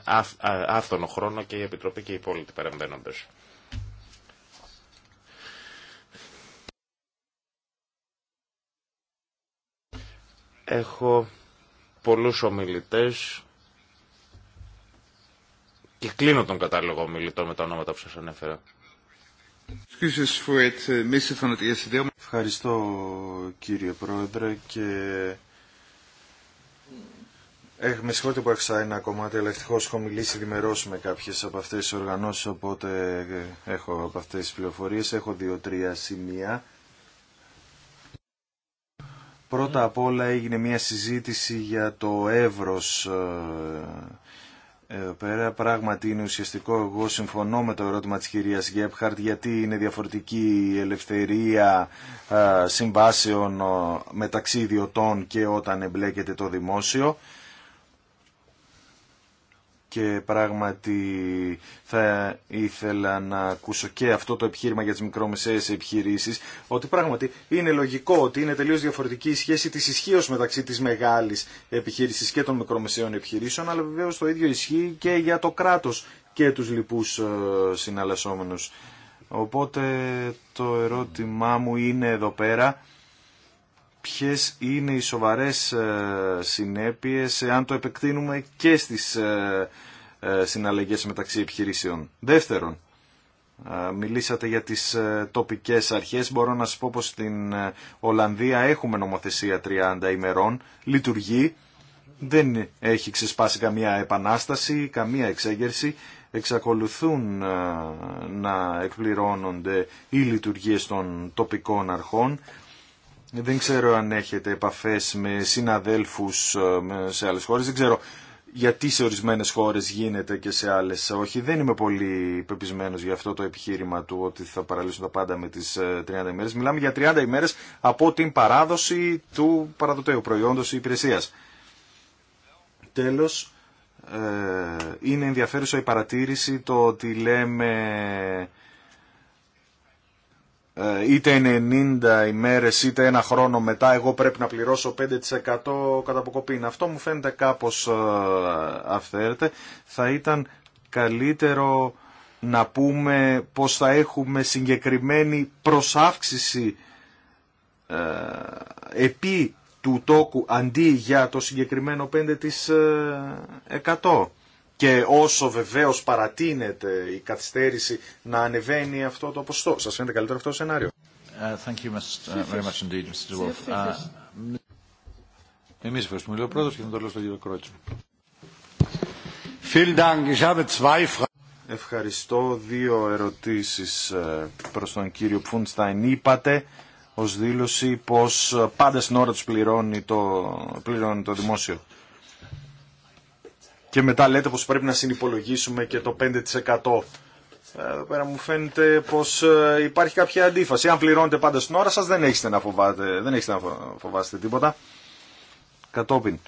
άφθονο χρόνο και η Επιτροπή και οι υπόλοιποι παρεμβαίνοντε. Έχω πολλούς ομιλητές και κλείνω τον κατάλογο ομιλητών με τα ονόματα που σας ανέφερα. Uh, Ευχαριστώ κύριε Πρόεδρε και με συγχωρείτε που έχασα ένα κομμάτι, αλλά ευτυχώ έχω μιλήσει διμερό με κάποιε από αυτέ τι οργανώσει, οπότε έχω από αυτέ τι πληροφορίε. Έχω δύο-τρία σημεία. Πρώτα απ' όλα έγινε μια συζήτηση για το εύρος ε, εδώ πέρα. Πράγματι είναι ουσιαστικό, εγώ συμφωνώ με το ερώτημα της κυρίας Γκέπχαρτ γιατί είναι διαφορετική η ελευθερία συμβάσεων μεταξύ ιδιωτών και όταν εμπλέκεται το δημόσιο και πράγματι θα ήθελα να ακούσω και αυτό το επιχείρημα για τις μικρομεσαίες επιχειρήσεις ότι πράγματι είναι λογικό ότι είναι τελείως διαφορετική η σχέση της ισχύω μεταξύ της μεγάλης επιχείρησης και των μικρομεσαίων επιχειρήσεων αλλά βεβαίως το ίδιο ισχύει και για το κράτος και τους λοιπούς ε, συναλλασσόμενους. Οπότε το ερώτημά μου είναι εδώ πέρα ποιες είναι οι σοβαρές ε, συνέπειες εάν το επεκτείνουμε και στις ε, ε, συναλλαγές μεταξύ επιχειρήσεων. Δεύτερον, μιλήσατε για τις τοπικές αρχές. Μπορώ να σας πω πως στην Ολλανδία έχουμε νομοθεσία 30 ημερών, λειτουργεί, δεν έχει ξεσπάσει καμία επανάσταση, καμία εξέγερση. Εξακολουθούν να εκπληρώνονται οι λειτουργίες των τοπικών αρχών δεν ξέρω αν έχετε επαφές με συναδέλφους ε, σε άλλες χώρες. Δεν ξέρω γιατί σε ορισμένες χώρες γίνεται και σε άλλες όχι. Δεν είμαι πολύ πεπισμένος για αυτό το επιχείρημα του ότι θα παραλύσουν τα πάντα με τις 30 ε, ημέρες. Μιλάμε για 30 ημέρες από την παράδοση του παραδοτέου προϊόντος ή υπηρεσίας. Τέλος, ε, είναι ενδιαφέρουσα η παρατήρηση το ότι λέμε ε, είτε 90 ημέρες είτε ένα χρόνο μετά εγώ πρέπει να πληρώσω 5% κατά αποκοπή. Αυτό μου φαίνεται κάπως ε, αυθαίρετε. Θα ήταν καλύτερο να πούμε πως θα έχουμε συγκεκριμένη προσάυξηση ε, επί του τόκου αντί για το συγκεκριμένο 5% και όσο βεβαίω παρατείνεται η καθυστέρηση να ανεβαίνει αυτό το ποστό. Σας φαίνεται καλύτερο αυτό το σενάριο. και θα το λέω Ευχαριστώ. Δύο ερωτήσεις ε, προς τον κύριο Πφούντσταϊν. Είπατε ως δήλωση πως πάντα στην ώρα τους πληρώνει το, πληρώνει το δημόσιο και μετά λέτε πως πρέπει να συνυπολογίσουμε και το 5%. Ε, εδώ πέρα μου φαίνεται πως ε, υπάρχει κάποια αντίφαση. Αν πληρώνετε πάντα στην ώρα σας δεν έχετε να, φοβάτε, δεν έχετε να φοβάστε τίποτα. Κατόπιν.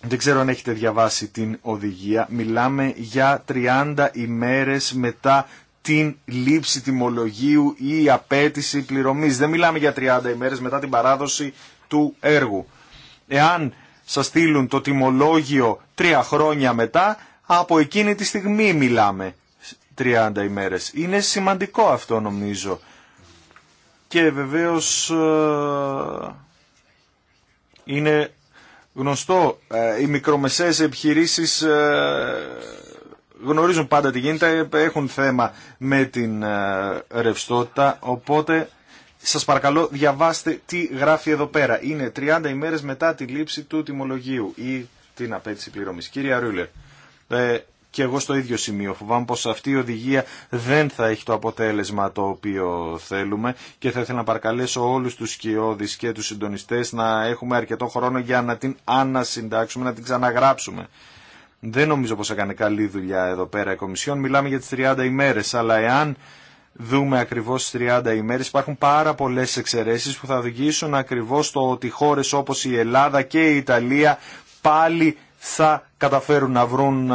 Δεν ξέρω αν έχετε διαβάσει την οδηγία. Μιλάμε για 30 ημέρες μετά την λήψη τιμολογίου ή απέτηση πληρωμής. Δεν μιλάμε για 30 ημέρες μετά την παράδοση του έργου. Εάν σας στείλουν το τιμολόγιο τρία χρόνια μετά, από εκείνη τη στιγμή μιλάμε 30 ημέρες. Είναι σημαντικό αυτό νομίζω. Και βεβαίως ε, είναι γνωστό, ε, οι μικρομεσαίες επιχειρήσεις ε, γνωρίζουν πάντα τι γίνεται, έχουν θέμα με την ρευστότητα, οπότε σας παρακαλώ διαβάστε τι γράφει εδώ πέρα. Είναι 30 ημέρες μετά τη λήψη του τιμολογίου ή την απέτηση πληρωμής. Κύριε Ρούλερ, ε, και εγώ στο ίδιο σημείο φοβάμαι πως αυτή η οδηγία δεν θα έχει το αποτέλεσμα το οποίο θέλουμε και θα ήθελα να παρακαλέσω όλους τους σκιώδεις και τους συντονιστές να έχουμε αρκετό χρόνο για να την ανασυντάξουμε, να την ξαναγράψουμε. Δεν νομίζω πως έκανε καλή δουλειά εδώ πέρα η Κομισιόν, μιλάμε για τις 30 ημέρες, αλλά εάν δούμε ακριβώς 30 ημέρες. Υπάρχουν πάρα πολλές εξαιρέσει που θα οδηγήσουν ακριβώς στο ότι χώρε όπως η Ελλάδα και η Ιταλία πάλι θα καταφέρουν να βρουν ε,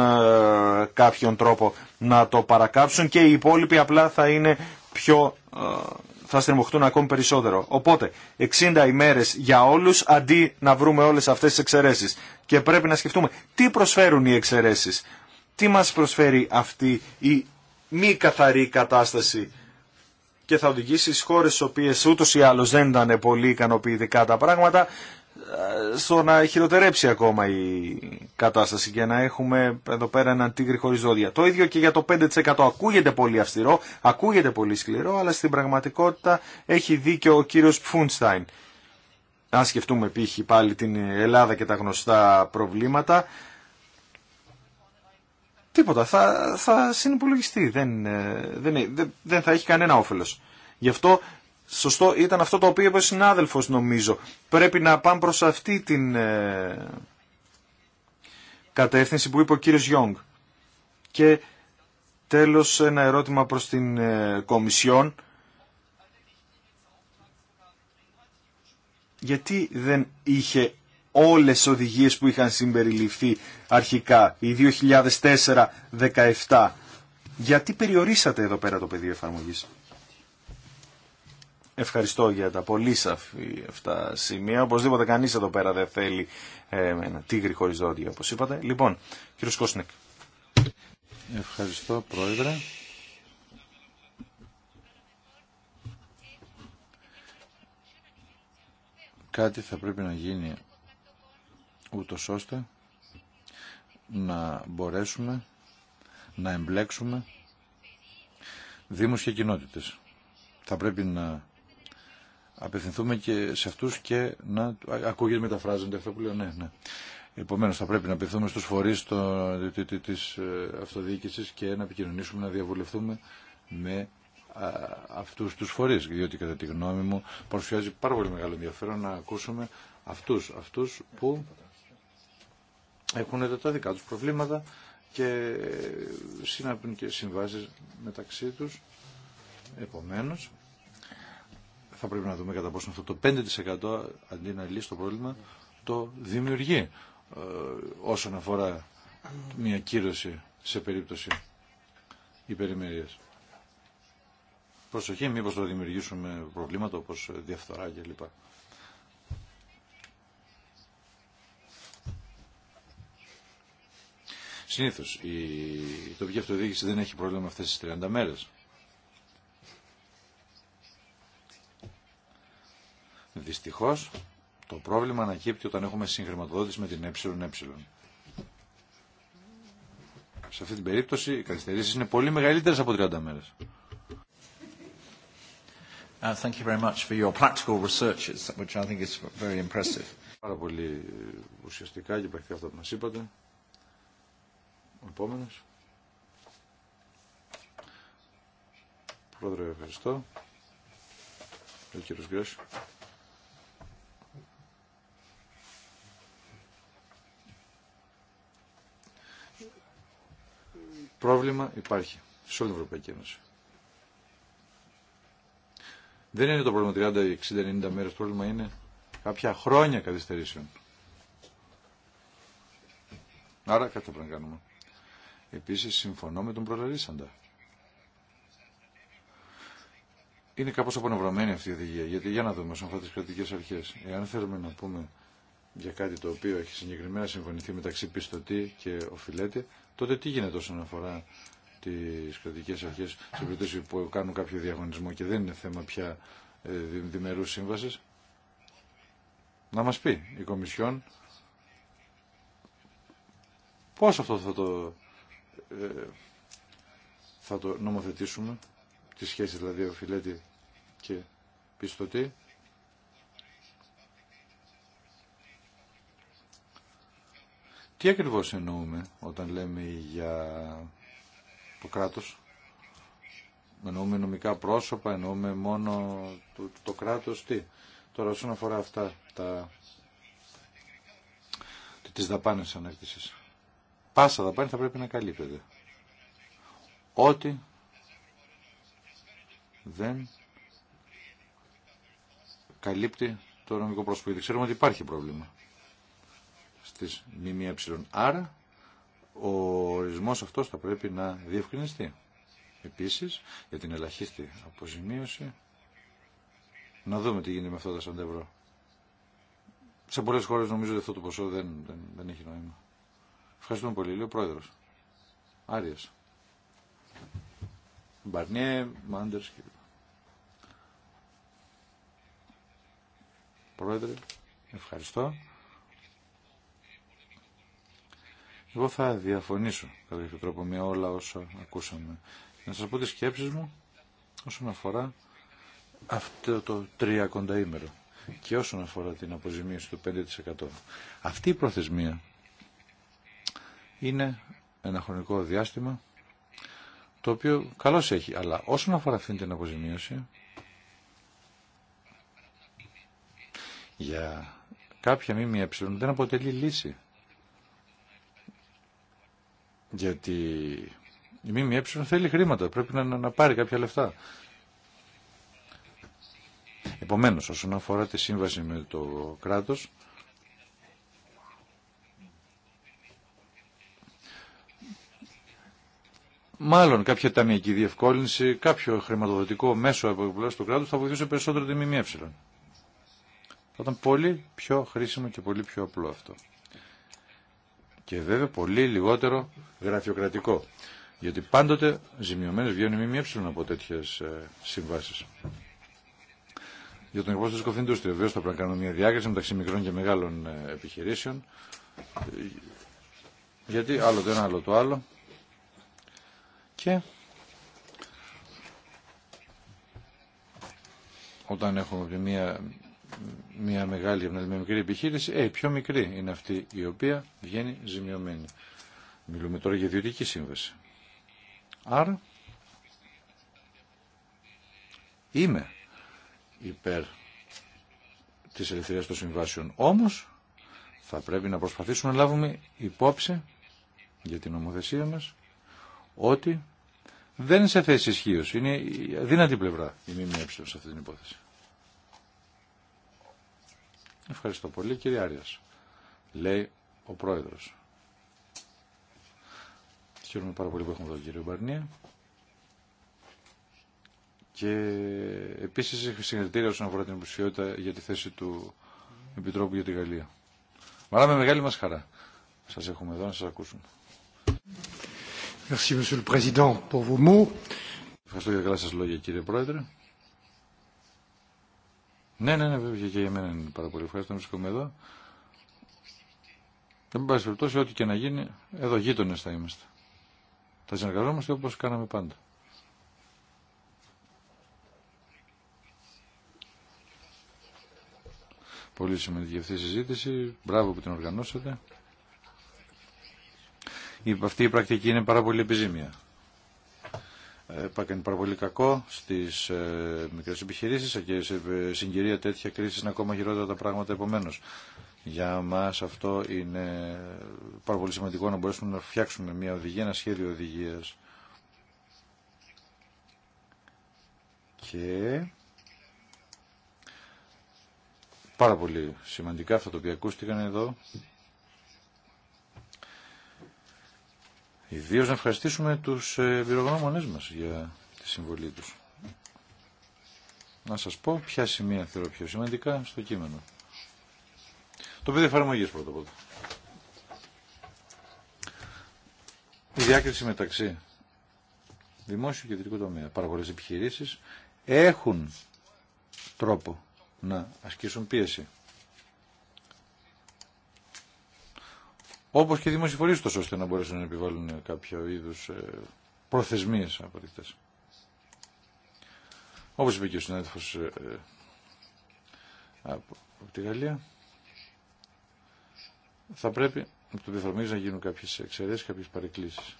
κάποιον τρόπο να το παρακάψουν και οι υπόλοιποι απλά θα είναι πιο ε, θα στριμωχτούν ακόμη περισσότερο. Οπότε, 60 ημέρες για όλους, αντί να βρούμε όλες αυτές τις εξαιρέσεις. Και πρέπει να σκεφτούμε τι προσφέρουν οι εξαιρέσεις. Τι μας προσφέρει αυτή η μη καθαρή κατάσταση και θα οδηγήσει στις χώρες στις οποίες ούτως ή άλλως δεν ήταν πολύ ικανοποιητικά τα πράγματα ε, στο να χειροτερέψει ακόμα η κατάσταση και να έχουμε εδώ πέρα έναν τίγρη χωρίς Το ίδιο και για το 5% ακούγεται πολύ αυστηρό, ακούγεται πολύ σκληρό, αλλά στην πραγματικότητα έχει δίκιο ο κύριος Πφούντσταϊν. Αν σκεφτούμε π.χ. πάλι την Ελλάδα και τα γνωστά προβλήματα, Τίποτα. Θα, θα συνυπολογιστεί. Δεν, ε, ε, δεν, δεν θα έχει κανένα όφελος. Γι' αυτό σωστό ήταν αυτό το οποίο είπε ο συνάδελφος νομίζω. Πρέπει να πάμε προ αυτή την ε, κατεύθυνση που είπε ο κύριο Γιόγκ. Και τέλος ένα ερώτημα προς την ε, Κομισιόν. Γιατί δεν είχε όλες τις οδηγίες που είχαν συμπεριληφθεί αρχικά, η 2004-17. Γιατί περιορίσατε εδώ πέρα το πεδίο εφαρμογής. Ευχαριστώ για τα πολύ σαφή αυτά σημεία. Οπωσδήποτε κανείς εδώ πέρα δεν θέλει ε, ένα τίγρη χωρίς δόντια, όπως είπατε. Λοιπόν, κύριος Κοσνέκ. Ευχαριστώ, Πρόεδρε. Κάτι θα πρέπει να γίνει ούτως ώστε να μπορέσουμε να εμπλέξουμε δήμους και κοινότητες. Θα πρέπει να απευθυνθούμε και σε αυτούς και να ακούγεται μεταφράζονται αυτό που λέω ναι, ναι. Επομένως θα πρέπει να απευθυνθούμε στους φορείς το, της ε, αυτοδιοίκησης και να επικοινωνήσουμε, να διαβουλευτούμε με αυτούς τους φορείς, διότι κατά τη γνώμη μου παρουσιάζει πάρα πολύ μεγάλο ενδιαφέρον να ακούσουμε αυτούς, αυτούς που έχουν τα δικά τους προβλήματα και συνάπτουν και συμβάσεις μεταξύ τους. Επομένως, θα πρέπει να δούμε κατά πόσο αυτό το 5% αντί να λύσει το πρόβλημα, το δημιουργεί ε, όσον αφορά μια κύρωση σε περίπτωση υπερημερίας. Προσοχή, μήπως το δημιουργήσουμε προβλήματα όπως διαφθορά κλπ. Συνήθω, η τοπική αυτοδιοίκηση δεν έχει πρόβλημα αυτές τις 30 μέρες. Δυστυχώς το πρόβλημα ανακύπτει όταν έχουμε συγχρηματοδότηση με την ΕΕ. Σε αυτή την περίπτωση οι καθυστερήσει είναι πολύ μεγαλύτερε από 30 μέρες. Uh, thank you very much for your practical researches, which I think is very impressive. Πάρα πολύ ε, ουσιαστικά και που μας είπατε επόμενο. Πρόεδρε, ευχαριστώ. Ο Πρόβλημα υπάρχει σε όλη την Ευρωπαϊκή Ένωση. Δεν είναι το πρόβλημα 30, 60, 90 μέρες. Το πρόβλημα είναι κάποια χρόνια καθυστερήσεων. Άρα κάτι θα πρέπει να κάνουμε. Επίσης συμφωνώ με τον προλαλήσαντα. Είναι κάπως απονευρωμένη αυτή η οδηγία, γιατί για να δούμε όσον αφορά τις κρατικές αρχές. Εάν θέλουμε να πούμε για κάτι το οποίο έχει συγκεκριμένα συμφωνηθεί μεταξύ πιστωτή και οφειλέτη, τότε τι γίνεται όσον αφορά τις κρατικές αρχές σε περίπτωση που κάνουν κάποιο διαγωνισμό και δεν είναι θέμα πια ε, διμερούς σύμβασης. Να μας πει η Κομισιόν πώς αυτό θα το ε, θα το νομοθετήσουμε, τη σχέση δηλαδή οφειλέτη και Πιστοτή Τι ακριβώς εννοούμε όταν λέμε για το κράτος. Εννοούμε νομικά πρόσωπα, εννοούμε μόνο το, το κράτος, τι. Τώρα όσον αφορά αυτά τα, τις δαπάνες ανέκτησης πάσα δαπάνη θα πρέπει να καλύπτεται. Ό,τι δεν καλύπτει το νομικό πρόσωπο. Γιατί ξέρουμε ότι υπάρχει πρόβλημα στις ΜΜΕ. Άρα ο ορισμός αυτός θα πρέπει να διευκρινιστεί. Επίσης, για την ελαχίστη αποζημίωση, να δούμε τι γίνεται με αυτό τα 40 ευρώ. Σε πολλές χώρες νομίζω ότι αυτό το ποσό δεν, δεν, δεν έχει νόημα. Ευχαριστούμε πολύ, λέει ο πρόεδρος. Άριας. Μπαρνιέ, Μάντερς Πρόεδρε, ευχαριστώ. Εγώ θα διαφωνήσω κατά κάποιο τρόπο με όλα όσα ακούσαμε. Να σας πω τις σκέψεις μου όσον αφορά αυτό το τρίακονταήμερο και όσον αφορά την αποζημίωση του 5%. Αυτή η προθεσμία είναι ένα χρονικό διάστημα το οποίο καλώς έχει, αλλά όσον αφορά αυτή την αποζημίωση για κάποια μήμη δεν αποτελεί λύση. Γιατί η ΜΜΕ θέλει χρήματα, πρέπει να, να πάρει κάποια λεφτά. Επομένως, όσον αφορά τη σύμβαση με το κράτος, μάλλον κάποια ταμιακή διευκόλυνση, κάποιο χρηματοδοτικό μέσο από πλευρά του κράτου θα βοηθούσε περισσότερο τη ΜΜΕ. Θα ήταν πολύ πιο χρήσιμο και πολύ πιο απλό αυτό. Και βέβαια πολύ λιγότερο γραφειοκρατικό. Γιατί πάντοτε ζημιωμένε βγαίνουν οι ΜΜΕ από τέτοιε συμβάσει. Για τον τη κοφίντου, βεβαίω θα πρέπει να κάνουμε μια διάκριση μεταξύ μικρών και μεγάλων ε, επιχειρήσεων. Ε, γιατί άλλο το ένα, άλλο το άλλο και όταν έχουμε μια, μια μεγάλη μια μικρή επιχείρηση, ε, πιο μικρή είναι αυτή η οποία βγαίνει ζημιωμένη. Μιλούμε τώρα για ιδιωτική σύμβαση. Άρα είμαι υπέρ της ελευθερίας των συμβάσεων. Όμως θα πρέπει να προσπαθήσουμε να λάβουμε υπόψη για την ομοθεσία μας ότι δεν είναι σε θέση ισχύω. Είναι η πλευρά η ΜΜΕ σε αυτή την υπόθεση. Ευχαριστώ πολύ κύριε Άριας. Λέει ο πρόεδρος. Χαίρομαι πάρα πολύ που έχουμε εδώ τον κύριο Μπαρνία. Και επίσης συγχαρητήρια όσον αφορά την υποψηφιότητα για τη θέση του Επιτρόπου για τη Γαλλία. Μαλά με μεγάλη μας χαρά. Σας έχουμε εδώ να σας ακούσουμε. Ευχαριστώ για καλά σας λόγια, κύριε Πρόεδρε. Ναι, ναι, ναι, βέβαια και για μένα είναι πάρα πολύ ευχαριστώ να βρίσκομαι εδώ. Εν πάση περιπτώσει, ό,τι και να γίνει, εδώ γείτονε θα είμαστε. Θα συνεργαζόμαστε όπως κάναμε πάντα. Πολύ σημαντική αυτή η συζήτηση. Μπράβο που την οργανώσατε αυτή η πρακτική είναι πάρα πολύ επιζήμια. Κάνει ε, πάρα πολύ κακό στις ε, μικρές επιχειρήσεις και σε ε, συγκυρία τέτοια κρίση είναι ακόμα χειρότερα τα πράγματα επομένως. Για μας αυτό είναι πάρα πολύ σημαντικό να μπορέσουμε να φτιάξουμε μια οδηγία, ένα σχέδιο οδηγίας. Και πάρα πολύ σημαντικά αυτά τα οποία ακούστηκαν εδώ Ιδίως να ευχαριστήσουμε τους ε, εμπειρογνώμονές μας για τη συμβολή τους. Να σας πω ποια σημεία θεωρώ πιο σημαντικά στο κείμενο. Το πεδίο εφαρμογή πρώτα απ' όλα. Η διάκριση μεταξύ δημόσιου και ιδιωτικού τομέα. Παραγωγές επιχειρήσεις έχουν τρόπο να ασκήσουν πίεση. όπως και δημοσιοφορεί, τόσο ώστε να μπορέσουν να επιβάλλουν κάποιο είδου ε, προθεσμίε από τις Όπως είπε και ο συνάδελφος ε, ε, από τη Γαλλία, θα πρέπει από το πιθανομίες να γίνουν κάποιες εξαιρέσει, κάποιες παρεκκλήσει.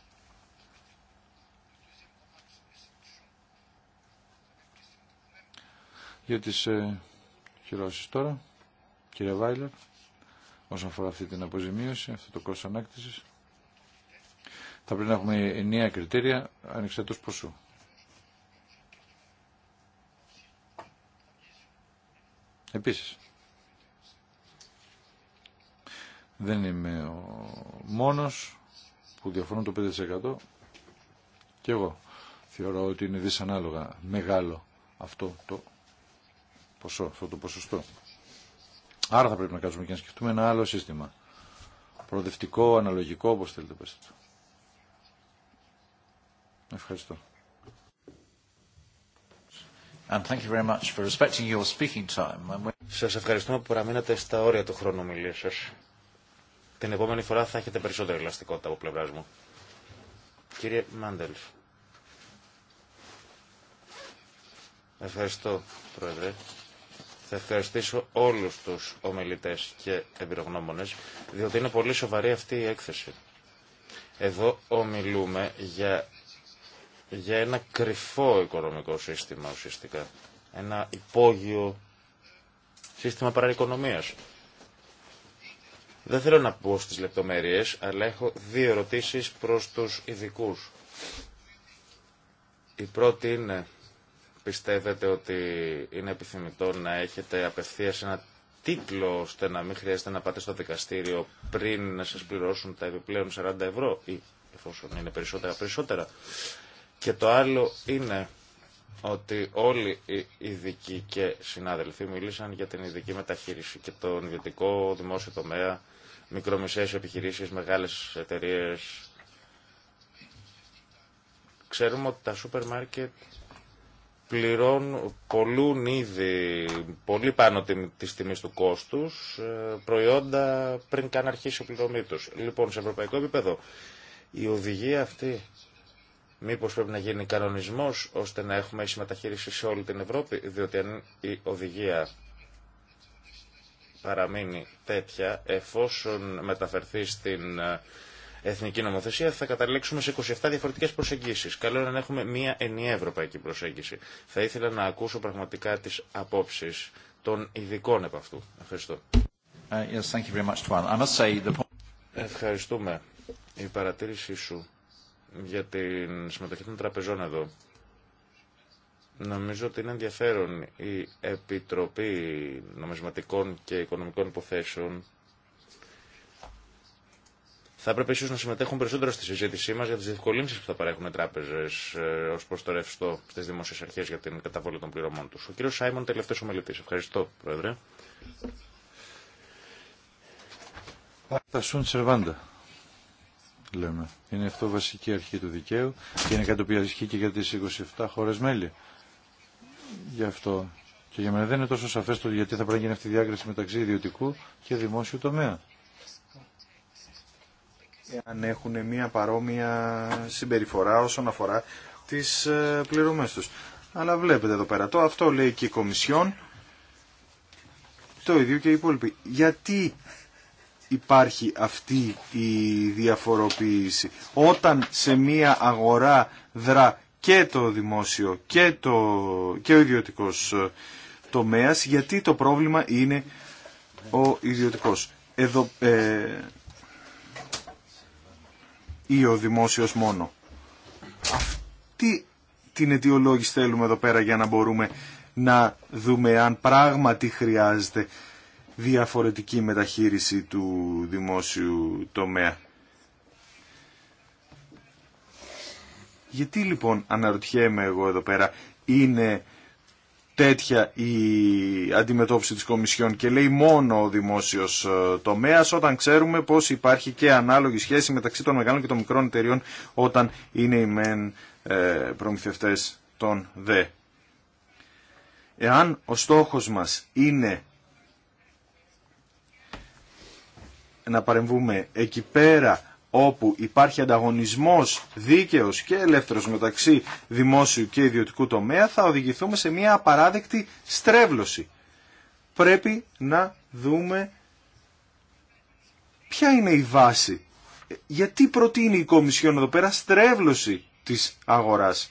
Για τις ε, τώρα, κύριε Βάιλερ όσον αφορά αυτή την αποζημίωση, αυτό το κόστος ανάκτησης. Θα πρέπει να έχουμε ενιαία κριτήρια ανεξαρτήτως ποσού. Επίσης, δεν είμαι ο μόνος που διαφωνώ το 5% και εγώ θεωρώ ότι είναι δυσανάλογα μεγάλο αυτό το ποσό, αυτό το ποσοστό. Άρα θα πρέπει να κάτσουμε και να σκεφτούμε ένα άλλο σύστημα. Προοδευτικό, αναλογικό, όπως θέλετε πέστε το. Ευχαριστώ. And thank you very much for respecting your speaking time. Σας ευχαριστούμε που παραμείνατε στα όρια του χρόνου ομιλίας σας. Την επόμενη φορά θα έχετε περισσότερη ελαστικότητα από πλευράς μου. Κύριε Μάντελ. Ευχαριστώ, Πρόεδρε. Θα ευχαριστήσω όλους τους ομιλητές και εμπειρογνώμονες, διότι είναι πολύ σοβαρή αυτή η έκθεση. Εδώ ομιλούμε για, για ένα κρυφό οικονομικό σύστημα ουσιαστικά. Ένα υπόγειο σύστημα παραοικονομίας. Δεν θέλω να πω στις λεπτομέρειες, αλλά έχω δύο ερωτήσεις προς τους ειδικού. Η πρώτη είναι, Πιστεύετε ότι είναι επιθυμητό να έχετε απευθείας ένα τίτλο ώστε να μην χρειάζεται να πάτε στο δικαστήριο πριν να σας πληρώσουν τα επιπλέον 40 ευρώ ή εφόσον είναι περισσότερα περισσότερα. Και το άλλο είναι ότι όλοι οι ειδικοί και συνάδελφοί μίλησαν για την ειδική μεταχείριση και τον ιδιωτικό δημόσιο τομέα, μικρομεσαίες επιχειρήσεις, μεγάλες εταιρείες. Ξέρουμε ότι τα σούπερ μάρκετ πληρών, πολλούν ήδη πολύ πάνω τη τιμή του κόστου ε, προϊόντα πριν καν αρχίσει η πληρωμή του. Λοιπόν, σε ευρωπαϊκό επίπεδο, η οδηγία αυτή μήπω πρέπει να γίνει κανονισμό ώστε να έχουμε ίση μεταχείριση σε όλη την Ευρώπη, διότι αν η οδηγία παραμείνει τέτοια, εφόσον μεταφερθεί στην ε, εθνική νομοθεσία θα καταλήξουμε σε 27 διαφορετικέ προσεγγίσεις. Καλό είναι να έχουμε μία ενιαία ευρωπαϊκή προσέγγιση. Θα ήθελα να ακούσω πραγματικά τι απόψει των ειδικών επ' αυτού. Ευχαριστώ. Ευχαριστούμε. Η παρατήρησή σου για την συμμετοχή των τραπεζών εδώ. Νομίζω ότι είναι ενδιαφέρον η Επιτροπή Νομισματικών και Οικονομικών Υποθέσεων θα έπρεπε ίσω να συμμετέχουν περισσότερο στη συζήτησή μα για τι διευκολύνσει που θα παρέχουν οι τράπεζε ε, ω προ το ρευστό στι δημόσιε αρχέ για την καταβολή των πληρωμών του. Ο κύριο Σάιμον, τελευταίο ομιλητή. Ευχαριστώ, Πρόεδρε. Τα σουν σερβάντα, λέμε. Είναι αυτό βασική αρχή του δικαίου και είναι κάτι που ισχύει και για τι 27 χώρε μέλη. Γι' αυτό και για μένα δεν είναι τόσο σαφέ το γιατί θα πρέπει να γίνει αυτή η διάκριση μεταξύ ιδιωτικού και δημόσιου τομέα αν έχουν μια παρόμοια συμπεριφορά όσον αφορά τις ε, πληρωμές τους. Αλλά βλέπετε εδώ πέρα το αυτό λέει και η Κομισιόν, το ίδιο και οι υπόλοιποι. Γιατί υπάρχει αυτή η διαφοροποίηση όταν σε μια αγορά δρά και το δημόσιο και, το, και ο ιδιωτικός ε, τομέας γιατί το πρόβλημα είναι ο ιδιωτικός. Εδώ, ε, ή ο δημόσιος μόνο. Αυτή την αιτιολόγηση θέλουμε εδώ πέρα για να μπορούμε να δούμε αν πράγματι χρειάζεται διαφορετική μεταχείριση του δημόσιου τομέα. Γιατί λοιπόν αναρωτιέμαι εγώ εδώ πέρα είναι τέτοια η αντιμετώπιση της Κομισιόν και λέει μόνο ο δημόσιος ε, τομέας όταν ξέρουμε πως υπάρχει και ανάλογη σχέση μεταξύ των μεγάλων και των μικρών εταιριών όταν είναι οι μεν ε, προμηθευτές των δε. Εάν ο στόχος μας είναι να παρεμβούμε εκεί πέρα όπου υπάρχει ανταγωνισμός δίκαιος και ελεύθερος μεταξύ δημόσιου και ιδιωτικού τομέα θα οδηγηθούμε σε μια απαράδεκτη στρέβλωση. Πρέπει να δούμε ποια είναι η βάση. Ε, γιατί προτείνει η Κομισιόν εδώ πέρα στρέβλωση της αγοράς.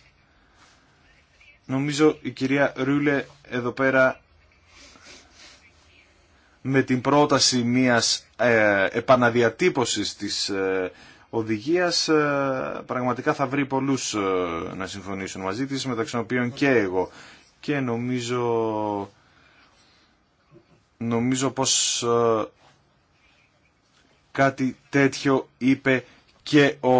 Νομίζω η κυρία Ρούλε εδώ πέρα με την πρόταση μιας ε, επαναδιατύπωσης της ε, οδηγίας ε, πραγματικά θα βρει πολλούς ε, να συμφωνήσουν μαζί της, μεταξύ των οποίων και εγώ. Και νομίζω, νομίζω πως κάτι τέτοιο είπε και ο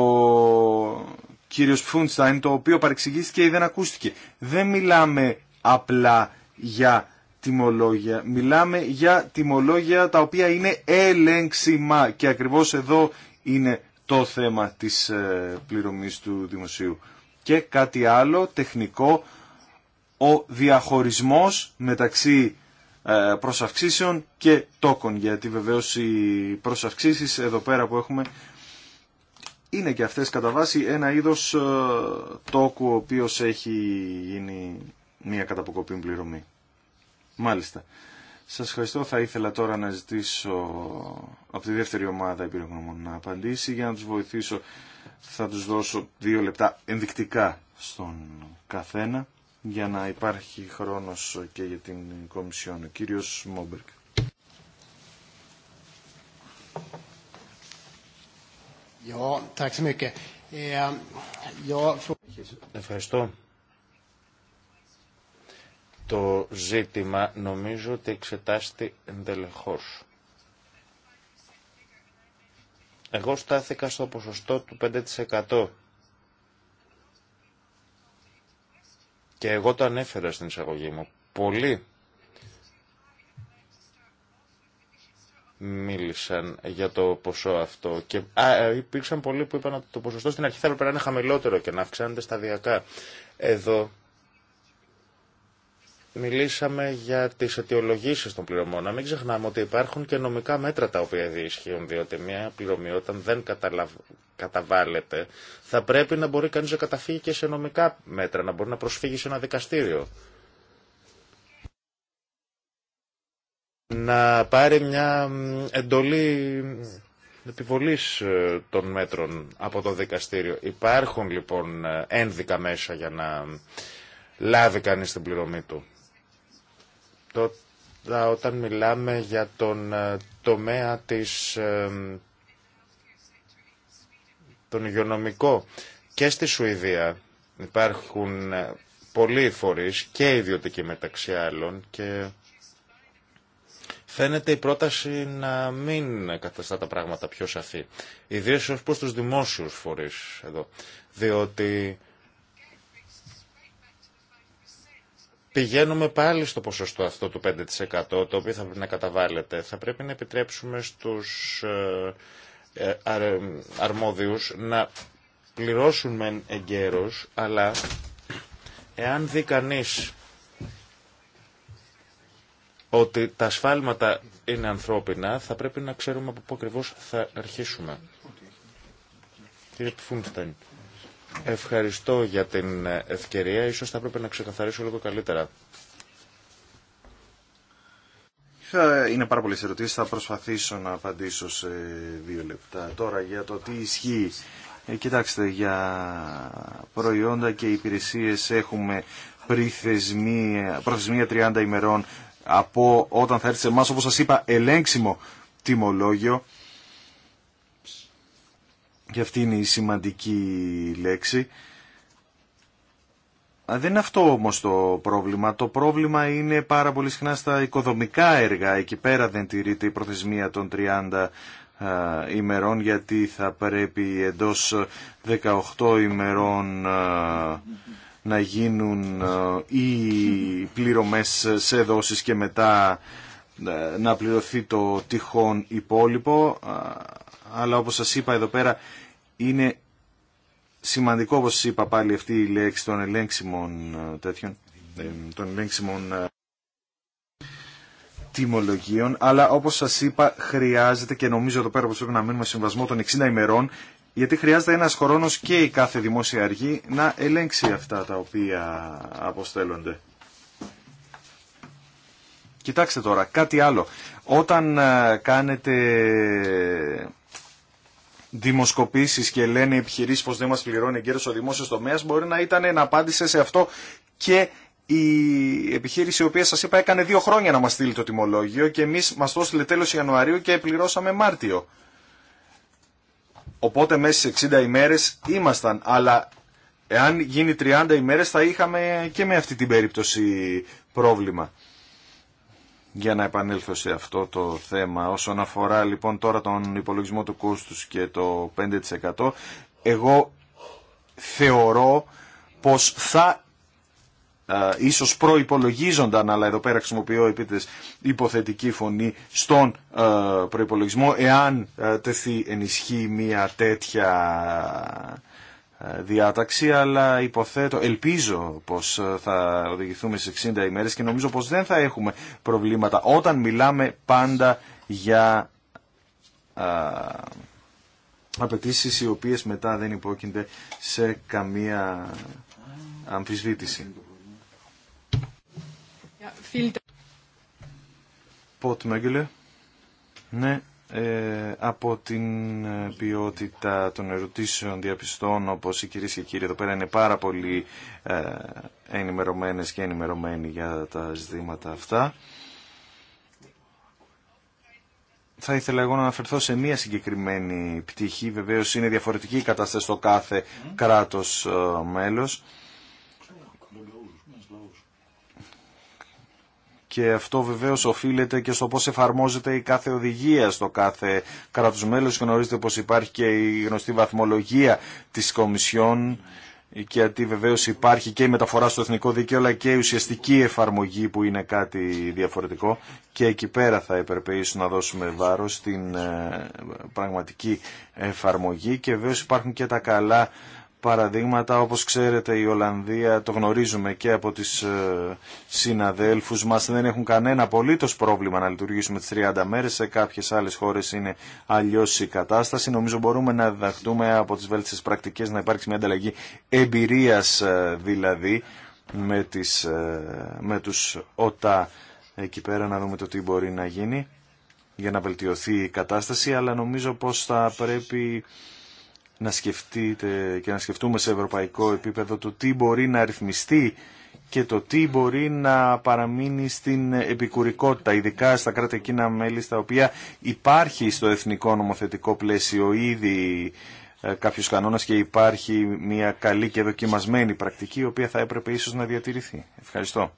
κύριος Φούντσταϊν, το οποίο παρεξηγήθηκε ή δεν ακούστηκε. Δεν μιλάμε απλά για τιμολόγια. Μιλάμε για τιμολόγια τα οποία είναι ελέγξιμα και ακριβώς εδώ είναι το θέμα της ε, πληρωμής του δημοσίου. Και κάτι άλλο τεχνικό, ο διαχωρισμός μεταξύ ε, προσαυξήσεων και τόκων, γιατί βεβαίως οι προσαυξήσεις εδώ πέρα που έχουμε είναι και αυτές κατά βάση ένα είδος ε, τόκου ο οποίος έχει γίνει μια καταποκοπή πληρωμή. Μάλιστα. Σας ευχαριστώ. Θα ήθελα τώρα να ζητήσω από τη δεύτερη ομάδα υπηρεγνωμών να απαντήσει. Για να τους βοηθήσω θα τους δώσω δύο λεπτά ενδεικτικά στον καθένα για να υπάρχει χρόνος και για την Κομισιόν. Ο κύριος Μόμπερκ. Eh, ευχαριστώ το ζήτημα νομίζω ότι εξετάστη εντελεχώς. Εγώ στάθηκα στο ποσοστό του 5%. Και εγώ το ανέφερα στην εισαγωγή μου. Πολλοί μίλησαν για το ποσό αυτό. Και α, ε, υπήρξαν πολλοί που είπαν ότι το ποσοστό στην αρχή θα έπρεπε να είναι χαμηλότερο και να αυξάνεται σταδιακά. Εδώ Μιλήσαμε για τις αιτιολογήσει των πληρωμών. Να μην ξεχνάμε ότι υπάρχουν και νομικά μέτρα τα οποία διησχύουν, διότι μια πληρωμή όταν δεν καταλαβ... καταβάλλεται θα πρέπει να μπορεί κανεί να καταφύγει και σε νομικά μέτρα, να μπορεί να προσφύγει σε ένα δικαστήριο. Να πάρει μια εντολή επιβολής ε, των μέτρων από το δικαστήριο. Υπάρχουν λοιπόν ένδικα μέσα για να λάβει κανείς την πληρωμή του. Τώρα όταν μιλάμε για τον ε, τομέα της, ε, τον υγειονομικό και στη Σουηδία υπάρχουν ε, πολλοί φορείς και ιδιωτικοί μεταξύ άλλων και φαίνεται η πρόταση να μην καταστά τα πράγματα πιο σαφή. Ιδίως ως προς τους δημόσιους φορείς εδώ. Διότι πηγαίνουμε πάλι στο ποσοστό αυτό του 5% το οποίο θα πρέπει να καταβάλλεται. Θα πρέπει να επιτρέψουμε στους ε, ε, ε, αρμόδιους να πληρώσουν μεν εγκαίρως, αλλά εάν δει κανεί ότι τα ασφάλματα είναι ανθρώπινα, θα πρέπει να ξέρουμε από πού ακριβώ θα αρχίσουμε. Κύριε Ευχαριστώ για την ευκαιρία. Ίσως θα έπρεπε να ξεκαθαρίσω λίγο καλύτερα. Είναι πάρα πολλές ερωτήσεις. Θα προσπαθήσω να απαντήσω σε δύο λεπτά. Τώρα για το τι ισχύει. Ε, κοιτάξτε, για προϊόντα και υπηρεσίες έχουμε προθεσμία 30 ημερών από όταν θα έρθει σε εμάς, όπως σας είπα, ελέγξιμο τιμολόγιο και αυτή είναι η σημαντική λέξη. Δεν είναι αυτό όμως το πρόβλημα. Το πρόβλημα είναι πάρα πολύ συχνά στα οικοδομικά έργα. Εκεί πέρα δεν τηρείται η προθεσμία των 30 ημερών γιατί θα πρέπει εντός 18 ημερών να γίνουν οι πλήρωμες σε δόσεις και μετά να πληρωθεί το τυχόν υπόλοιπο αλλά όπως σας είπα εδώ πέρα είναι σημαντικό, όπως είπα πάλι αυτή η λέξη των ελέγξιμων ε, τέτοιων, ε, των ελέγξιμων ε, τιμολογίων, αλλά όπως σας είπα χρειάζεται και νομίζω εδώ πέρα πρέπει να μείνουμε συμβασμό των 60 ημερών, γιατί χρειάζεται ένας χρόνος και η κάθε δημόσια αργή να ελέγξει αυτά τα οποία αποστέλλονται. Κοιτάξτε τώρα, κάτι άλλο. Όταν κάνετε δημοσκοπήσεις και λένε οι επιχειρήσεις πως δεν μας πληρώνει εγκαίρως ο δημόσιος τομέας μπορεί να ήταν να απάντησε σε αυτό και η επιχείρηση η οποία σας είπα έκανε δύο χρόνια να μας στείλει το τιμολόγιο και εμείς μας το έστειλε τέλος Ιανουαρίου και πληρώσαμε Μάρτιο. Οπότε μέσα στις 60 ημέρες ήμασταν, αλλά εάν γίνει 30 ημέρες θα είχαμε και με αυτή την περίπτωση πρόβλημα για να επανέλθω σε αυτό το θέμα. Όσον αφορά λοιπόν τώρα τον υπολογισμό του κόστους και το 5% εγώ θεωρώ πως θα ίσως προϋπολογίζονταν, αλλά εδώ πέρα χρησιμοποιώ υποθετική φωνή στον προϋπολογισμό, εάν τεθεί ενισχύ μια τέτοια ε, διάταξη, αλλά υποθέτω, ελπίζω πως ε, θα οδηγηθούμε σε 60 ημέρες και νομίζω πως δεν θα έχουμε προβλήματα όταν μιλάμε πάντα για ε, απαιτήσει οι οποίες μετά δεν υπόκεινται σε καμία αμφισβήτηση. Ποτ Ναι, ε, από την ε, ποιότητα των ερωτήσεων διαπιστώνω πως οι κυρίες και κύριοι εδώ πέρα είναι πάρα πολύ ε, ενημερωμένες και ενημερωμένοι για τα ζητήματα αυτά. Θα ήθελα εγώ να αναφερθώ σε μία συγκεκριμένη πτυχή. Βεβαίως είναι διαφορετική η κατάσταση στο κάθε mm-hmm. κράτος μέλος. Και αυτό βεβαίω οφείλεται και στο πώ εφαρμόζεται η κάθε οδηγία στο κάθε κράτο μέλο. Γνωρίζετε πω υπάρχει και η γνωστή βαθμολογία τη Κομισιόν, γιατί βεβαίω υπάρχει και η μεταφορά στο εθνικό δίκαιο, αλλά και η ουσιαστική εφαρμογή που είναι κάτι διαφορετικό. Και εκεί πέρα θα έπρεπε να δώσουμε βάρο στην ε, πραγματική εφαρμογή. Και βεβαίω υπάρχουν και τα καλά παραδείγματα. Όπως ξέρετε η Ολλανδία, το γνωρίζουμε και από τις ε, συναδέλφους μας, δεν έχουν κανένα απολύτως πρόβλημα να λειτουργήσουμε τις 30 μέρες. Σε κάποιες άλλες χώρες είναι αλλιώς η κατάσταση. Νομίζω μπορούμε να διδαχτούμε από τις βέλτιστες πρακτικές να υπάρξει μια ανταλλαγή εμπειρίας ε, δηλαδή με, τις, ε, με τους ΟΤΑ εκεί πέρα να δούμε το τι μπορεί να γίνει για να βελτιωθεί η κατάσταση, αλλά νομίζω πως θα πρέπει να σκεφτείτε και να σκεφτούμε σε ευρωπαϊκό επίπεδο το τι μπορεί να ρυθμιστεί και το τι μπορεί να παραμείνει στην επικουρικότητα, ειδικά στα κράτη εκείνα μέλη στα οποία υπάρχει στο εθνικό νομοθετικό πλαίσιο ήδη ε, κάποιος κανόνας και υπάρχει μια καλή και δοκιμασμένη πρακτική η οποία θα έπρεπε ίσως να διατηρηθεί. Ευχαριστώ.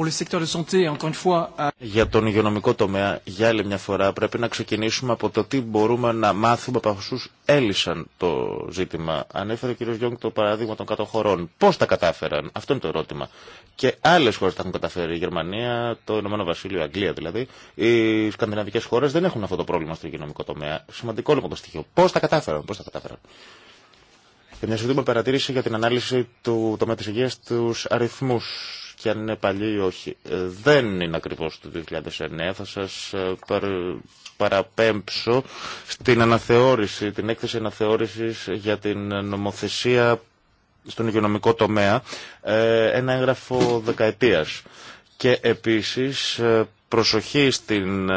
Euh, για τον υγειονομικό τομέα, για άλλη μια φορά, πρέπει να ξεκινήσουμε από το τι μπορούμε να μάθουμε από αυτού έλυσαν το ζήτημα. Ανέφερε ο κ. Γιόγκ το παράδειγμα των κατοχωρών. Πώ τα κατάφεραν, αυτό είναι το ερώτημα. Και άλλε χώρε τα έχουν καταφέρει. Η Γερμανία, το Ηνωμένο Βασίλειο, η Αγγλία δηλαδή. Οι σκανδιναβικέ χώρε δεν έχουν αυτό το πρόβλημα στο υγειονομικό τομέα. Σημαντικό λοιπόν το στοιχείο. Πώ τα κατάφεραν, πώ τα κατάφεραν. Και μια σωστή παρατήρηση για την ανάλυση του τομέα τη υγεία αριθμού και αν είναι παλιό ή όχι. Ε, δεν είναι ακριβώς το 2009. Θα σας ε, παραπέμψω στην αναθεώρηση, την έκθεση αναθεώρησης για την νομοθεσία στον υγειονομικό τομέα, ε, ένα έγγραφο δεκαετίας. Και επίσης προσοχή στην,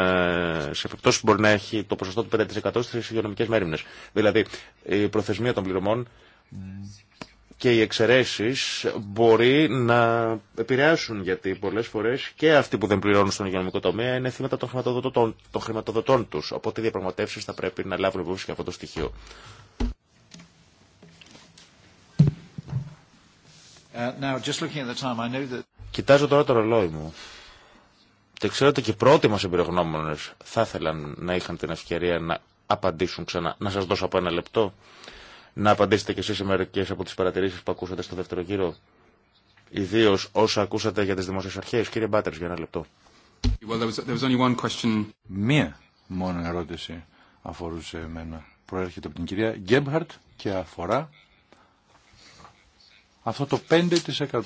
σε επιπτώσει που μπορεί να έχει το ποσοστό του 5% στις υγειονομικές μέρημνες. Δηλαδή, η προθεσμία των πληρωμών και οι εξαιρέσει μπορεί να επηρεάσουν γιατί πολλές φορές και αυτοί που δεν πληρώνουν στον υγειονομικό τομέα είναι θύματα των χρηματοδοτών, των τους. Οπότε οι διαπραγματεύσεις θα πρέπει να λάβουν υπόψη και αυτό το στοιχείο. Uh, Κοιτάζω τώρα το ρολόι μου. Και ξέρω ότι και οι πρώτοι μας εμπειρογνώμονες θα ήθελαν να είχαν την ευκαιρία να απαντήσουν ξανά. Να σας δώσω από ένα λεπτό να απαντήσετε και εσείς σε μερικές από τις παρατηρήσεις που ακούσατε στο δεύτερο γύρο. Ιδίω όσα ακούσατε για τις δημόσιες αρχές. Κύριε Μπάτερς, για ένα λεπτό. Μία μόνο ερώτηση αφορούσε εμένα. Προέρχεται από την κυρία Γκέμπχαρτ και αφορά αυτό το 5%.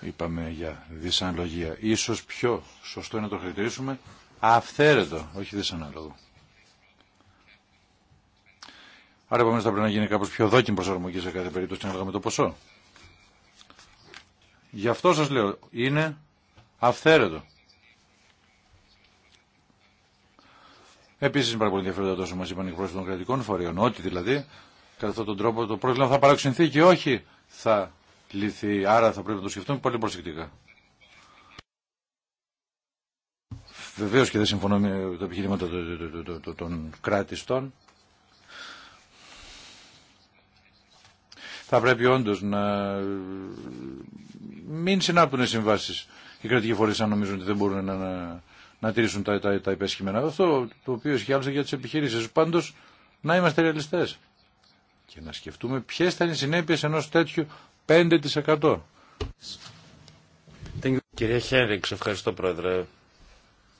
Είπαμε για δυσαναλογία. Ίσως πιο σωστό είναι να το χαρακτηρίσουμε αυθαίρετο, όχι δυσαναλόγο. Άρα επομένως θα πρέπει να γίνει κάπως πιο δόκιμη προσαρμογή σε κάθε περίπτωση ανάλογα με το ποσό. Γι' αυτό σας λέω, είναι αυθαίρετο. Επίσης είναι πάρα πολύ ενδιαφέροντα τόσο μας είπαν οι εκπρόσωποι των κρατικών φορέων, ότι δηλαδή κατά αυτόν τον τρόπο το πρόβλημα θα παραξενθεί και όχι θα λυθεί. Άρα θα πρέπει να το σκεφτούμε πολύ προσεκτικά. Βεβαίω και δεν συμφωνώ με τα επιχειρήματα των κράτηστων, θα πρέπει όντω να μην συνάπτουν συμβάσει οι κρατικοί φορεί αν νομίζουν ότι δεν μπορούν να, να, να τηρήσουν τα, τα, τα υπεσχημένα. Αυτό το οποίο ισχύει άλλωστε για τι επιχειρήσει. Πάντω να είμαστε ρεαλιστέ και να σκεφτούμε ποιε θα είναι οι συνέπειε ενό τέτοιου 5%. Κυρία Χέρινγκ, ευχαριστώ Πρόεδρε.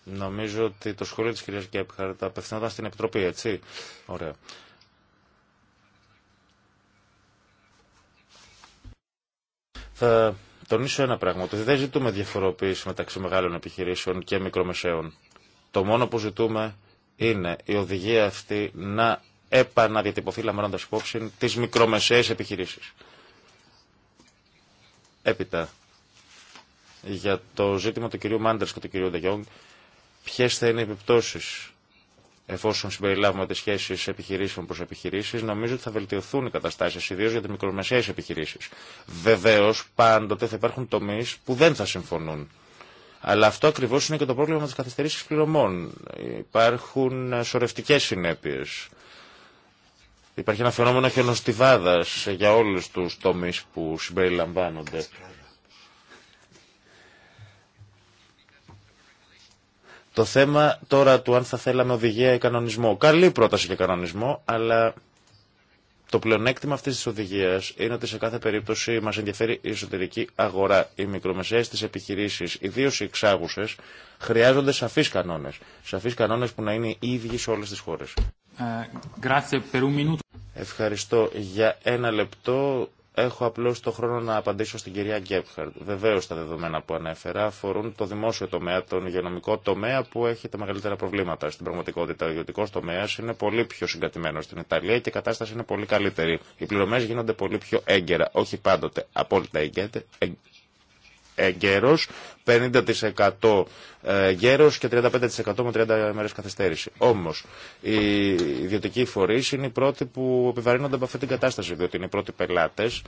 Νομίζω ότι το σχολείο της κυρίας Γκέπχαρτ απευθυνόταν στην Επιτροπή, έτσι. Ωραία. Θα τονίσω ένα πράγμα, ότι δεν ζητούμε διαφοροποίηση μεταξύ μεγάλων επιχειρήσεων και μικρομεσαίων. Το μόνο που ζητούμε είναι η οδηγία αυτή να επαναδιατυπωθεί λαμβάνοντας υπόψη τις μικρομεσαίες επιχειρήσεις. Έπειτα, για το ζήτημα του κυρίου Μάντερς και του κυρίου Ντεγιόγκ, ποιες θα είναι οι επιπτώσεις εφόσον συμπεριλάβουμε τι σχέσει επιχειρήσεων προ επιχειρήσει, νομίζω ότι θα βελτιωθούν οι καταστάσει, ιδίω για τι μικρομεσαίε επιχειρήσει. Βεβαίω, πάντοτε θα υπάρχουν τομεί που δεν θα συμφωνούν. Αλλά αυτό ακριβώ είναι και το πρόβλημα με τι καθυστερήσει πληρωμών. Υπάρχουν σορευτικέ συνέπειε. Υπάρχει ένα φαινόμενο χιονοστιβάδα για όλου του τομεί που συμπεριλαμβάνονται. Το θέμα τώρα του αν θα θέλαμε οδηγία ή κανονισμό. Καλή πρόταση για κανονισμό, αλλά το πλεονέκτημα αυτή τη οδηγία είναι ότι σε κάθε περίπτωση μα ενδιαφέρει η εσωτερική αγορά. Οι μικρομεσαίε τη επιχειρήσει, ιδίω οι εξάγουσε, χρειάζονται σαφεί κανόνε. Σαφεί κανόνε που να είναι οι ίδιοι σε όλε τι χώρε. Ευχαριστώ για ένα λεπτό Έχω απλώ το χρόνο να απαντήσω στην κυρία Γκέπχαρντ. Βεβαίω τα δεδομένα που ανέφερα αφορούν το δημόσιο τομέα, τον υγειονομικό τομέα που έχει τα μεγαλύτερα προβλήματα. Στην πραγματικότητα, ο ιδιωτικό τομέα είναι πολύ πιο συγκατημένο στην Ιταλία και η κατάσταση είναι πολύ καλύτερη. Οι πληρωμέ γίνονται πολύ πιο έγκαιρα, όχι πάντοτε απόλυτα εγκαίρος, 50% ε, γέρος και 35% με 30 μέρε καθυστέρηση. Όμως, οι ιδιωτικοί φορείς είναι οι πρώτοι που επιβαρύνονται από αυτή την κατάσταση, διότι είναι οι πρώτοι πελάτες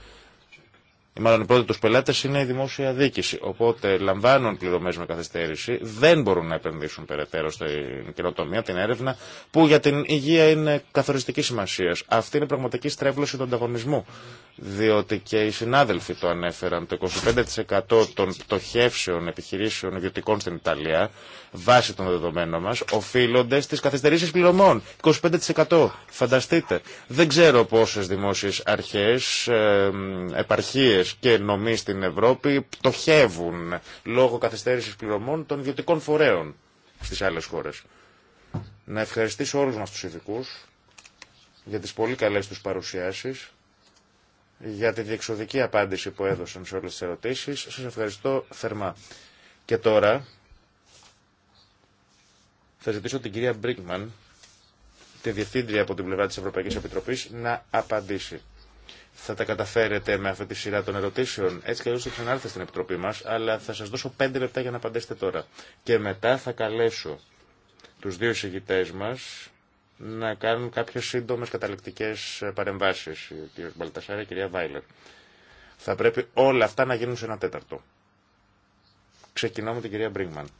ε, δημόσια δίκηση. Οπότε λαμβάνουν πληρωμέ με καθυστέρηση, δεν μπορούν να επενδύσουν περαιτέρω στην καινοτομία, την έρευνα, που για την υγεία είναι καθοριστική σημασία. Αυτή είναι η πραγματική στρέβλωση του ανταγωνισμού. Διότι και οι συνάδελφοι το ανέφεραν, το 25% των πτωχεύσεων επιχειρήσεων ιδιωτικών στην Ιταλία, βάσει των δεδομένων μα, οφείλονται στι καθυστερήσει πληρωμών. 25%. Φανταστείτε. Δεν ξέρω πόσε δημόσιε αρχέ, ε, επαρχίε, και νομή στην Ευρώπη πτωχεύουν λόγω καθυστέρησης πληρωμών των ιδιωτικών φορέων στις άλλες χώρες. Να ευχαριστήσω όλους μας τους ειδικού για τις πολύ καλές τους παρουσιάσεις, για τη διεξοδική απάντηση που έδωσαν σε όλες τις ερωτήσεις. Σας ευχαριστώ θερμά. Και τώρα θα ζητήσω την κυρία Μπρίγκμαν, τη Διευθύντρια από την πλευρά της Ευρωπαϊκής Επιτροπής, να απαντήσει θα τα καταφέρετε με αυτή τη σειρά των ερωτήσεων. Έτσι και αλλιώ θα ξανάρθετε στην Επιτροπή μα, αλλά θα σα δώσω πέντε λεπτά για να απαντήσετε τώρα. Και μετά θα καλέσω του δύο εισηγητέ μα να κάνουν κάποιε σύντομε καταληκτικέ παρεμβάσει. Ο κ. Μπαλτασάρα, η κυρία Βάιλερ. Θα πρέπει όλα αυτά να γίνουν σε ένα τέταρτο. Ξεκινώ με την κυρία Μπρίγκμαν.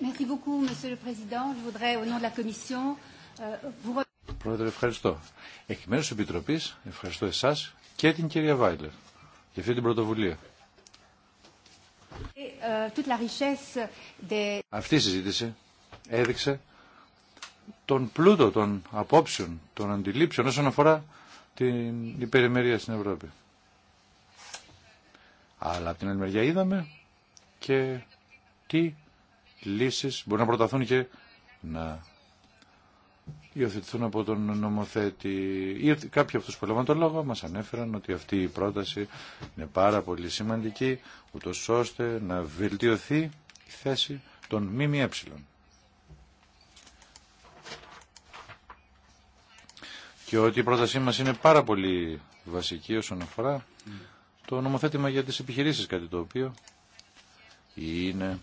Merci beaucoup, Monsieur le Président. Je voudrais, au nom de la Commission, euh, vous Πρόεδρε, ευχαριστώ. Εκ μέρου τη Επιτροπή, ευχαριστώ εσά και την κυρία Βάιλερ για αυτή την πρωτοβουλία. Euh, αυτή η συζήτηση έδειξε τον πλούτο των απόψεων, των αντιλήψεων όσον αφορά την υπερημερία στην Ευρώπη. Αλλά από την άλλη μεριά είδαμε και τι λύσεις μπορεί να προταθούν και να υιοθετηθούν από τον νομοθέτη. Ή κάποιοι από τους που έλαβαν λόγο μας ανέφεραν ότι αυτή η πρόταση είναι πάρα πολύ σημαντική, ούτω ώστε να βελτιωθεί η θέση των ΜΜΕ. Και ότι η πρότασή μας είναι πάρα πολύ βασική όσον αφορά το νομοθέτημα για τις επιχειρήσεις, κάτι το οποίο είναι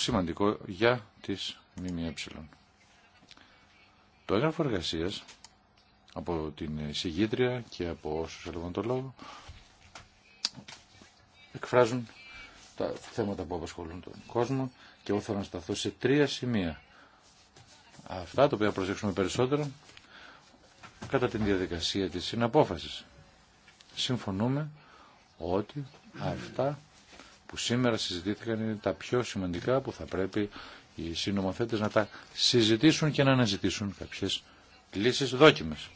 σημαντικό για τις ΜΜΕ. Το έγγραφο εργασίας από την συγγήτρια και από όσους έλεγαν το λόγο εκφράζουν τα θέματα που απασχολούν τον κόσμο και εγώ θέλω να σταθώ σε τρία σημεία. Αυτά τα οποία προσέξουμε περισσότερο κατά την διαδικασία της συναπόφασης. Συμφωνούμε ότι αυτά που σήμερα συζητήθηκαν είναι τα πιο σημαντικά που θα πρέπει οι συνομοθέτες να τα συζητήσουν και να αναζητήσουν κάποιες λύσεις δόκιμες.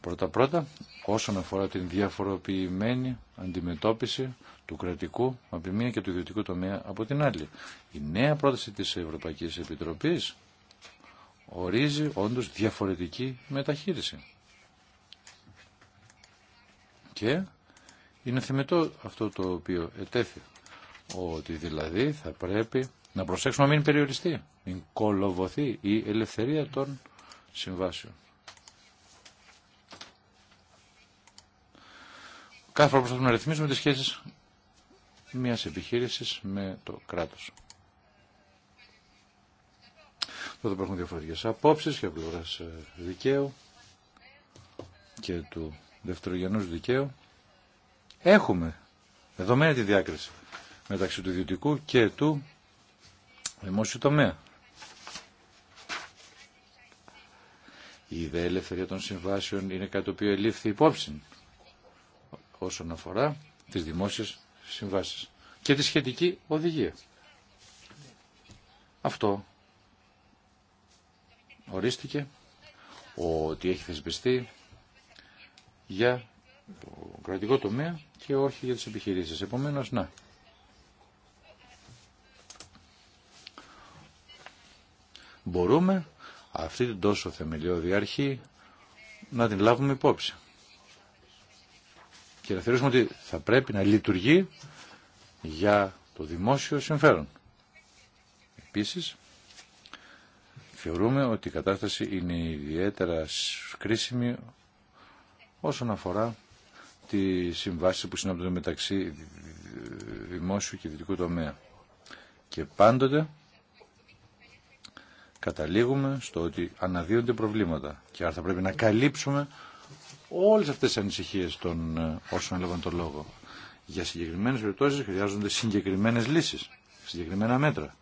Πρώτα-πρώτα, όσον αφορά την διαφοροποιημένη αντιμετώπιση του κρατικού από τη μία και του ιδιωτικού τομέα από την άλλη. Η νέα πρόταση της Ευρωπαϊκής Επιτροπής ορίζει όντως διαφορετική μεταχείριση. Και είναι θεμετό αυτό το οποίο ετέθη. Ότι δηλαδή θα πρέπει να προσέξουμε να μην περιοριστεί, μην κολοβωθεί η ελευθερία των συμβάσεων. Κάθε φορά προσπαθούμε να ρυθμίσουμε τις σχέσεις μιας επιχείρησης με το κράτος. Εδώ υπάρχουν διαφορετικές απόψεις και πλευράς ε, δικαίου και του δευτερογενούς δικαίου. Έχουμε δεδομένα τη διάκριση μεταξύ του ιδιωτικού και του δημόσιου τομέα. Η ιδέα ελευθερία των συμβάσεων είναι κάτι το οποίο ελήφθη υπόψη όσον αφορά τις δημόσιες συμβάσεις και τη σχετική οδηγία. Αυτό ορίστηκε ότι έχει θεσπιστεί για το κρατικό τομέα και όχι για τις επιχειρήσεις. Επομένως, να. Μπορούμε αυτή την τόσο θεμελιώδη αρχή να την λάβουμε υπόψη. Και να θεωρήσουμε ότι θα πρέπει να λειτουργεί για το δημόσιο συμφέρον. Επίσης, θεωρούμε ότι η κατάσταση είναι ιδιαίτερα κρίσιμη όσον αφορά τη συμβάση που συνάπτονται μεταξύ δημόσιου και δυτικού τομέα. Και πάντοτε καταλήγουμε στο ότι αναδύονται προβλήματα και άρα θα πρέπει να καλύψουμε όλες αυτές τις ανησυχίες των ε, όσων έλαβαν τον λόγο. Για συγκεκριμένες περιπτώσεις χρειάζονται συγκεκριμένες λύσεις, συγκεκριμένα μέτρα.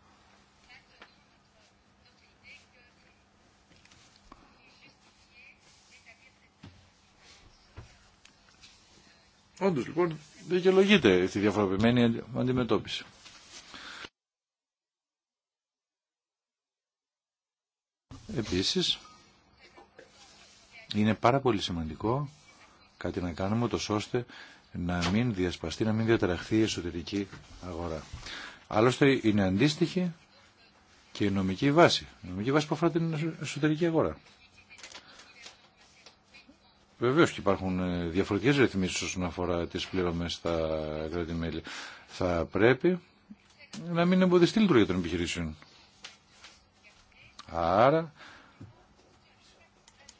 Όντω λοιπόν δικαιολογείται αυτή η διαφοροποιημένη αντιμετώπιση. Επίσης, είναι πάρα πολύ σημαντικό κάτι να κάνουμε το ώστε να μην διασπαστεί, να μην διαταραχθεί η εσωτερική αγορά. Άλλωστε είναι αντίστοιχη και η νομική βάση. Η νομική βάση που αφορά την εσωτερική αγορά. Βεβαίω και υπάρχουν ε, διαφορετικέ ρυθμίσει όσον αφορά τι πλήρωμέ στα κράτη-μέλη. Θα πρέπει να μην εμποδιστεί η λειτουργία των επιχειρήσεων. Άρα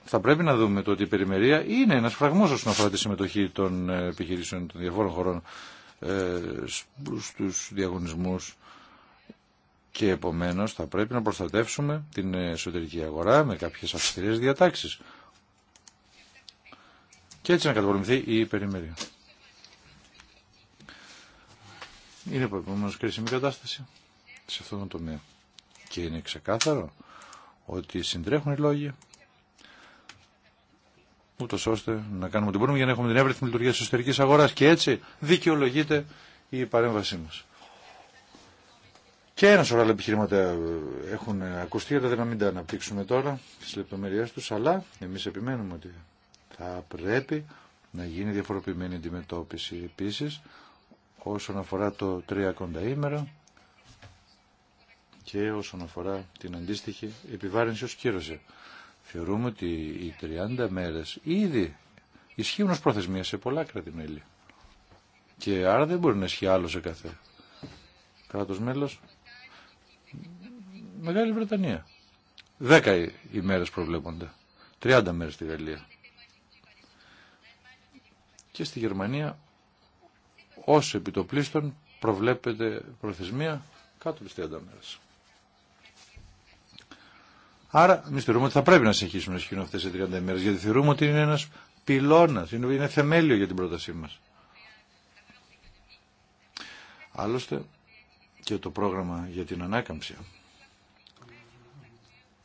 θα πρέπει να δούμε το ότι η περιμερία είναι ένας φραγμός όσον αφορά τη συμμετοχή των ε, επιχειρήσεων των διαφόρων χωρών ε, στους διαγωνισμούς και επομένως θα πρέπει να προστατεύσουμε την εσωτερική αγορά με κάποιες αυστηρές διατάξεις και έτσι να καταπολεμηθεί η υπερημέρεια. Είναι προηγούμενος κρίσιμη κατάσταση σε αυτόν τον τομέα. Και είναι ξεκάθαρο ότι συντρέχουν οι λόγοι Ούτω ώστε να κάνουμε ό,τι μπορούμε για να έχουμε την εύρεθμη λειτουργία της εσωτερικής αγοράς και έτσι δικαιολογείται η παρέμβασή μας. Και ένα σωρά άλλα επιχειρήματα έχουν ακουστεί, αλλά δεν να μην τα αναπτύξουμε τώρα στις λεπτομέρειές τους, αλλά εμείς επιμένουμε ότι θα πρέπει να γίνει διαφοροποιημένη αντιμετώπιση επίσης όσον αφορά το 3 ημέρα και όσον αφορά την αντίστοιχη επιβάρυνση ως κύρωση. Θεωρούμε ότι οι 30 μέρες ήδη ισχύουν ως προθεσμία σε πολλά κράτη-μέλη. Και άρα δεν μπορεί να ισχύει άλλο σε κάθε κράτος μέλος. Μεγάλη Βρετανία. Δέκα ημέρες προβλέπονται. 30 μέρες στη Γαλλία και στη Γερμανία ως πλήστον προβλέπεται προθεσμία κάτω από 30 μέρες. Άρα εμεί θεωρούμε ότι θα πρέπει να συνεχίσουμε να ισχύουν αυτές τις 30 μέρες, γιατί θεωρούμε ότι είναι ένας πυλώνας, είναι, είναι θεμέλιο για την πρότασή μας. Άλλωστε και το πρόγραμμα για την ανάκαμψη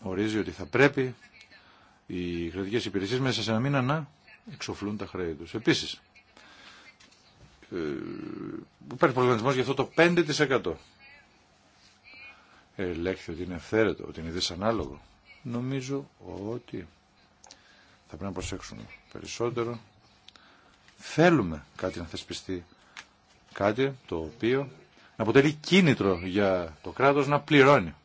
ορίζει ότι θα πρέπει οι κρατικές υπηρεσίες μέσα σε ένα μήνα να εξοφλούν τα χρέη τους. Επίσης, ε, υπάρχει προγραμματισμός για αυτό το 5%. Ελέγχει ε, ότι είναι ευθέρετο, ότι είναι δυσανάλογο. Νομίζω ότι θα πρέπει να προσέξουμε περισσότερο. Θέλουμε κάτι να θεσπιστεί. Κάτι το οποίο να αποτελεί κίνητρο για το κράτος να πληρώνει.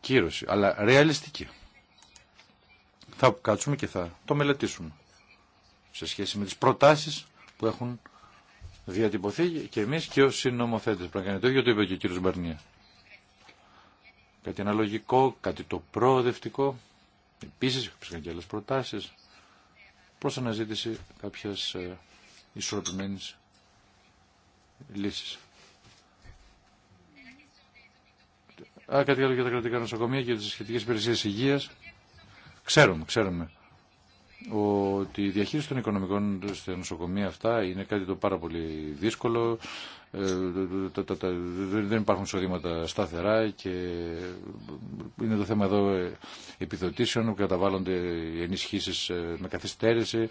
Κύρωση, αλλά ρεαλιστική θα κάτσουμε και θα το μελετήσουμε σε σχέση με τις προτάσεις που έχουν διατυπωθεί και εμείς και ο συνομοθέτης. Πρέπει το ίδιο το είπε και ο κύριος Μπαρνία. Κάτι αναλογικό, κάτι το προοδευτικό. Επίσης, υπήρξαν και άλλες προτάσεις προς αναζήτηση κάποιας ε, ισορροπημένης λύσης. Α, κάτι άλλο για τα κρατικά νοσοκομεία και τις σχετικές υπηρεσίες υγείας. Ξέρουμε, ξέρουμε ότι η διαχείριση των οικονομικών στα νοσοκομεία αυτά είναι κάτι το πάρα πολύ δύσκολο. Ε, δεν υπάρχουν εισοδήματα σταθερά και είναι το θέμα εδώ επιδοτήσεων που καταβάλλονται οι ενισχύσεις ε, με καθυστέρηση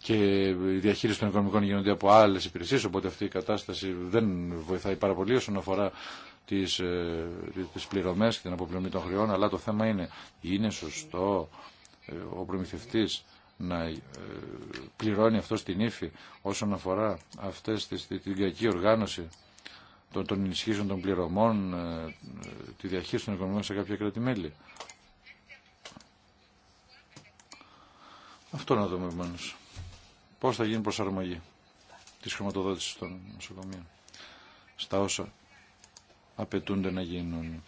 και η διαχείριση των οικονομικών γίνονται από άλλες υπηρεσίες οπότε αυτή η κατάσταση δεν βοηθάει πάρα πολύ όσον αφορά τι τις ε, και την αποπληρωμή των χρεών αλλά το θέμα είναι είναι σωστό ο προμηθευτής να ε, πληρώνει αυτό την ύφη όσον αφορά αυτές τις, την κακή οργάνωση των, των ενισχύσεων των πληρωμών, ε, ε, τη διαχείριση των οικονομικών σε κάποια κράτη-μέλη. Αυτό να δούμε επομένω. Πώς θα γίνει προσαρμογή της χρηματοδότησης των νοσοκομείων στα όσα απαιτούνται να γίνουν.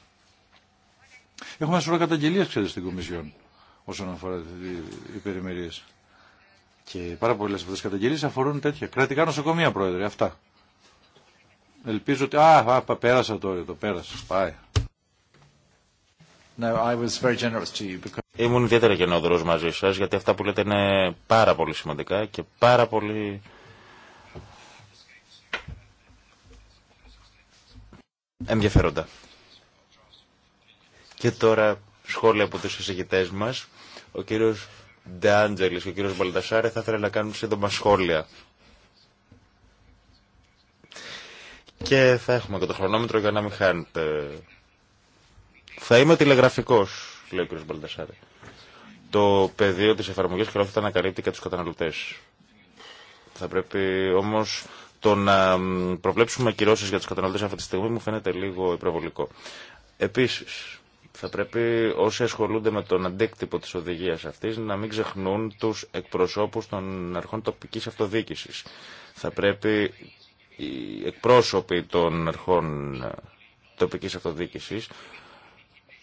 Έχουμε ένα σωρό καταγγελίες, ξέρετε, στην Κομισιόν όσον αφορά οι υπερημερίες. Και πάρα πολλέ από τις καταγγελίε αφορούν τέτοια. Κρατικά νοσοκομεία, Πρόεδρε, αυτά. Ελπίζω ότι... Α, α πέρασα τώρα, το πέρασα. Πάει. Ήμουν ιδιαίτερα γενναιόδωρο μαζί σα, γιατί αυτά που λέτε είναι πάρα πολύ σημαντικά και πάρα πολύ... ενδιαφέροντα. Και τώρα σχόλια από τους συζητητέ μας. Ο κύριος Ντεάντζελη και ο κύριος Μπαλτασάρε θα ήθελα να κάνουν σύντομα σχόλια. Και θα έχουμε και το χρονόμετρο για να μην χάνετε. Θα είμαι τηλεγραφικός, λέει ο κύριος Μπαλτασάρε. Το πεδίο της εφαρμογής όλα αυτά ανακαλύπτει και τους καταναλωτές. Θα πρέπει όμως το να προβλέψουμε κυρώσει για τους καταναλωτέ αυτή τη στιγμή μου φαίνεται λίγο υπερβολικό. Επίσης, θα πρέπει όσοι ασχολούνται με τον αντίκτυπο της οδηγίας αυτής να μην ξεχνούν τους εκπροσώπους των αρχών τοπικής αυτοδιοίκησης. Θα πρέπει οι εκπρόσωποι των αρχών τοπικής αυτοδιοίκησης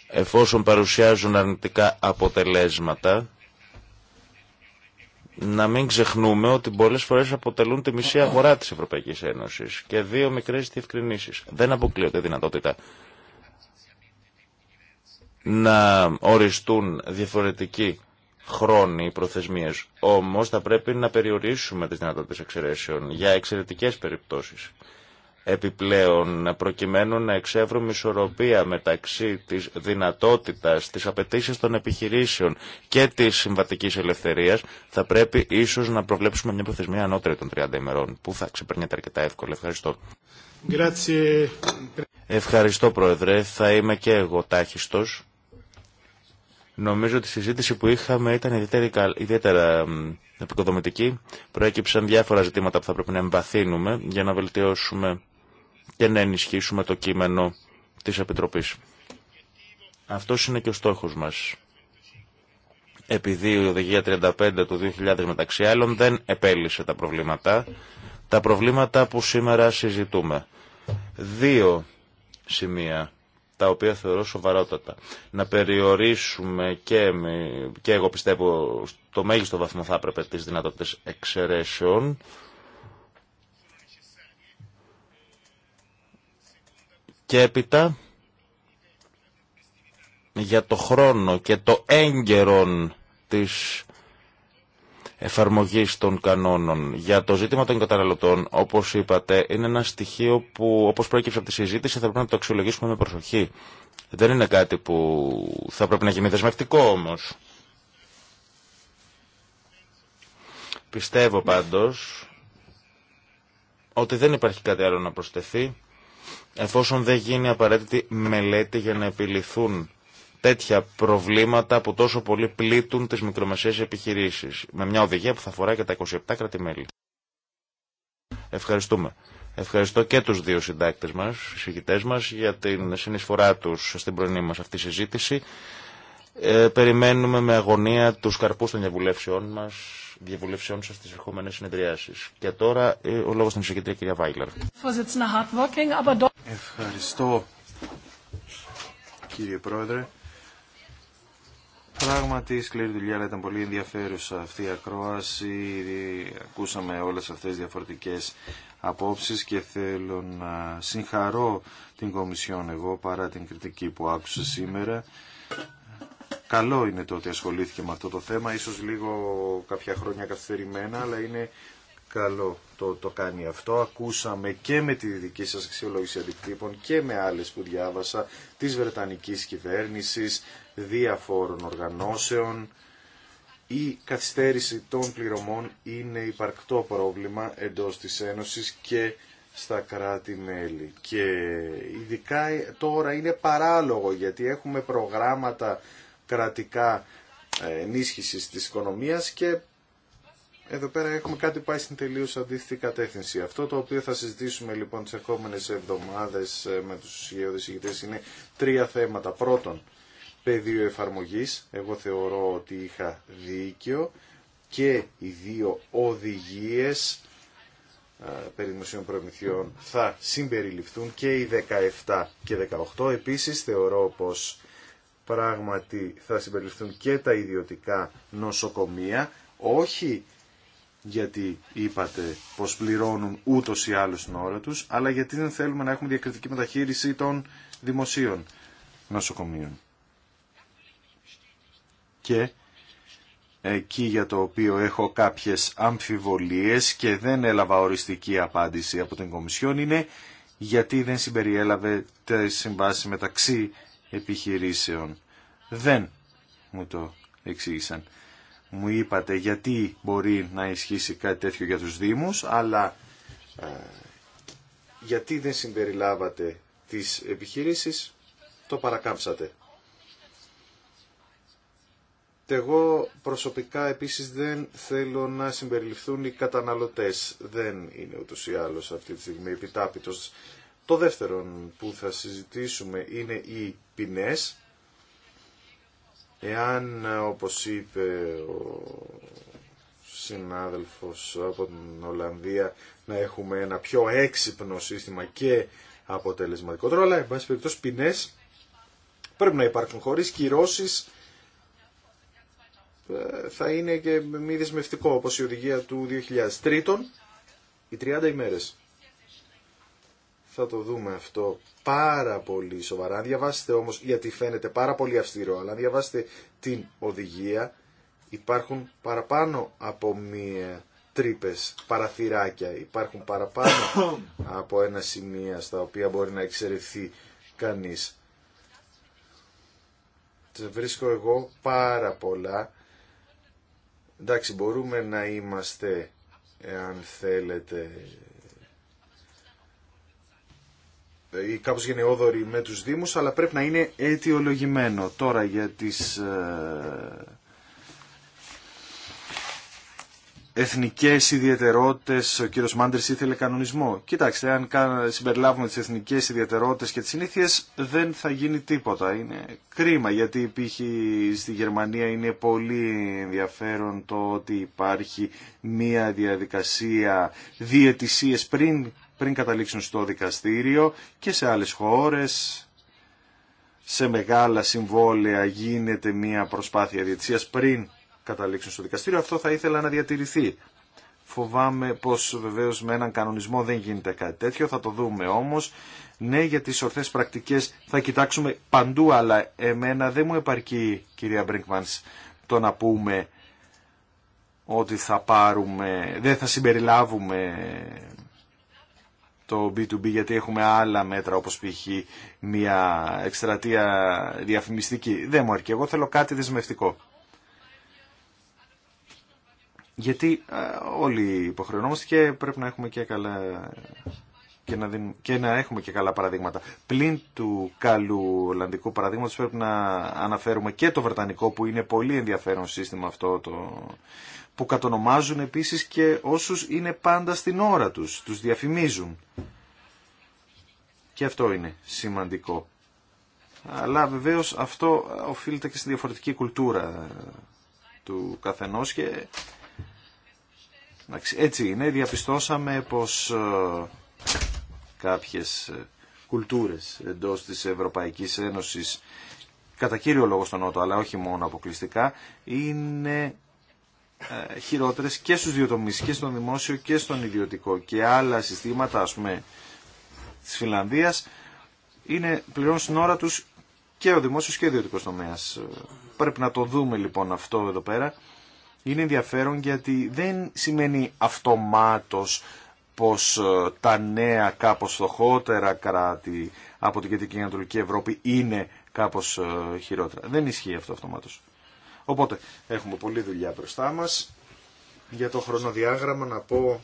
εφόσον παρουσιάζουν αρνητικά αποτελέσματα να μην ξεχνούμε ότι πολλέ φορέ αποτελούν τη μισή αγορά τη Ευρωπαϊκή Ένωση. Και δύο μικρέ διευκρινήσει. Δεν αποκλείεται δυνατότητα να οριστούν διαφορετικοί χρόνοι προθεσμίες. Όμως θα πρέπει να περιορίσουμε τις δυνατότητες εξαιρέσεων για εξαιρετικές περιπτώσεις. Επιπλέον, προκειμένου να εξεύρουμε ισορροπία μεταξύ της δυνατότητας, της απαιτήσει των επιχειρήσεων και της συμβατικής ελευθερίας, θα πρέπει ίσως να προβλέψουμε μια προθεσμία ανώτερη των 30 ημερών, που θα ξεπερνιέται αρκετά εύκολα. Ευχαριστώ. Ευχαριστώ, Πρόεδρε. Θα είμαι και εγώ τάχιστος. Νομίζω ότι η συζήτηση που είχαμε ήταν ιδιαίτερα επικοδομητική. Προέκυψαν διάφορα ζητήματα που θα πρέπει να εμβαθύνουμε για να βελτιώσουμε και να ενισχύσουμε το κείμενο της Επιτροπής. Αυτό είναι και ο στόχος μας. Επειδή η Οδηγία 35 του 2000 μεταξύ άλλων δεν επέλυσε τα προβλήματα, τα προβλήματα που σήμερα συζητούμε. Δύο σημεία τα οποία θεωρώ σοβαρότατα. Να περιορίσουμε και, και εγώ πιστεύω στο μέγιστο βαθμό θα έπρεπε τις δυνατότητες εξαιρέσεων και έπειτα για το χρόνο και το έγκαιρον της εφαρμογής των κανόνων. Για το ζήτημα των καταναλωτών, όπως είπατε, είναι ένα στοιχείο που, όπως προέκυψε από τη συζήτηση, θα πρέπει να το αξιολογήσουμε με προσοχή. Δεν είναι κάτι που θα πρέπει να γίνει δεσμευτικό όμως. Πιστεύω πάντως ότι δεν υπάρχει κάτι άλλο να προσθεθεί εφόσον δεν γίνει απαραίτητη μελέτη για να επιληθούν τέτοια προβλήματα που τόσο πολύ πλήττουν τις μικρομεσαίες επιχειρήσεις, με μια οδηγία που θα αφορά και τα 27 κρατημέλη. Ευχαριστούμε. Ευχαριστώ και τους δύο συντάκτες μας, συγητές μας, για την συνεισφορά τους στην πρωινή μας αυτή συζήτηση. Ε, περιμένουμε με αγωνία τους καρπούς των διαβουλεύσεών μας, διαβουλεύσεών σας στις ερχόμενες συνεδριάσεις. Και τώρα ε, ο λόγος στην εισηγητρία κυρία Βάιλερ. Ευχαριστώ κύριε Πρόεδρε. Πράγματι σκληρή δουλειά, αλλά ήταν πολύ ενδιαφέρουσα αυτή η ακρόαση. Ακούσαμε όλες αυτές τις διαφορετικές απόψεις και θέλω να συγχαρώ την Κομισιόν εγώ παρά την κριτική που άκουσα σήμερα. Καλό είναι το ότι ασχολήθηκε με αυτό το θέμα, ίσως λίγο κάποια χρόνια καθυστερημένα, αλλά είναι καλό το, το κάνει αυτό. Ακούσαμε και με τη δική σας αξιολόγηση αντικτύπων και με άλλες που διάβασα της Βρετανικής κυβέρνησης, διαφόρων οργανώσεων. Η καθυστέρηση των πληρωμών είναι υπαρκτό πρόβλημα εντός της Ένωσης και στα κράτη-μέλη. Και ειδικά τώρα είναι παράλογο γιατί έχουμε προγράμματα κρατικά ε, ενίσχυσης της οικονομίας και εδώ πέρα έχουμε κάτι πάει στην τελείω αντίθετη κατεύθυνση. Αυτό το οποίο θα συζητήσουμε λοιπόν τι επόμενες εβδομάδες ε, με τους γεωδησηγητές είναι τρία θέματα. Πρώτον, πεδίο εφαρμογής. Εγώ θεωρώ ότι είχα δίκιο και οι δύο οδηγίες ε, περί δημοσίων προμηθειών θα συμπεριληφθούν και οι 17 και 18. Επίσης θεωρώ πως πράγματι θα συμπεριληφθούν και τα ιδιωτικά νοσοκομεία, όχι γιατί είπατε πως πληρώνουν ούτως ή άλλως την ώρα τους, αλλά γιατί δεν θέλουμε να έχουμε διακριτική μεταχείριση των δημοσίων νοσοκομείων. Και εκεί για το οποίο έχω κάποιες αμφιβολίες και δεν έλαβα οριστική απάντηση από την Κομισιόν είναι γιατί δεν συμπεριέλαβε τη συμβάσεις μεταξύ επιχειρήσεων. Δεν μου το εξήγησαν μου είπατε γιατί μπορεί να ισχύσει κάτι τέτοιο για τους Δήμους, αλλά ε, γιατί δεν συμπεριλάβατε τις επιχειρήσεις, το παρακάμψατε. Εγώ προσωπικά επίσης δεν θέλω να συμπεριληφθούν οι καταναλωτές. Δεν είναι ούτως ή άλλως αυτή τη στιγμή επιτάπητος. Το δεύτερο που θα συζητήσουμε είναι οι ποινές Εάν, όπως είπε ο συνάδελφος από την Ολλανδία, να έχουμε ένα πιο έξυπνο σύστημα και αποτελεσματικότερο, αλλά, εν πάση περιπτώσει, ποινές πρέπει να υπάρχουν χωρίς κυρώσεις ε, θα είναι και μη δεσμευτικό όπως η οδηγία του 2003 οι 30 ημέρες θα το δούμε αυτό πάρα πολύ σοβαρά. Αν διαβάσετε όμως, γιατί φαίνεται πάρα πολύ αυστηρό, αλλά αν διαβάσετε την οδηγία, υπάρχουν παραπάνω από μία τρύπες, παραθυράκια, υπάρχουν παραπάνω <coughs> από ένα σημείο στα οποία μπορεί να εξαιρεθεί κανείς. Βρίσκω εγώ πάρα πολλά. Εντάξει, μπορούμε να είμαστε, εάν θέλετε, ή κάπως γενναιόδοροι με τους Δήμους, αλλά πρέπει να είναι αιτιολογημένο τώρα για τις ε, εθνικές ιδιαιτερότητες. Ο κύριος Μάντερς ήθελε κανονισμό. Κοιτάξτε, αν συμπεριλάβουμε τις εθνικές ιδιαιτερότητες και τις συνήθειες, δεν θα γίνει τίποτα. Είναι κρίμα, γιατί υπήρχε στη Γερμανία είναι πολύ ενδιαφέρον το ότι υπάρχει μία διαδικασία διαιτησίες πριν πριν καταλήξουν στο δικαστήριο και σε άλλες χώρες, σε μεγάλα συμβόλαια γίνεται μια προσπάθεια διετησίας πριν καταλήξουν στο δικαστήριο. Αυτό θα ήθελα να διατηρηθεί. Φοβάμαι πως βεβαίως με έναν κανονισμό δεν γίνεται κάτι τέτοιο, θα το δούμε όμως. Ναι, για τις ορθές πρακτικές θα κοιτάξουμε παντού, αλλά εμένα δεν μου επαρκεί, κυρία Μπρίνκμανς, το να πούμε ότι θα πάρουμε, δεν θα συμπεριλάβουμε το B2B γιατί έχουμε άλλα μέτρα όπως π.χ. μια εκστρατεία διαφημιστική. Δεν μου αρκεί. Εγώ θέλω κάτι δεσμευτικό. Γιατί ε, όλοι υποχρεωνόμαστε και πρέπει να έχουμε και καλά και να, να έχουμε και καλά παραδείγματα. Πλην του καλού Ολλανδικού παραδείγματος πρέπει να αναφέρουμε και το Βρετανικό που είναι πολύ ενδιαφέρον σύστημα αυτό το που κατονομάζουν επίσης και όσους είναι πάντα στην ώρα τους, τους διαφημίζουν. Και αυτό είναι σημαντικό. Αλλά βεβαίως αυτό οφείλεται και στη διαφορετική κουλτούρα του καθενός και έτσι είναι, διαπιστώσαμε πως ε, κάποιες κουλτούρες εντός της Ευρωπαϊκής Ένωσης κατά κύριο λόγο στον Νότο, αλλά όχι μόνο αποκλειστικά, είναι ε, Χειρότερε και στου δύο τον και στον δημόσιο και στον ιδιωτικό και άλλα συστήματα α πούμε τη Φιλανδίας είναι πληρώνουν στην ώρα τους και ο δημόσιος και ο ιδιωτικός τομέας. Ε, πρέπει να το δούμε λοιπόν αυτό εδώ πέρα. Είναι ενδιαφέρον γιατί δεν σημαίνει αυτομάτως πως ε, τα νέα κάπως φτωχότερα κράτη από την Κεντρική Ανατολική Ευρώπη είναι κάπως χειρότερα. Δεν ισχύει αυτό αυτομάτως. Οπότε έχουμε πολλή δουλειά μπροστά μας. Για το χρονοδιάγραμμα να πω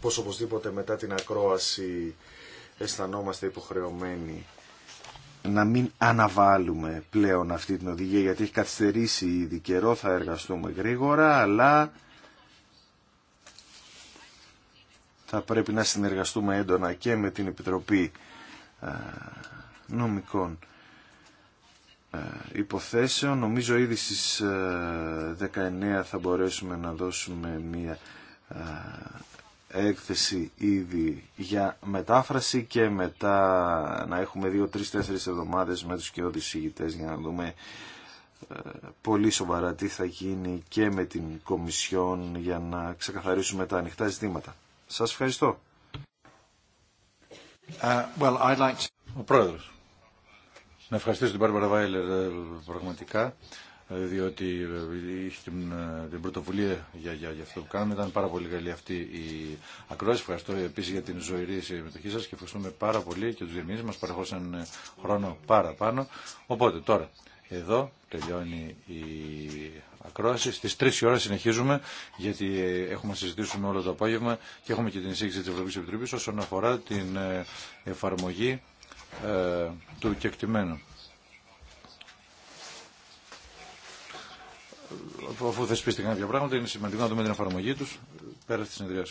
πως οπωσδήποτε μετά την ακρόαση αισθανόμαστε υποχρεωμένοι να μην αναβάλουμε πλέον αυτή την οδηγία γιατί έχει καθυστερήσει ήδη καιρό, θα εργαστούμε γρήγορα, αλλά θα πρέπει να συνεργαστούμε έντονα και με την Επιτροπή ε, Νομικών ε, υποθέσεων. Νομίζω ήδη στις 19 ε, θα μπορέσουμε να δώσουμε μία ε, έκθεση ήδη για μετάφραση και μετά να εχουμε δύο, τρεις, τέσσερις εβδομάδες με τους και ηγητές για να δούμε πολύ σοβαρά τι θα γίνει και με την Κομισιόν για να ξεκαθαρίσουμε τα ανοιχτά ζητήματα. Σας ευχαριστώ. well, I'd like to... Ο να ευχαριστήσω την Πάρμπαρα Βάιλερ ε, πραγματικά, ε, διότι ε, είχε την, την πρωτοβουλία για, για, για, αυτό που κάναμε. Ήταν πάρα πολύ καλή αυτή η ακρόαση. Ευχαριστώ επίση για την ζωηρή συμμετοχή σα και ευχαριστούμε πάρα πολύ και του διερμηνεί μα παρεχώσαν χρόνο παραπάνω. Οπότε τώρα, εδώ τελειώνει η ακρόαση. Στι 3 η ώρα συνεχίζουμε, γιατί έχουμε να συζητήσουμε όλο το απόγευμα και έχουμε και την εισήγηση τη Ευρωπαϊκή Επιτροπή όσον αφορά την εφαρμογή ε, του κεκτημένου. Αφού θεσπίστηκαν κάποια πράγματα, είναι σημαντικό να δούμε την εφαρμογή τους πέρα στη συνεδρία